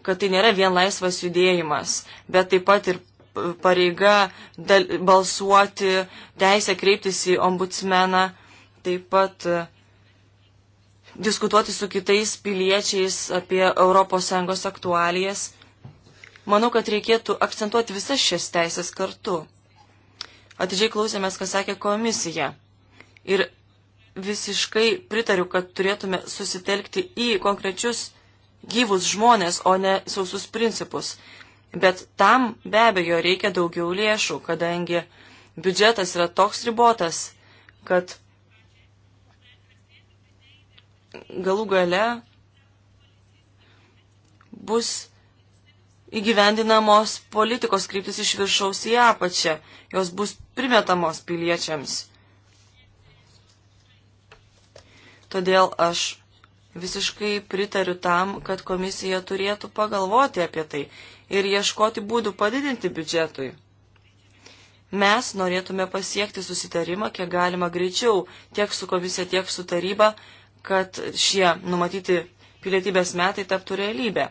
B: kad tai nėra vien laisvas judėjimas, bet taip pat ir pareiga dal, balsuoti, teisė kreiptis į ombudsmeną, taip pat uh, diskutuoti su kitais piliečiais apie ES aktualijas. Manau, kad reikėtų akcentuoti visas šias teisės kartu. Atidžiai klausėmės, ką sakė komisija. Ir visiškai pritariu, kad turėtume susitelkti į konkrečius gyvus žmonės, o ne sausus principus. Bet tam be abejo reikia daugiau lėšų, kadangi biudžetas yra toks ribotas, kad galų gale bus įgyvendinamos politikos kryptis iš viršaus į apačią, jos bus primetamos piliečiams. Todėl aš visiškai pritariu tam, kad komisija turėtų pagalvoti apie tai ir ieškoti būdų padidinti biudžetui. Mes norėtume pasiekti susitarimą kiek galima greičiau tiek su komisija, tiek su taryba, kad šie numatyti pilietybės metai taptų realybę.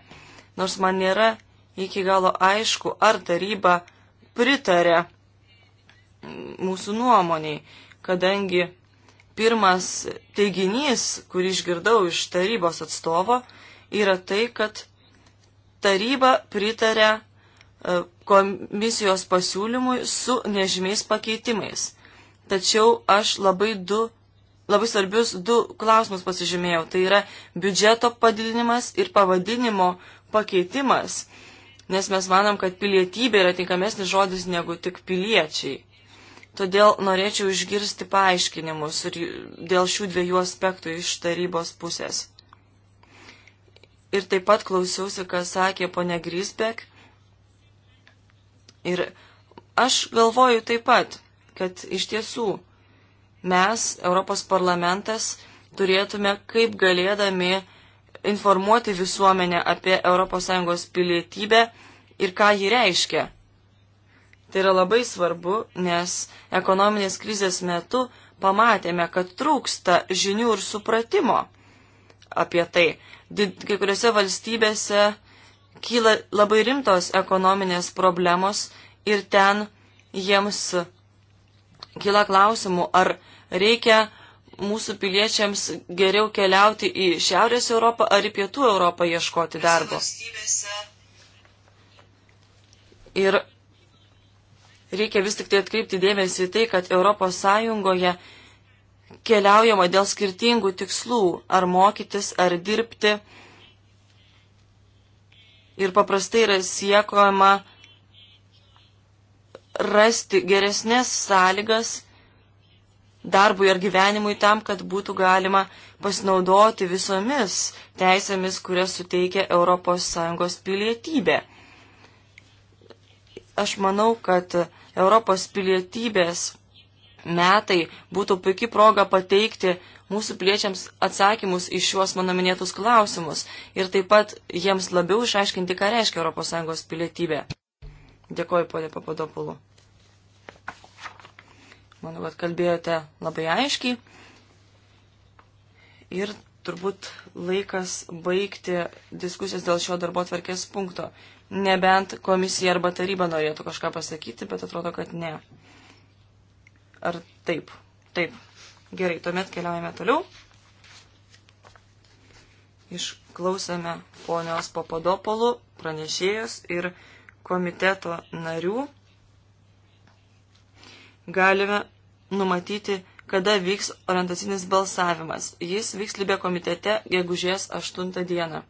B: Nors man nėra iki galo aišku, ar taryba pritarė mūsų nuomoniai, kadangi pirmas teiginys, kurį išgirdau iš tarybos atstovo, yra tai, kad taryba pritarė e, komisijos pasiūlymui su nežymiais pakeitimais. Tačiau aš labai du labai svarbius du klausimus pasižymėjau. Tai yra biudžeto padidinimas ir pavadinimo pakeitimas, nes mes manom, kad pilietybė yra tinkamesnis žodis negu tik piliečiai. Todėl norėčiau išgirsti paaiškinimus ir dėl šių dviejų aspektų iš tarybos pusės. Ir taip pat klausiausi, ką sakė ponia Grisbek. Ir aš galvoju taip pat, kad iš tiesų mes, Europos parlamentas, turėtume kaip galėdami informuoti visuomenę apie ES pilietybę ir ką ji reiškia. Tai yra labai svarbu, nes ekonominės krizės metu pamatėme, kad trūksta žinių ir supratimo apie tai. Kai kuriuose valstybėse kyla labai rimtos ekonominės problemos ir ten jiems kyla klausimų, ar Reikia mūsų piliečiams geriau keliauti į Šiaurės Europą ar į Pietų Europą ieškoti darbo. Ir reikia vis tik tai atkreipti dėmesį į tai, kad Europos Sąjungoje keliaujama dėl skirtingų tikslų, ar mokytis, ar dirbti. Ir paprastai yra siekojama rasti geresnės sąlygas darbui ar gyvenimui tam, kad būtų galima pasinaudoti visomis teisėmis, kurias suteikia ES pilietybė. Aš manau, kad Europos pilietybės metai būtų puikia proga pateikti mūsų piliečiams atsakymus iš šiuos mano minėtus klausimus ir taip pat jiems labiau išaiškinti, ką reiškia ES pilietybė. Dėkoju, ponė Papadopulu. Manau, kad kalbėjote labai aiškiai. Ir turbūt laikas baigti diskusijas dėl šio darbo tvarkės punkto. Nebent komisija arba taryba norėtų kažką pasakyti, bet atrodo, kad ne. Ar taip? Taip. Gerai, tuomet keliaujame toliau. Išklausėme ponios Papadopolų, pranešėjos ir komiteto narių galime numatyti, kada vyks orientacinis balsavimas. Jis vyks Libė komitete gegužės 8 dieną.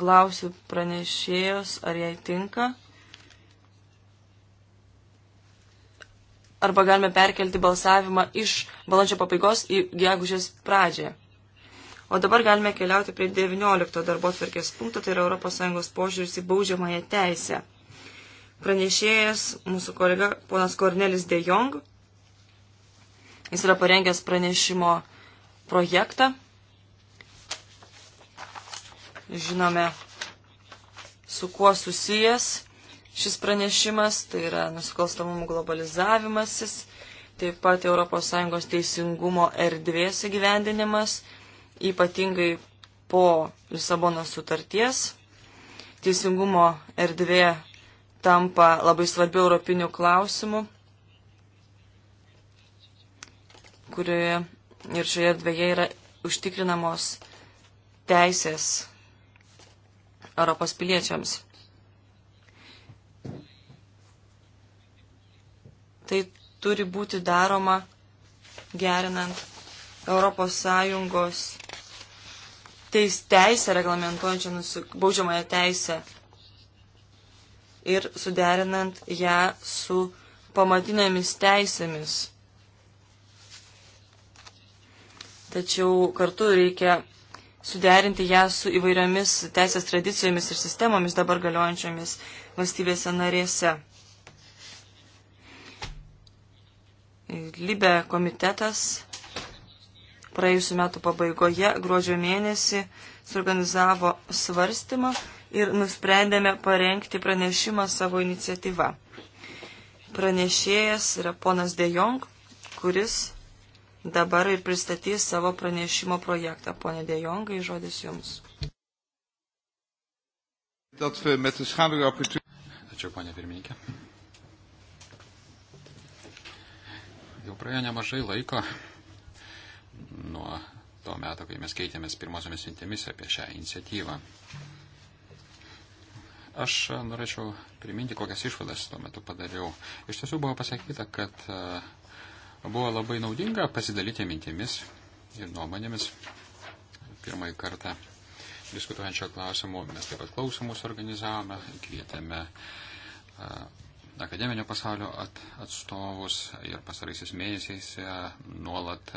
B: Klausiu pranešėjos, ar jai tinka. Arba galime perkelti balsavimą iš balandžio pabaigos į gegužės pradžią. O dabar galime keliauti prie 19 darbo atverkės punkto, tai yra ES požiūris į baudžiamąją teisę. Pranešėjas, mūsų kolega ponas Kornelis De Jong, jis yra parengęs pranešimo projektą. Žinome, su kuo susijęs šis pranešimas, tai yra nusikalstamumų globalizavimasis, taip pat ES teisingumo erdvės įgyvendinimas, ypatingai po Lisabono sutarties. Teisingumo erdvė tampa labai svarbiu europiniu klausimu, kurioje ir šioje dvieje yra užtikrinamos teisės Europos piliečiams. Tai turi būti daroma gerinant Europos Sąjungos teis teisę reglamentuojančią baudžiamąją teisę ir suderinant ją su pamatinėmis teisėmis. Tačiau kartu reikia suderinti ją su įvairiomis teisės tradicijomis ir sistemomis dabar galiojančiomis valstybėse narėse. Libe komitetas praėjusiu metu pabaigoje, gruodžio mėnesį, suorganizavo svarstymą ir nusprendėme parengti pranešimą savo iniciatyvą. Pranešėjas yra ponas Dejong, kuris dabar ir pristatys savo pranešimo projektą. Pone Dejongai, žodis jums.
C: Ačiū, ponė pirmininkė. Jau praėjo nemažai laiko nuo to meto, kai mes keitėmės pirmosiomis mintimis apie šią iniciatyvą. Aš norėčiau priminti, kokias išvadas tuo metu padariau. Iš tiesų buvo pasakyta, kad e, buvo labai naudinga pasidalyti mintimis ir nuomonėmis pirmąjį kartą diskutuojančio klausimų. Mes taip pat klausimus organizavome, kvietėme e, akademinio pasaulio at, atstovus ir pasaraisiais mėnesiais e, nuolat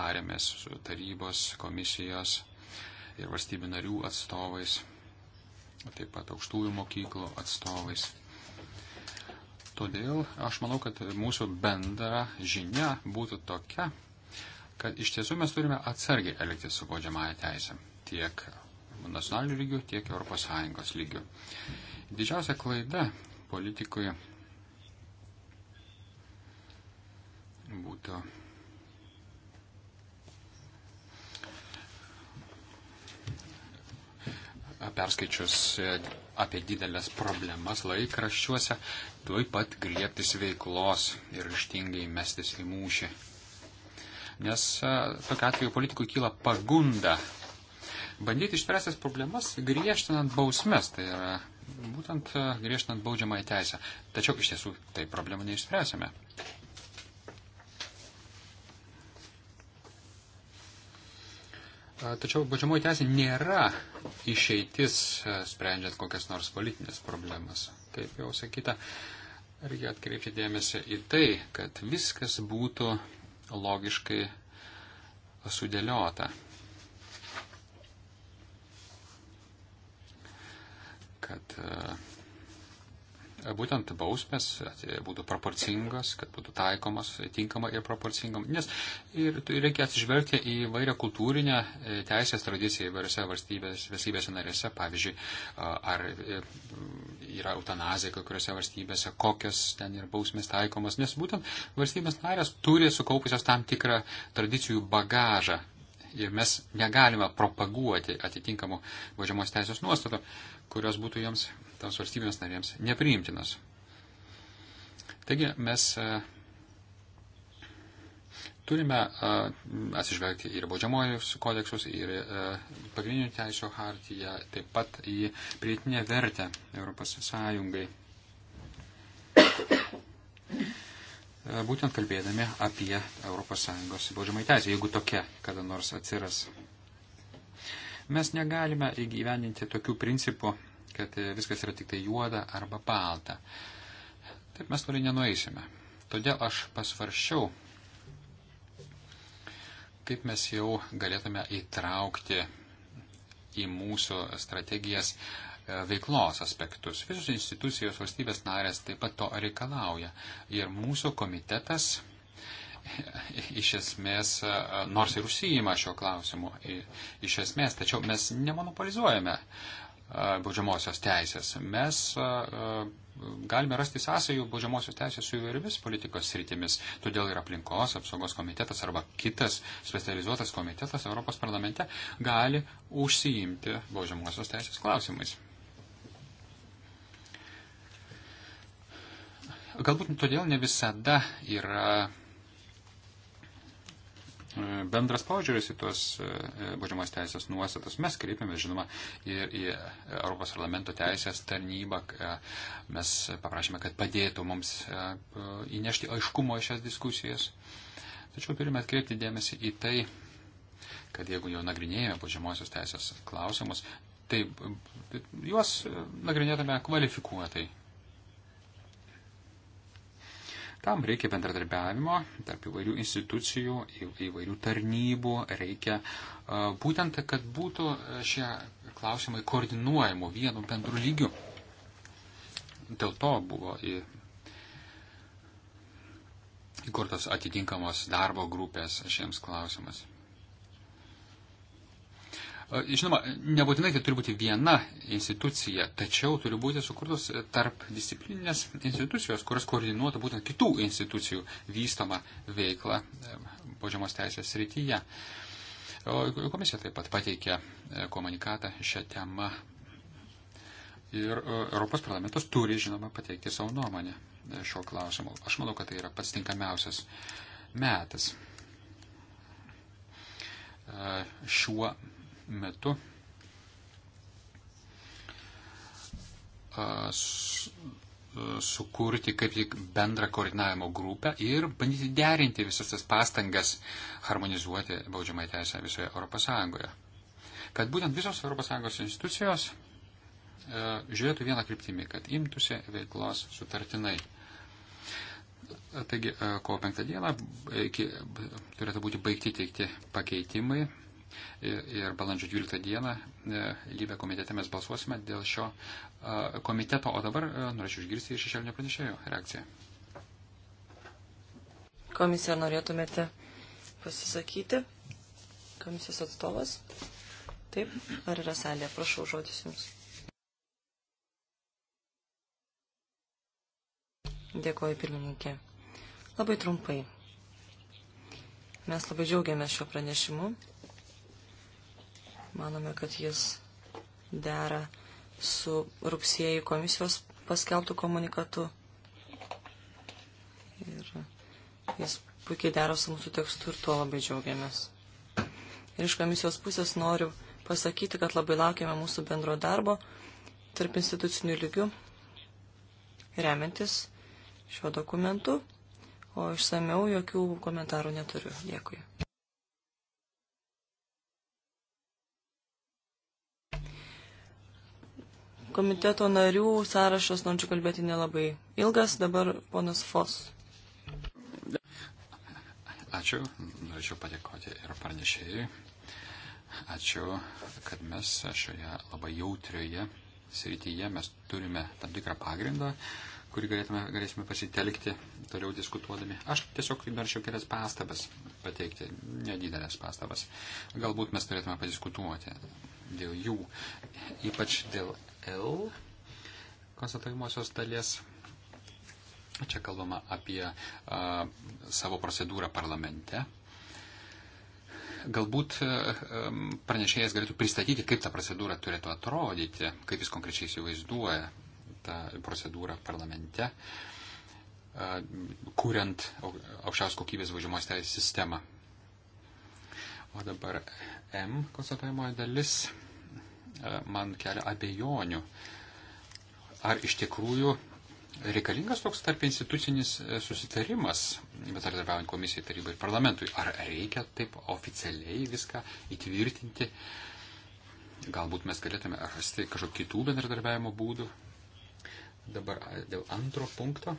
C: tarėmės su tarybos, komisijos ir valstybių narių atstovais taip pat aukštųjų mokyklų atstovais. Todėl aš manau, kad mūsų bendra žinia būtų tokia, kad iš tiesų mes turime atsargiai elgtis su baudžiamąją teisę tiek nacionaliniu lygiu, tiek ES lygiu. Didžiausia klaida politikui būtų perskaičius e, apie didelės problemas laikraščiuose, tuoj pat griebtis veiklos ir ištingai mestis į mūšį. Nes e, tokia atveju politikui kyla pagunda bandyti išspręstas problemas griežtinant bausmes, tai yra būtent e, griežtinant baudžiamąją teisę. Tačiau iš tiesų tai problemą neišspręsime. Tačiau baudžiamoji teisė nėra išeitis sprendžiant kokias nors politinės problemas. Kaip jau sakyta, reikia atkreipti dėmesį į tai, kad viskas būtų logiškai sudėliota. Kad uh, būtent bausmės būtų proporcingos, kad būtų taikomos tinkamai ir proporcingom. Nes ir reikia atsižvelgti į vairią kultūrinę e, teisės tradiciją įvairiose valstybės, valstybėse narėse. Pavyzdžiui, ar e, yra eutanazija kai kuriuose valstybėse, kokios ten yra bausmės taikomos. Nes būtent valstybės narės turi sukaupusios tam tikrą tradicijų bagažą. Ir mes negalime propaguoti atitinkamų važiuomos teisės nuostatų, kurios būtų jiems toms valstybėms narėms nepriimtinos. Taigi mes e, turime e, atsižvelgti ir baudžiamojus kodeksus, ir e, pagrindinių teisų hartiją, taip pat į prietinę vertę Europos Sąjungai. Būtent kalbėdami apie ES baudžiamąjį teisę, jeigu tokia kada nors atsiras. Mes negalime įgyveninti tokių principų, kad e, viskas yra tik tai juoda arba balta. Taip mes toli nenueisime. Todėl aš pasvaršiau, kaip mes jau galėtume įtraukti į mūsų strategijas e, veiklos aspektus. Visos institucijos valstybės narės taip pat to reikalauja. Ir mūsų komitetas iš esmės, e, nors ir užsijima šio klausimu, iš esmės, tačiau mes nemonopolizuojame baudžiamosios teisės. Mes galime rasti sąsajų baudžiamosios teisės su įvairiomis politikos sritimis. Todėl ir aplinkos apsaugos komitetas arba kitas specializuotas komitetas Europos parlamente gali užsiimti baudžiamosios teisės klausimais. Galbūt todėl ne visada yra bendras požiūris į tuos e, e, baudžiamos teisės nuostatus. Mes kreipiamės, žinoma, ir į Europos parlamento teisės tarnybą. E, mes paprašėme, kad padėtų mums įnešti aiškumo į šias diskusijas. Tačiau turime atkreipti dėmesį į tai, kad jeigu jau nagrinėjame baudžiamosios teisės klausimus, tai juos nagrinėtume kvalifikuotai, Tam reikia bendradarbiavimo tarp įvairių institucijų, įvairių tarnybų, reikia būtent, kad būtų šie klausimai koordinuojami vienu bendru lygiu. Dėl to buvo į, įkurtos atitinkamos darbo grupės šiems klausimas. E, žinoma, nebūtinai tai turi būti viena institucija, tačiau turi būti sukurtos tarp disciplininės institucijos, kurios koordinuotų būtent kitų institucijų vystomą veiklą e, baudžiamos teisės srityje. Komisija taip pat pateikė e, komunikatą šią temą ir Europos parlamentas turi, žinoma, pateikti savo nuomonę šio klausimu. Aš manau, kad tai yra pats tinkamiausias metas šiuo metu sukurti kaip tik bendrą koordinavimo grupę ir bandyti derinti visas tas pastangas harmonizuoti baudžiamąją teisę visoje ES. Kad būtent visos ES institucijos e, žiūrėtų vieną kryptimį, kad imtųsi veiklos sutartinai. Taigi, e, kovo penktą dieną iki, turėtų būti baigti teikti pakeitimai ir balandžio 12 dieną e, lygio komitete mes balsuosime dėl šio komiteto, o dabar e, norėčiau išgirsti iš šešėlinio pranešėjo reakciją.
B: Komisija norėtumėte pasisakyti? Komisijos atstovas? Taip, ar yra salė? Prašau, žodis jums. Dėkoju pirmininkė. Labai trumpai. Mes labai džiaugiamės šio pranešimu Manome, kad jis dera su rugsėjai komisijos paskelbtų komunikatu. Ir jis puikiai dera su mūsų tekstu ir tuo labai džiaugiamės. Ir iš komisijos pusės noriu pasakyti, kad labai laukiame mūsų bendro darbo tarp institucinių lygių, remiantis šiuo dokumentu, o išsameu jokių komentarų neturiu. Dėkui. komiteto narių sąrašas, norčiau kalbėti nelabai ilgas, dabar ponas Fos.
C: Ačiū, norėčiau padėkoti ir pranešėjai. Ačiū, kad mes šioje labai jautrioje srityje mes turime tam tikrą pagrindą, kurį galėtume, galėsime pasitelkti toliau diskutuodami. Aš tiesiog norėčiau kelias pastabas pateikti, nedidelės pastabas. Galbūt mes turėtume padiskutuoti dėl jų, ypač dėl L konstatuojamosios dalies. Čia kalbama apie a, savo procedūrą parlamente. Galbūt a, pranešėjas galėtų pristatyti, kaip ta procedūra turėtų atrodyti, kaip jis konkrečiai įsivaizduoja tą procedūrą parlamente, a, kuriant aukščiausios kokybės važiuojamos teisės sistemą. O dabar M konstatuojamoji dalis E, man kelia abejonių. Ar iš tikrųjų reikalingas toks tarp institucinis e, susitarimas, bendradarbiaujant komisijai, tarybai ir parlamentui? Ar reikia taip oficialiai viską įtvirtinti? Galbūt mes galėtume rasti kažkokių kitų bendradarbiavimo būdų. Dabar dėl antro punkto.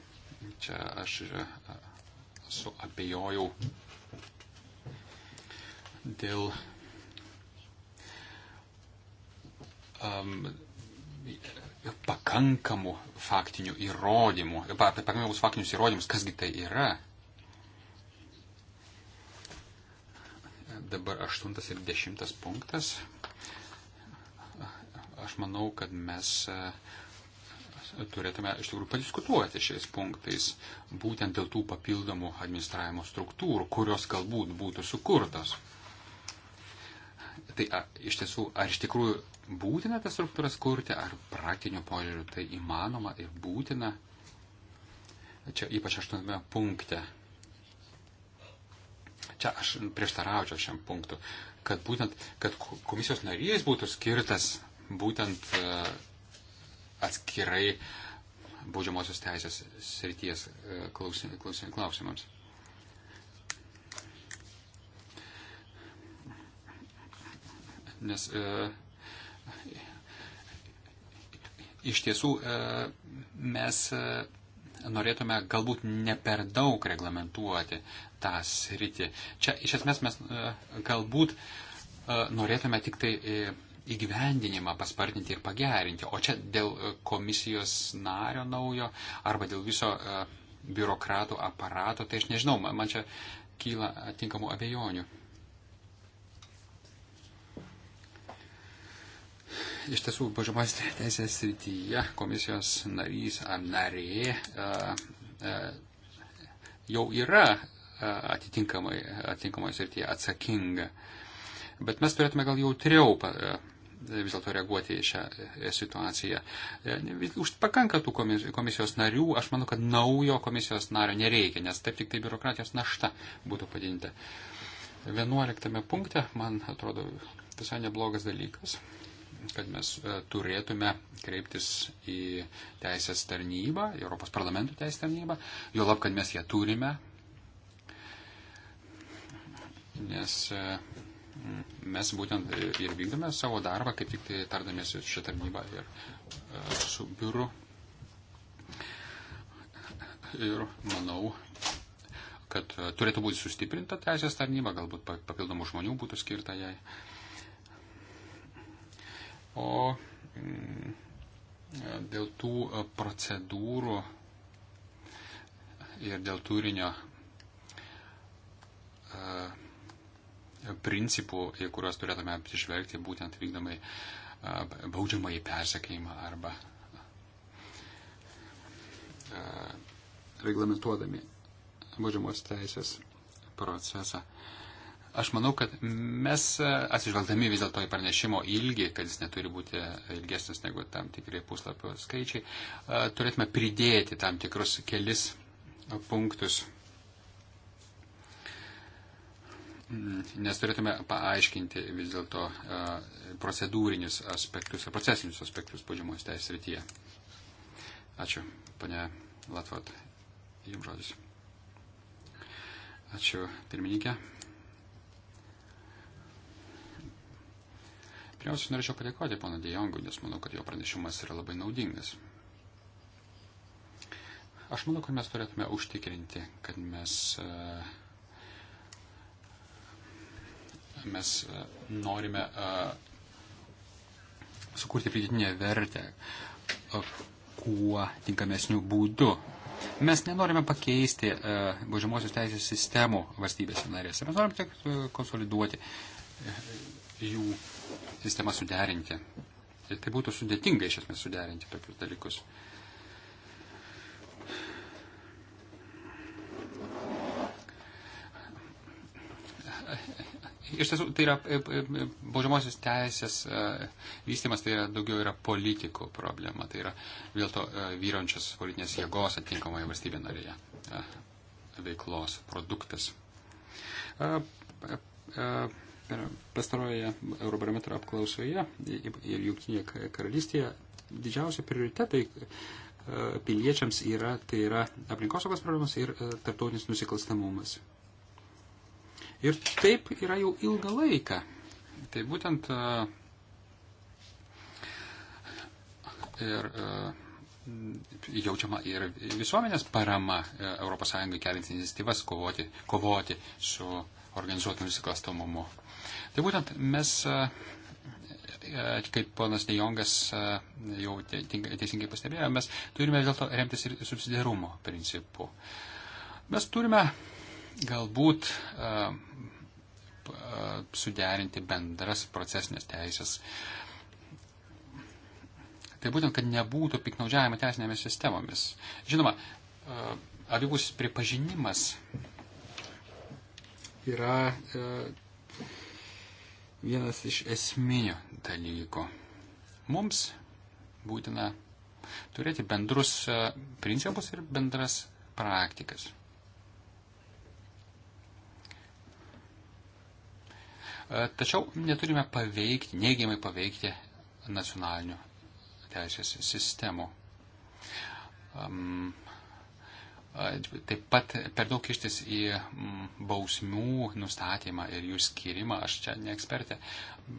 C: Čia aš e, suabejojau dėl um, pakankamų faktinių įrodymų, apie pakankamus faktinius įrodymus, kasgi tai yra. Dabar aštuntas ir dešimtas punktas. Aš manau, kad mes e, turėtume iš tikrųjų padiskutuoti šiais punktais, būtent dėl tų papildomų administravimo struktūrų, kurios galbūt būtų sukurtos. Tai a, iš tiesų, ar iš tikrųjų būtina tas struktūras kurti, ar praktiniu požiūriu tai įmanoma ir būtina? Čia ypač aštuntame punkte. Čia aš prieštaraučiau šiam punktu, kad būtent, kad komisijos narys būtų skirtas būtent e, atskirai baudžiamosios teisės srities e, klausimams. nes e, iš tiesų e, mes e, norėtume galbūt ne per daug reglamentuoti tą sritį. Čia iš esmės mes e, galbūt e, norėtume tik tai e, įgyvendinimą paspartinti ir pagerinti, o čia dėl e, komisijos nario naujo arba dėl viso e, biurokratų aparato, tai aš nežinau, man čia kyla atinkamų abejonių. Iš tiesų, bažymos teisės srityje komisijos narys ar narė jau yra atitinkamai, atitinkamai srityje atsakinga. Bet mes turėtume gal jautriau vis dėlto reaguoti į šią situaciją. Už pakanka tų komisijos narių, aš manau, kad naujo komisijos nario nereikia, nes taip tik tai biurokratijos našta būtų padinta. 11 punkte, man atrodo, visai neblogas dalykas kad mes e, turėtume kreiptis į teisės tarnybą, Europos parlamento teisės tarnybą, jo lab, kad mes ją turime, nes e, mes būtent e, ir vykdome savo darbą, kaip tik tai tardamėsi šią tarnybą ir su biuru. Ir manau, kad turėtų būti sustiprinta teisės tarnyba, galbūt papildomų žmonių būtų skirta jai. Uh, O mm, dėl tų e, procedūrų ir dėl turinio e, principų, į kuriuos turėtume apsižvelgti būtent vykdomai e, baudžiamą į persekėjimą arba reglamentuodami baudžiamos teisės procesą. Uh, Aš manau, kad mes e, atsižvelgdami vis dėlto į pranešimo ilgį, kad jis neturi būti ilgesnis negu tam tikrai puslapio skaičiai, e, turėtume pridėti tam tikrus kelis punktus. Nes turėtume paaiškinti vis dėlto e, procedūrinius aspektus ir procesinius aspektus pažymos teisės rytyje. Ačiū, ponia Latvot. Jums žodis. Ačiū, pirmininkė. Pirmiausia, norėčiau padėkoti pana Dejongui, nes manau, kad jo pranešimas yra labai naudingas. Aš manau, kad mes turėtume užtikrinti, kad mes, e, mes e, norime e, sukurti pridėtinę vertę kuo tinkamesnių būdų. Mes nenorime pakeisti uh, baudžiamosios teisės sistemų valstybėse narėse. Mes norime tik konsoliduoti jų sistemą suderinti. Ir tai būtų sudėtinga iš esmės suderinti tokius dalykus. Iš tiesų, tai yra e, e, e, baudžiamosios teisės vystimas, tai yra daugiau yra politikų problema, tai yra vėl to vyrančios politinės jėgos atinkamoje valstybė narėje veiklos produktas. Uh, uh, uh pastaroje Eurobarometro apklausoje ir Junktinėje karalystėje didžiausi prioritetai e, piliečiams yra, tai yra aplinkosaugos problemas ir e, tarptautinis nusikalstamumas. Ir taip yra jau ilgą laiką. Tai būtent e, ir jaučiama ir visuomenės parama ES keliant iniciatyvas kovoti, kovoti su organizuotų nusikalstamumu. Tai būtent mes, e, e, kaip ponas Dejongas e, jau teisingai pastebėjo, mes turime dėl to remtis ir subsidiarumo principu. Mes turime galbūt suderinti bendras procesinės teisės. Tai būtent, kad nebūtų piknaudžiavimo teisinėmis sistemomis. Žinoma, abipusis pripažinimas yra e, vienas iš esminio dalyko. Mums būtina turėti bendrus e, principus ir bendras praktikas. E, tačiau neturime paveikti, neigiamai paveikti nacionalinių teisės sistemų. Um, Taip pat per daug kištis į mm, bausmių nustatymą ir jų skirimą, aš čia ne ekspertė,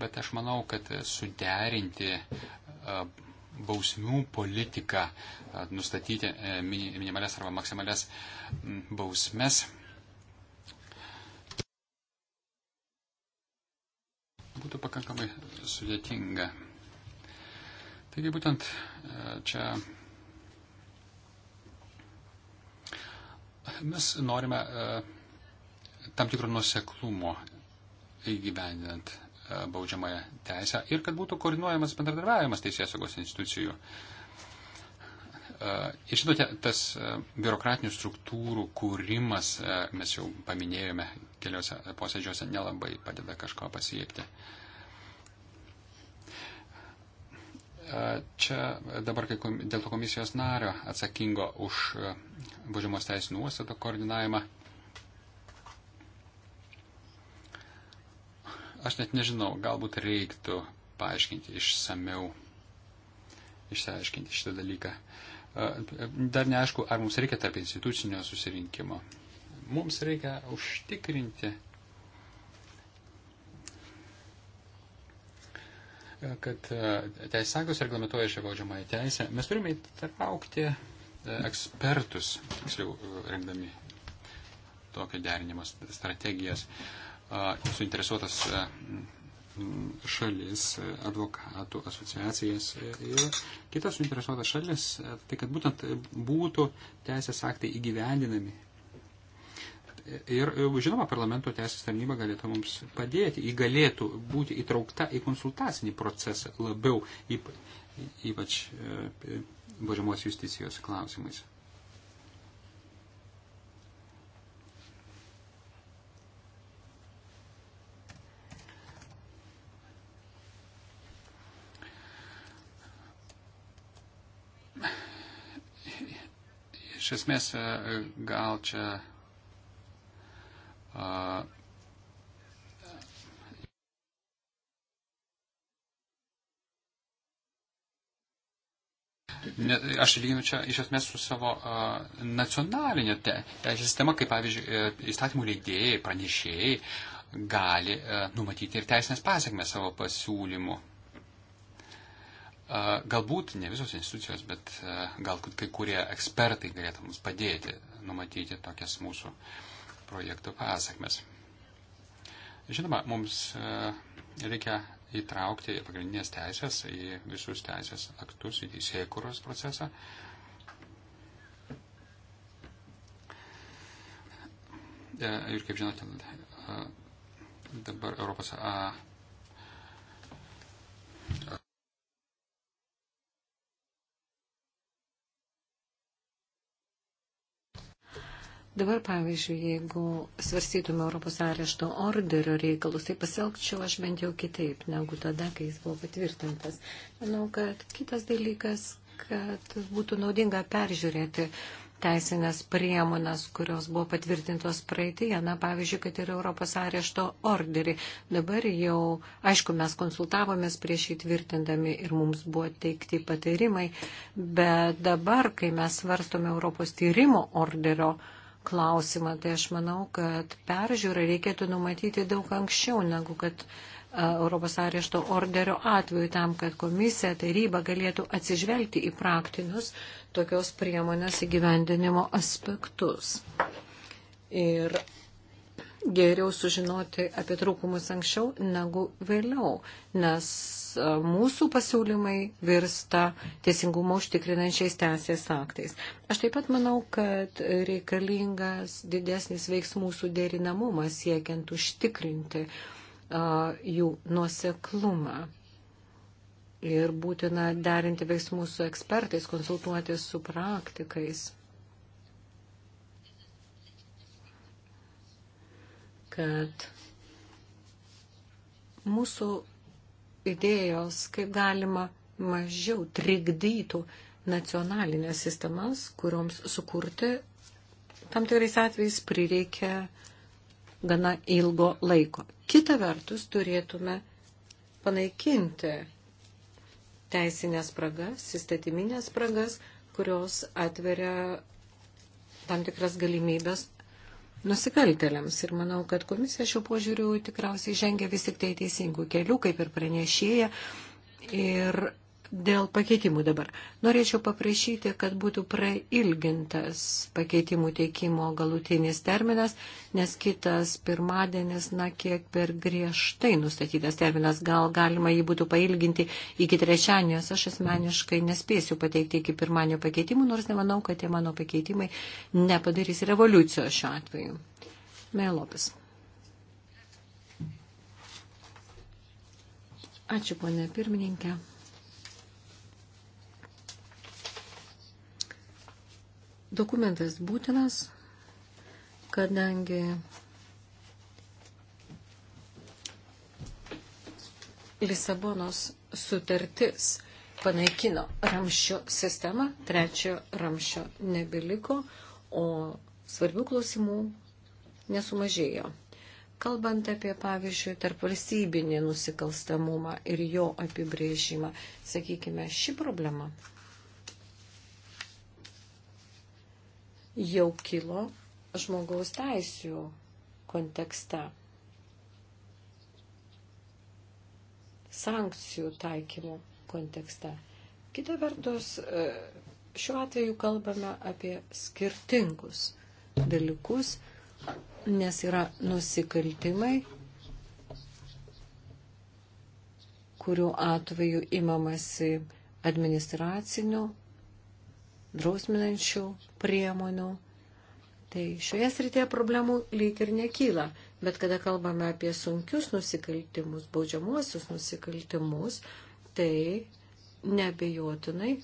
C: bet aš manau, kad suderinti bausmių politiką, nustatyti e, minimales arba maksimales bausmes. Būtų pakankamai sudėtinga. Taigi būtent e, čia Mes norime e, tam tikro nuseklumo įgyvendinant e, baudžiamąją teisę ir kad būtų koordinuojamas bendradarbiavimas teisėsaugos institucijų. E, ir žinote, tas biurokratinių struktūrų kūrimas, mes jau paminėjome keliose posėdžiuose, nelabai padeda kažko pasiekti. Uh, Čia dabar kai dėl to komisijos nario atsakingo už e, baudžiamos teisinių nuostatų koordinavimą. Aš net nežinau, galbūt reiktų paaiškinti išsameu, išsiaiškinti šitą dalyką. E, dar neaišku, ar mums reikia tarp institucinio susirinkimo. Mums reikia užtikrinti, kad e, teisės aktus reglamentuoja šią baudžiamąją teisę. Mes turime įtraukti e, ekspertus, tiksliau, e, rengdami tokio derinimo strategijas, suinteresuotas šalis, advokatų asociacijas ir kitas suinteresuotas šalis, tai kad būtent būtų teisės aktai įgyvendinami Ir, e, žinoma, parlamento teisės tarnyba galėtų mums padėti, ji galėtų būti įtraukta į konsultacinį procesą labiau, ypač e, bažymos justicijos klausimais. iš esmės e, gal čia Ne, aš lyginu čia iš esmės su savo a, nacionalinė te, teisės sistema, kaip pavyzdžiui, e, įstatymų leidėjai, pranešėjai gali a, e, numatyti ir teisinės pasiekmes savo pasiūlymų. A, galbūt ne visos institucijos, bet a, e, galbūt kai kurie ekspertai galėtų mums padėti numatyti tokias mūsų a, projektų pasakmes. Žinoma, mums e, reikia įtraukti pagrindinės teisės į visus teisės aktus, į teisėkuros procesą. E, ir kaip žinote, e, dabar Europos
A: Dabar, pavyzdžiui, jeigu svarstytume Europos arešto orderio reikalus, tai pasielgčiau aš bent jau kitaip negu tada, kai jis buvo patvirtintas. Manau, kad kitas dalykas, kad būtų naudinga peržiūrėti teisinės priemonės, kurios buvo patvirtintos praeitėje, na, pavyzdžiui, kad ir Europos arešto orderį. Dabar jau, aišku, mes konsultavomės prieš įtvirtindami ir mums buvo teikti patarimai, bet dabar, kai mes svarstome Europos tyrimo orderio klausimą, tai aš manau, kad peržiūrą reikėtų numatyti daug anksčiau, negu kad e, Europos arešto orderio atveju tam, kad komisija, taryba galėtų atsižvelgti į praktinius tokios priemonės įgyvendinimo aspektus. Ir geriau sužinoti apie trūkumus anksčiau negu vėliau, nes mūsų pasiūlymai virsta teisingumo užtikrinančiais teisės aktais. Aš taip pat manau, kad reikalingas didesnis veiksmų suderinamumas siekiant užtikrinti uh, jų nuoseklumą. Ir būtina derinti veiksmus su ekspertais, konsultuotis su praktikais. Kad mūsų idėjos, kaip galima mažiau trikdytų nacionalinės sistemas, kuriuoms sukurti tam tikrais atvejais prireikia gana ilgo laiko. Kita vertus, turėtume panaikinti teisinės spragas, įstatyminės spragas, kurios atveria tam tikras galimybės nusikaltelėms. Ir manau, kad komisija šiuo požiūriu tikriausiai žengia vis tik tai teisingų kelių, kaip ir pranešėja. Ir Dėl pakeitimų dabar. Norėčiau paprašyti, kad būtų prailgintas pakeitimų teikimo galutinis terminas, nes kitas pirmadienis, na, kiek per griežtai nustatytas terminas, gal galima jį būtų pailginti iki trečianės. Aš asmeniškai nespėsiu pateikti iki pirmanio pakeitimų, nors nemanau, kad tie mano pakeitimai nepadarys revoliucijos šiuo atveju. Mėlopis. Ačiū, ponė pirmininkė. Dokumentas būtinas, kadangi Lisabonos sutartis panaikino ramščio sistemą, trečiojo ramščio nebeliko, o svarbių klausimų nesumažėjo. Kalbant apie, pavyzdžiui, tarp valstybinį nusikalstamumą ir jo apibrėžimą, sakykime, ši problema jau kilo žmogaus teisų kontekste. Sankcijų taikymų kontekste. Kita vertus, e, šiuo atveju kalbame apie skirtingus dalykus, nes yra nusikaltimai, kurių atveju imamasi administracinių drausminančių priemonių. Tai šioje srityje problemų lyg ir nekyla, bet kada kalbame apie sunkius nusikaltimus, baudžiamuosius nusikaltimus, tai nebejotinai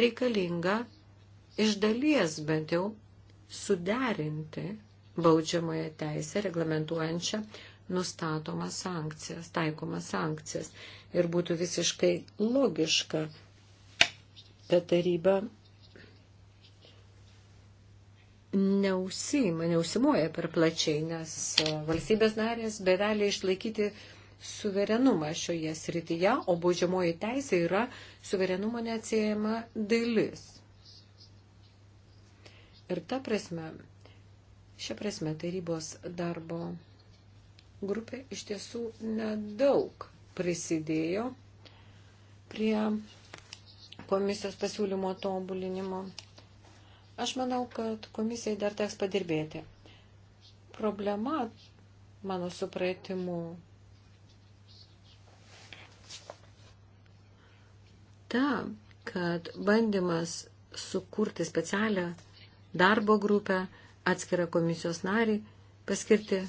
A: reikalinga iš dalies bent jau suderinti baudžiamąją teisę reglamentuojančią nustatomas sankcijas, taikomas sankcijas. Ir būtų visiškai logiška, kad taryba neusima, neusimoja per plačiai, nes e, valstybės narės bevelė išlaikyti suverenumą šioje srityje, o baudžiamoji teisė yra suverenumo neatsiejama dalis. Ir ta prasme, šia prasme tarybos darbo grupė iš tiesų nedaug prisidėjo prie komisijos pasiūlymo tobulinimo. Aš manau, kad komisijai dar teks padirbėti. Problema, mano supratimu, ta, kad bandymas sukurti specialią darbo grupę, atskirą komisijos narį, paskirti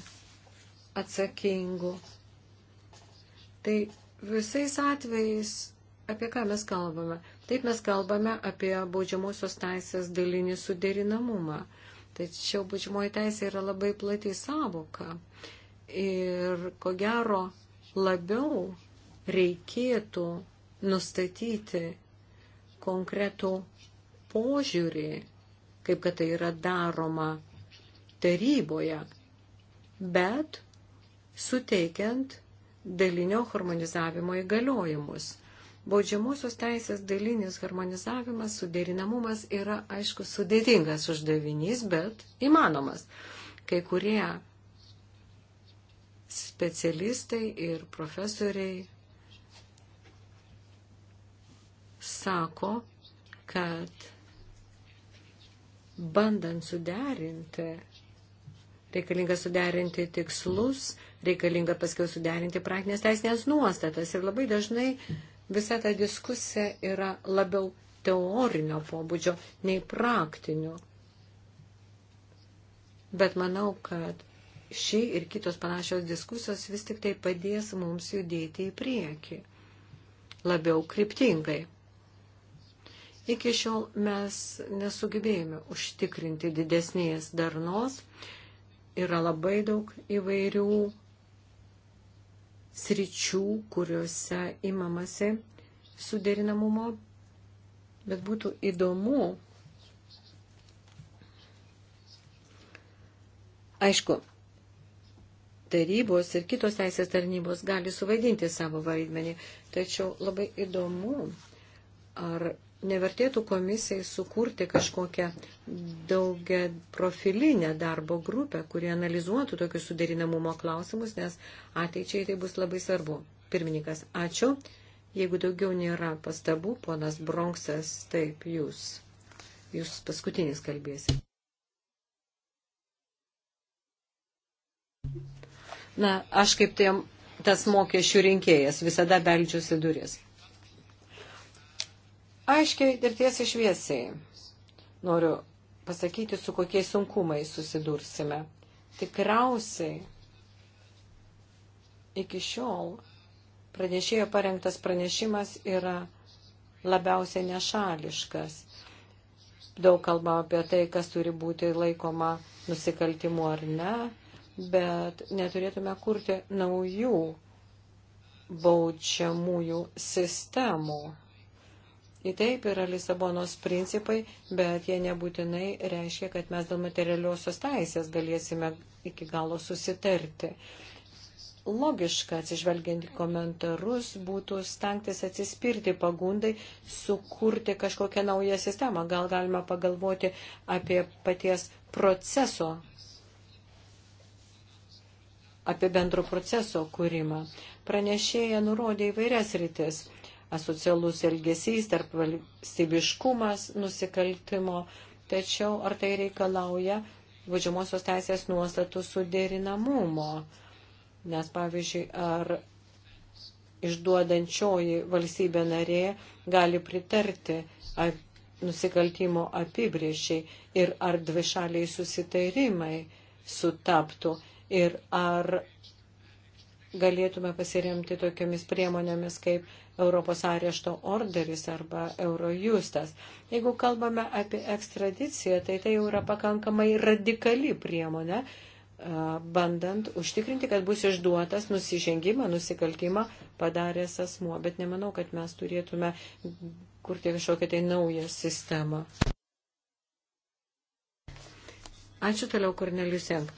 A: atsakingų. Tai visais atvejais, apie ką mes kalbame, Taip mes kalbame apie baudžiamosios teisės dalinį suderinamumą. Tačiau baudžiamoji teisė yra labai plati savoka. Ir ko gero labiau reikėtų nustatyti konkretų požiūrį, kaip kad tai yra daroma taryboje, bet suteikiant dalinio harmonizavimo įgaliojimus. Baudžiamosios teisės dalinis harmonizavimas, suderinamumas yra, aišku, sudėtingas uždavinys, bet įmanomas. Kai kurie specialistai ir profesoriai sako, kad bandant suderinti, reikalinga suderinti tikslus, reikalinga paskiau suderinti praktinės teisinės nuostatas ir labai dažnai uh, visa ta diskusija yra labiau teorinio pobūdžio nei praktinių. Bet manau, kad ši ir kitos panašios diskusijos vis tik tai padės mums judėti į priekį labiau kryptingai. Iki šiol mes nesugebėjome užtikrinti didesnės darnos. Yra labai daug įvairių sričių, kuriuose imamasi suderinamumo, bet būtų įdomu, aišku, tarybos ir kitos teisės tarnybos gali suvaidinti savo vaidmenį, tačiau labai įdomu, ar nevertėtų komisijai sukurti kažkokią daugia profilinę darbo grupę, kuri analizuotų tokius suderinamumo klausimus, nes ateičiai tai bus labai svarbu. Pirmininkas, ačiū. Jeigu daugiau nėra pastabų, ponas Bronksas, taip, jūs. Jūs paskutinis kalbėsite. Na, aš kaip tai tas mokesčių rinkėjas visada beldžiuosi duris. Aiškiai ir tiesiai šviesiai noriu pasakyti, su kokiais sunkumais susidursime. Tikriausiai iki šiol pranešėjo parengtas pranešimas yra labiausiai nešališkas. Daug kalba apie tai, kas turi būti laikoma nusikaltimu ar ne, bet neturėtume kurti naujų baudžiamųjų sistemų. Į taip yra Lisabonos principai, bet jie nebūtinai reiškia, kad mes dėl materialiosios teisės galėsime iki galo susitarti. Logiška, atsižvelgiant į komentarus, būtų stengtis atsispirti pagundai, sukurti kažkokią naują sistemą. Gal galima pagalvoti apie paties proceso, apie bendro proceso kūrimą. Pranešėja nurodė įvairias rytis asocialus elgesys, tarp valstybiškumas nusikaltimo, tačiau ar tai reikalauja važiuomosios teisės nuostatų suderinamumo. Nes, pavyzdžiui, ar išduodančioji valstybė narė gali pritarti ar nusikaltimo apibriešiai ir ar dvišaliai susitarimai sutaptų ir ar galėtume pasiremti tokiamis priemonėmis kaip Europos arešto orderis arba Eurojustas. Jeigu kalbame apie ekstradiciją, tai tai jau yra pakankamai radikali priemonė, bandant užtikrinti, kad bus išduotas nusižengimą, nusikaltimą padaręs asmuo. Bet nemanau, kad mes turėtume kurti kažkokią tai naują sistemą. Ačiū toliau, Kornelius Senk.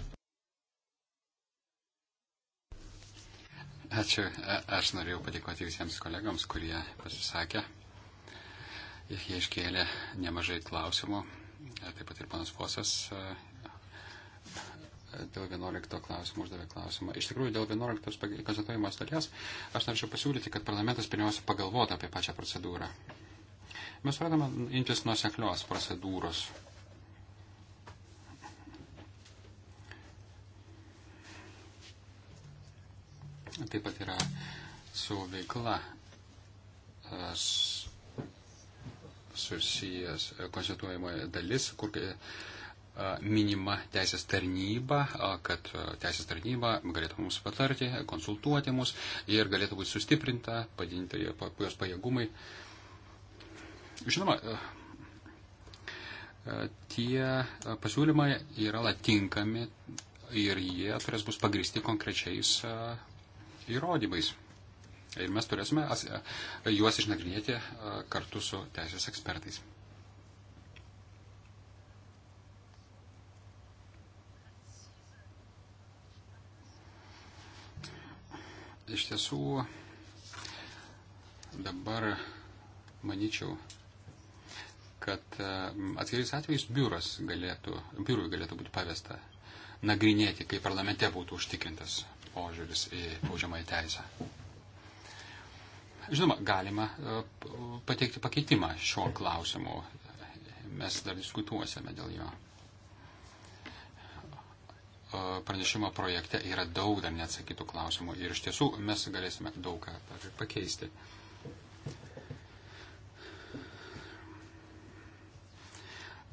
C: Ačiū. E, aš norėjau padėkoti visiems kolegams, kurie pasisakė. Jie iškėlė nemažai klausimų. E, taip pat ir panas Fosas e, dėl 11 klausimų uždavė klausimą. Iš tikrųjų, dėl 11 konstatuojamos dalies aš norėčiau pasiūlyti, kad parlamentas pirmiausia pagalvotų apie pačią procedūrą. Mes pradame imtis nuoseklios procedūros Taip pat yra su veikla e, susijęs e, konstituojamoje dalis, kur e, minima teisės tarnyba, kad teisės tarnyba galėtų mums patarti, konsultuoti mus ir galėtų būti sustiprinta, padinti jos pajėgumai. Žinoma, tie pasiūlymai yra latinkami ir jie turės bus pagristi konkrečiais įrodymais. Ir mes turėsime juos išnagrinėti kartu su teisės ekspertais. Iš tiesų, dabar manyčiau, kad atskiriais atvejais biuras galėtų, biurui galėtų būti pavesta nagrinėti, kai parlamente būtų užtikrintas požiūris į baudžiamąją teisę. Žinoma, galima e, pateikti pakeitimą šiuo klausimu. Mes dar diskutuosime dėl jo. E, pranešimo projekte yra daug dar neatsakytų klausimų ir iš tiesų mes galėsime daug ką pakeisti.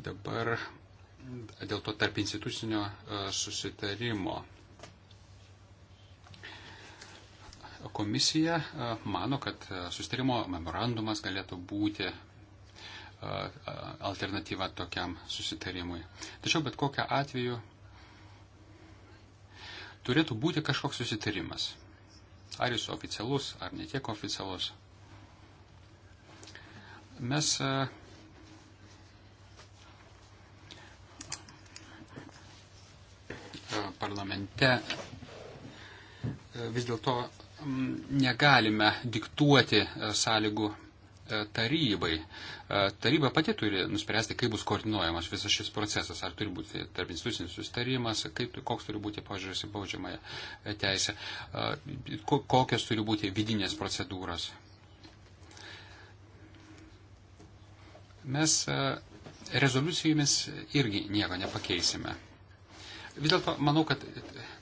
C: Dabar dėl to tarp institucinio e, susitarimo Komisija mano, kad sustarimo memorandumas galėtų būti alternatyva tokiam susitarimui. Tačiau bet kokią atveju turėtų būti kažkoks susitarimas. Ar jis oficialus, ar netiek oficialus. Mes parlamente vis dėlto negalime diktuoti e, sąlygų e, tarybai. E, taryba pati turi nuspręsti, kaip bus koordinuojamas visas šis procesas, ar turi būti tarp institucinis sustarimas, kaip, koks turi būti požiūris į baudžiamąją teisę, kokios turi būti vidinės procedūros. Mes rezoliucijomis irgi nieko nepakeisime. Vis dėlto manau, kad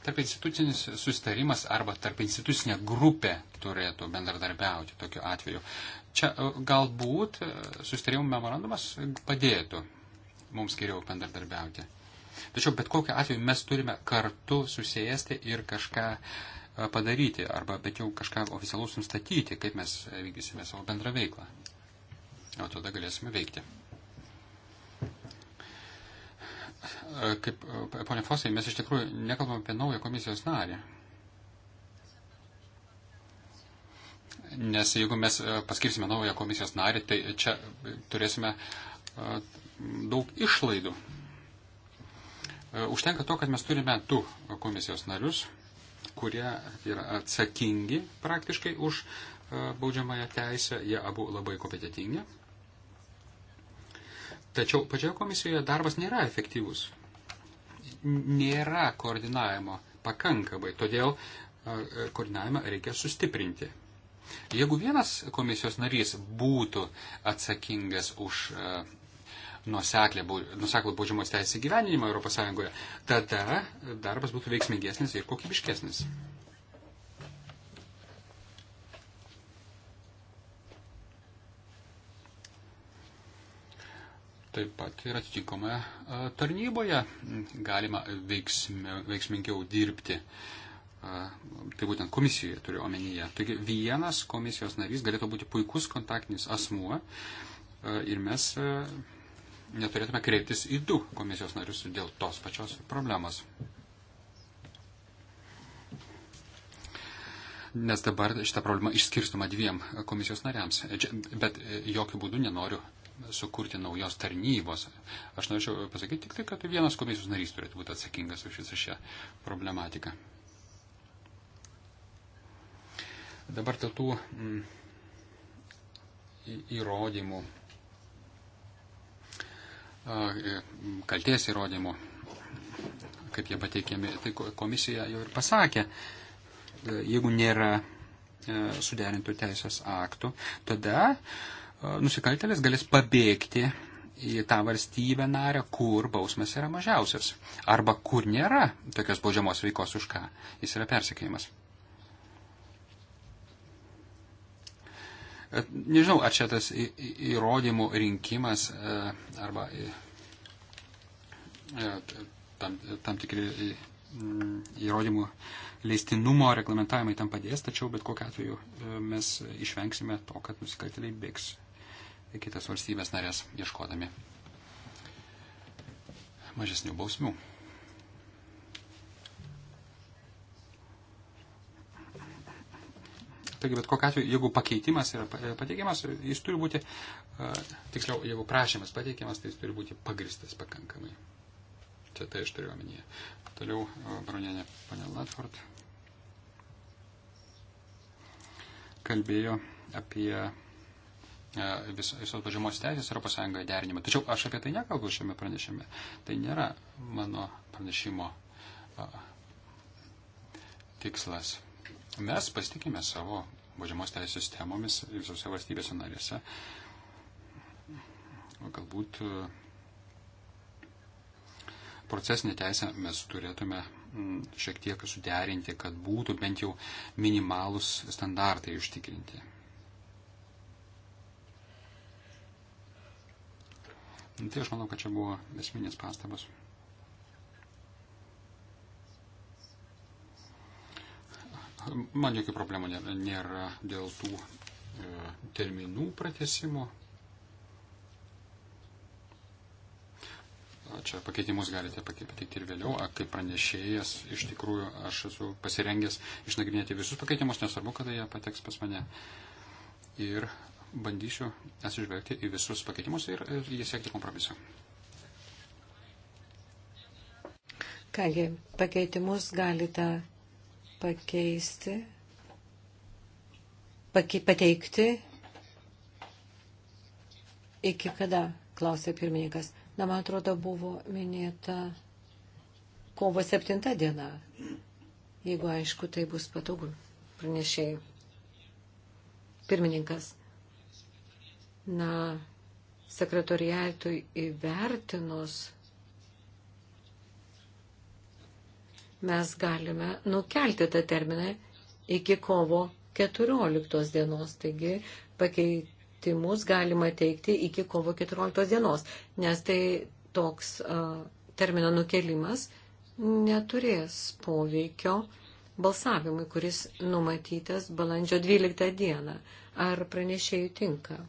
C: tarp institucinis sustarimas arba tarp institucinė grupė turėtų bendradarbiauti tokiu atveju. Čia e, galbūt e, sustarimų memorandumas padėtų mums geriau bendradarbiauti. Tačiau bet kokiu atveju mes turime kartu susėsti ir kažką e, padaryti, arba bet jau kažką oficialus nustatyti, kaip mes vykdysime savo bendrą veiklą. O tada galėsime veikti kaip ponia Fosai, mes iš tikrųjų nekalbam apie naują komisijos narį. Nes jeigu mes paskirsime naują komisijos narį, tai čia turėsime daug išlaidų. Užtenka to, kad mes turime du komisijos narius, kurie yra atsakingi praktiškai už baudžiamąją teisę, jie abu labai kompetitingi. Tačiau pačioje komisijoje darbas nėra efektyvus. Nėra koordinavimo pakankamai, todėl e, koordinavimą reikia sustiprinti. Jeigu vienas komisijos narys būtų atsakingas už nuseklų baudžiamos teisės įgyveninimą ES, tada darbas būtų veiksmingesnis ir kokybiškesnis. Taip pat ir atitikome e, tarnyboje galima veiksmė, veiksmingiau dirbti. E, tai būtent komisijoje turiu omenyje. Taigi vienas komisijos narys galėtų būti puikus kontaktinis asmuo e, ir mes neturėtume kreiptis į du komisijos narius dėl tos pačios problemos. Nes dabar šitą problemą išskirstoma dviem komisijos nariams. Bet jokių būdų nenoriu sukurti naujos tarnybos. Aš norėčiau pasakyti tik tai, kad vienas komisijos narys turėtų būti atsakingas už visą šią problematiką. Dabar dėl tų mm, įrodymų, e, kalties įrodymų, kaip jie pateikiami, tai komisija jau ir pasakė, e, jeigu nėra e, suderintų teisės aktų, tada uh, nusikaltėlis galės pabėgti į tą valstybę narę, kur bausmas yra mažiausias. Arba kur nėra tokios baudžiamos veikos, už ką jis yra persekėjimas. Nežinau, ar čia tas įrodymų rinkimas arba tam, tam tikri mm, įrodymų leistinumo reglamentavimai tam padės, tačiau bet kokiu atveju mes išvengsime to, kad nusikaltėliai bėgs kitas valstybės narės ieškodami mažesnių bausmių. Taigi, bet kokiu atveju, jeigu pakeitimas yra pateikiamas, jis turi būti, tiksliau, jeigu prašymas pateikiamas, tai jis turi būti pagristas pakankamai. Čia tai aš turiu omenyje. Toliau, bronienė panė Latford kalbėjo apie E, vis, visos pažymos teisės Europos Sąjungoje derinimą. Tačiau aš apie tai nekalbu šiame pranešime. Tai nėra mano pranešimo a, e, tikslas. Mes pasitikime savo baudžiamos teisės sistemomis visose valstybėse narėse. Galbūt e, procesinę teisę mes turėtume šiek tiek suderinti, kad būtų bent jau minimalus standartai užtikrinti. Nu, tai aš manau, kad čia buvo esminės pastabas. Man jokių problemų nėra dėl tų e, terminų pratesimo. Čia pakeitimus galite pateikti ir vėliau, kaip pranešėjas, iš tikrųjų aš esu pasirengęs išnagrinėti visus pakeitimus, nesvarbu, kada jie pateks pas mane. Ir bandysiu atsižvelgti į visus pakeitimus ir, ir jie siekti kompromiso.
A: Kągi, pakeitimus galite pakeisti, pake, pateikti iki kada, klausė pirmininkas. Na, man atrodo, buvo minėta kovo 7 diena, jeigu aišku, tai bus patogu pranešėjai. Pirmininkas. Na, sekretoriatui įvertinus mes galime nukelti tą terminą iki kovo 14 dienos. Taigi pakeitimus galima teikti iki kovo 14 dienos, nes tai toks uh, termino nukelimas neturės poveikio balsavimui, kuris numatytas balandžio 12 dieną. Ar pranešėjų tinka?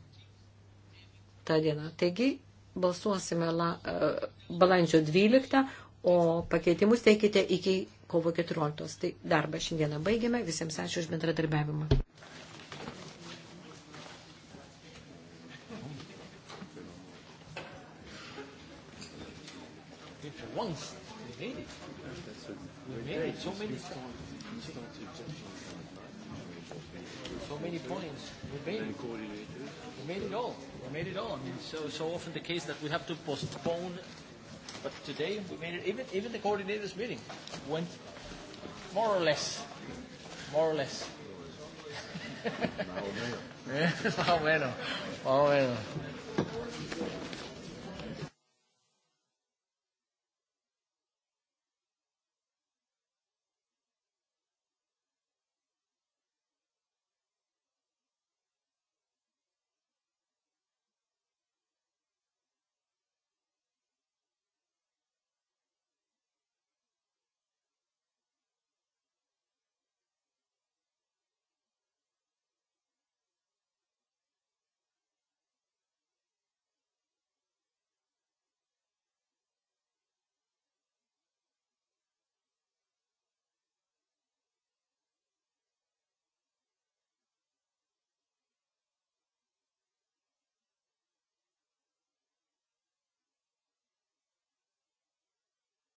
A: tą dieną. Taigi balsuosime la, e, balandžio 12, o pakeitimus teikite iki kovo 14. Tai darbą šiandieną baigiame. Visiems ačiū už bendradarbiavimą.
C: once. We made it.
B: We made it. So many points.
A: So many points. We made it. We made it all made it on. So so often the case that we have to postpone. But today we made it. Even even the coordinators' meeting
C: went more or less, more or less. Más o menos. Más o
A: menos.